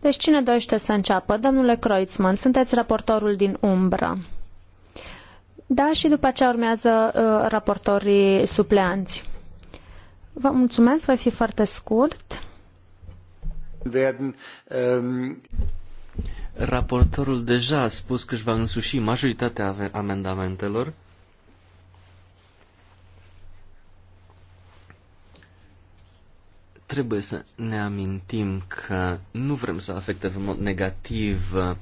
Deci cine dorește să înceapă? Domnule Kreutzmann, sunteți raportorul din umbră. Da, și după aceea urmează uh, raportorii supleanți. Vă mulțumesc, voi fi foarte scurt. Werden, um... Raportorul deja a spus că își va însuși majoritatea amendamentelor. Trebuie să ne amintim că nu vrem să afectăm în mod negativ uh,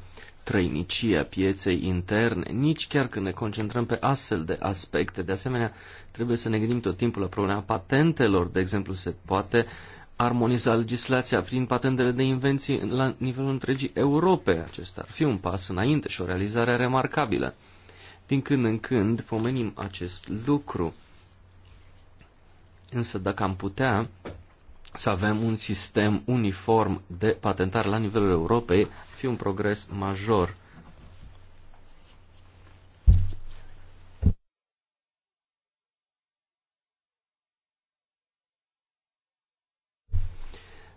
trăinicie a pieței interne, nici chiar când ne concentrăm pe astfel de aspecte. De asemenea, trebuie să ne gândim tot timpul la problema patentelor. De exemplu, se poate armoniza legislația prin patentele de invenții la nivelul întregii Europe. Acesta ar fi un pas înainte și o realizare remarcabilă. Din când în când pomenim acest lucru. Însă dacă am putea să avem un sistem uniform de patentare la nivelul Europei, fi un progres major.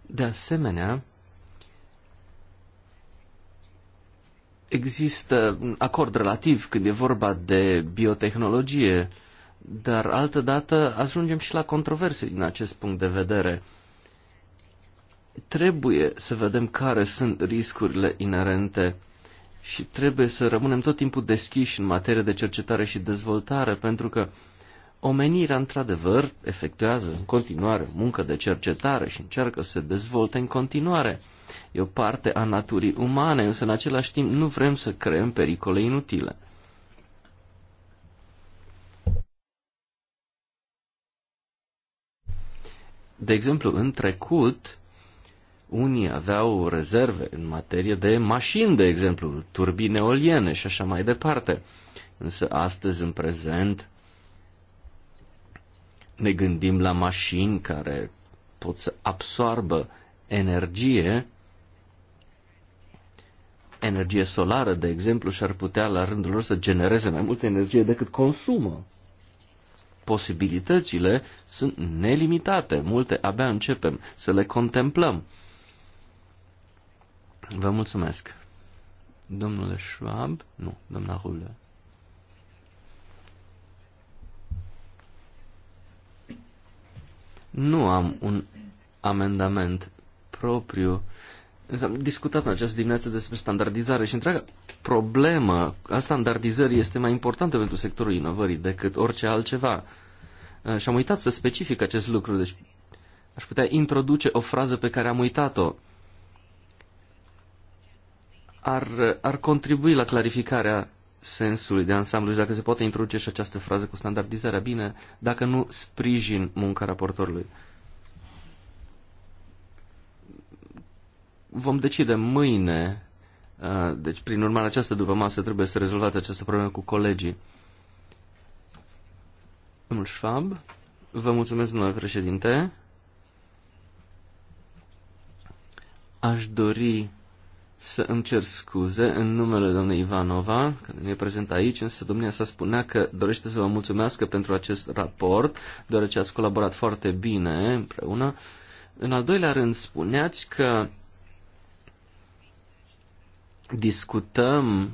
De asemenea, există un acord relativ când e vorba de biotehnologie, dar altădată ajungem și la controverse din acest punct de vedere trebuie să vedem care sunt riscurile inerente și trebuie să rămânem tot timpul deschiși în materie de cercetare și dezvoltare, pentru că omenirea, într-adevăr, efectuează în continuare muncă de cercetare și încearcă să se dezvolte în continuare. E o parte a naturii umane, însă în același timp nu vrem să creăm pericole inutile. De exemplu, în trecut, unii aveau rezerve în materie de mașini, de exemplu, turbine oliene și așa mai departe. Însă astăzi, în prezent, ne gândim la mașini care pot să absoarbă energie, energie solară, de exemplu, și ar putea la rândul lor să genereze mai multă energie decât consumă. Posibilitățile sunt nelimitate, multe abia începem să le contemplăm. Vă mulțumesc. Domnule Schwab? Nu, doamna Rulă. Nu am un amendament propriu. Am discutat în această dimineață despre standardizare și întreaga problemă a standardizării este mai importantă pentru sectorul inovării decât orice altceva. Și am uitat să specific acest lucru, deci aș putea introduce o frază pe care am uitat-o ar, ar contribui la clarificarea sensului de ansamblu și dacă se poate introduce și această frază cu standardizarea, bine, dacă nu sprijin munca raportorului. Vom decide mâine, deci prin urmare această după masă trebuie să rezolvați această problemă cu colegii. Domnul Schwab, vă mulțumesc, domnule președinte. Aș dori să îmi cer scuze în numele doamnei Ivanova, care ne prezent aici, însă domnia sa spunea că dorește să vă mulțumească pentru acest raport, deoarece ați colaborat foarte bine împreună. În al doilea rând, spuneați că discutăm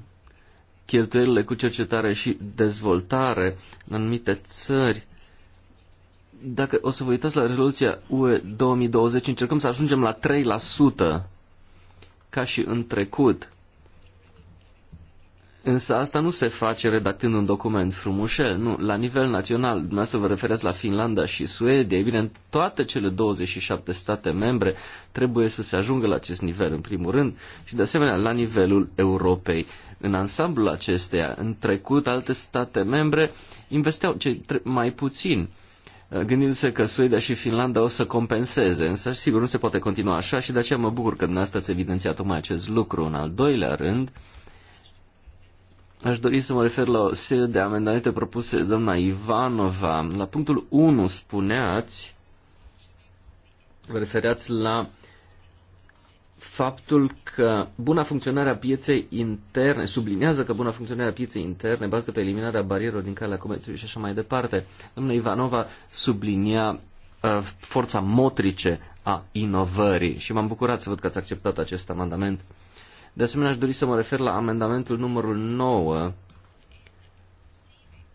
cheltuielile cu cercetare și dezvoltare în anumite țări. Dacă o să vă uitați la rezoluția UE 2020, încercăm să ajungem la ca și în trecut. Însă asta nu se face redactând un document frumușel, nu. La nivel național, dumneavoastră vă referiți la Finlanda și Suedia, e bine, în toate cele 27 state membre trebuie să se ajungă la acest nivel, în primul rând, și de asemenea la nivelul Europei. În ansamblul acesteia, în trecut, alte state membre investeau mai puțin gândindu-se că Suedia și Finlanda o să compenseze, însă sigur nu se poate continua așa și de aceea mă bucur că dumneavoastră ați evidențiat tocmai acest lucru. În al doilea rând, aș dori să mă refer la o serie de amendamente propuse de doamna Ivanova. La punctul 1 spuneați, vă refereați la faptul că buna funcționare a pieței interne, sublinează că buna funcționare a pieței interne bazată pe eliminarea barierelor din calea comerțului și așa mai departe. Domnul Ivanova sublinia uh, forța motrice a inovării și m-am bucurat să văd că ați acceptat acest amendament. De asemenea, aș dori să mă refer la amendamentul numărul 9.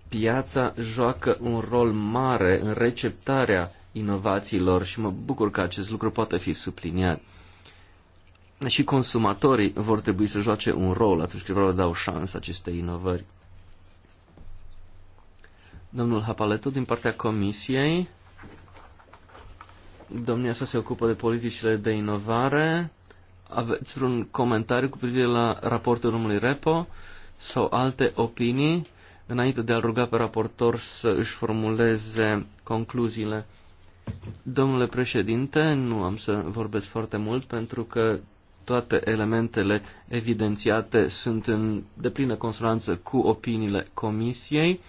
Piața joacă un rol mare în receptarea inovațiilor și mă bucur că acest lucru poate fi subliniat și consumatorii vor trebui să joace un rol atunci când vreau să dau șansă acestei inovări. Domnul Hapaleto, din partea Comisiei, domnia sa se ocupă de politicile de inovare. Aveți vreun comentariu cu privire la raportul domnului Repo sau alte opinii înainte de a ruga pe raportor să își formuleze concluziile? Domnule președinte, nu am să vorbesc foarte mult pentru că toate elementele evidențiate sunt în deplină consonanță cu opiniile Comisiei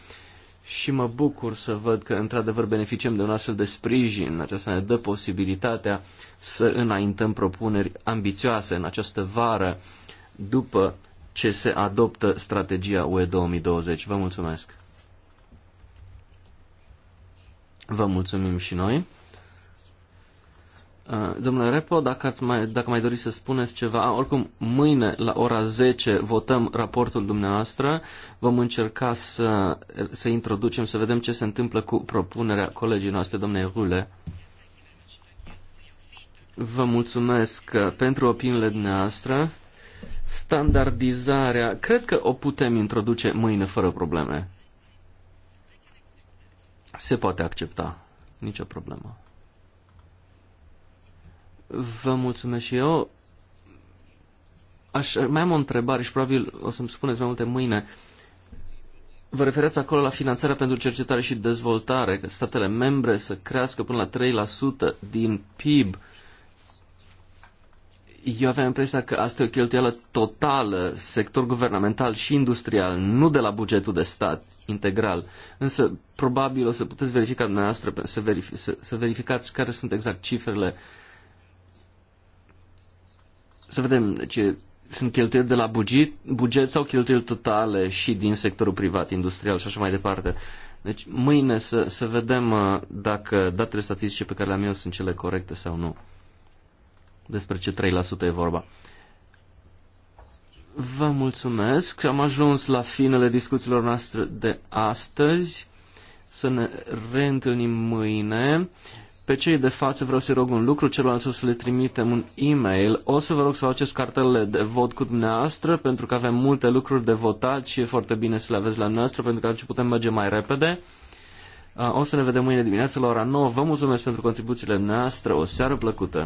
și mă bucur să văd că într-adevăr beneficiem de un astfel de sprijin. Aceasta ne dă posibilitatea să înaintăm propuneri ambițioase în această vară după ce se adoptă strategia UE 2020. Vă mulțumesc! Vă mulțumim și noi! Uh, domnule Repo, dacă, ați mai, dacă mai doriți să spuneți ceva, oricum mâine la ora 10 votăm raportul dumneavoastră, vom încerca să, să introducem, să vedem ce se întâmplă cu propunerea colegii noastre, domnule Rule. Vă mulțumesc uh, pentru opiniile dumneavoastră. Standardizarea, cred că o putem introduce mâine fără probleme. Se poate accepta, nicio problemă. Vă mulțumesc și eu. Aș, mai am o întrebare și probabil o să-mi spuneți mai multe mâine. Vă referați acolo la finanțarea pentru cercetare și dezvoltare, că statele membre să crească până la 3% din PIB. Eu aveam impresia că asta e o cheltuială totală, sector guvernamental și industrial, nu de la bugetul de stat integral. Însă, probabil o să puteți verifica dumneavoastră, să, verifi, să, să verificați care sunt exact cifrele uh, să vedem, deci sunt cheltuieli de la buget, buget sau cheltuieli totale și din sectorul privat, industrial și așa mai departe. Deci mâine să, să vedem uh, dacă datele statistice pe care le-am eu sunt cele corecte sau nu. Despre ce 3% e vorba. Vă mulțumesc. Am ajuns la finele discuțiilor noastre de astăzi. Să ne reîntâlnim mâine pe cei de față vreau să-i rog un lucru, celorlalți o să le trimitem un e-mail. O să vă rog să faceți cartelele de vot cu dumneavoastră, pentru că avem multe lucruri de votat și e foarte bine să le aveți la noastră, pentru că atunci putem merge mai repede. Uh, o să ne vedem mâine dimineață la ora 9. Vă mulțumesc pentru contribuțiile noastre. O seară plăcută!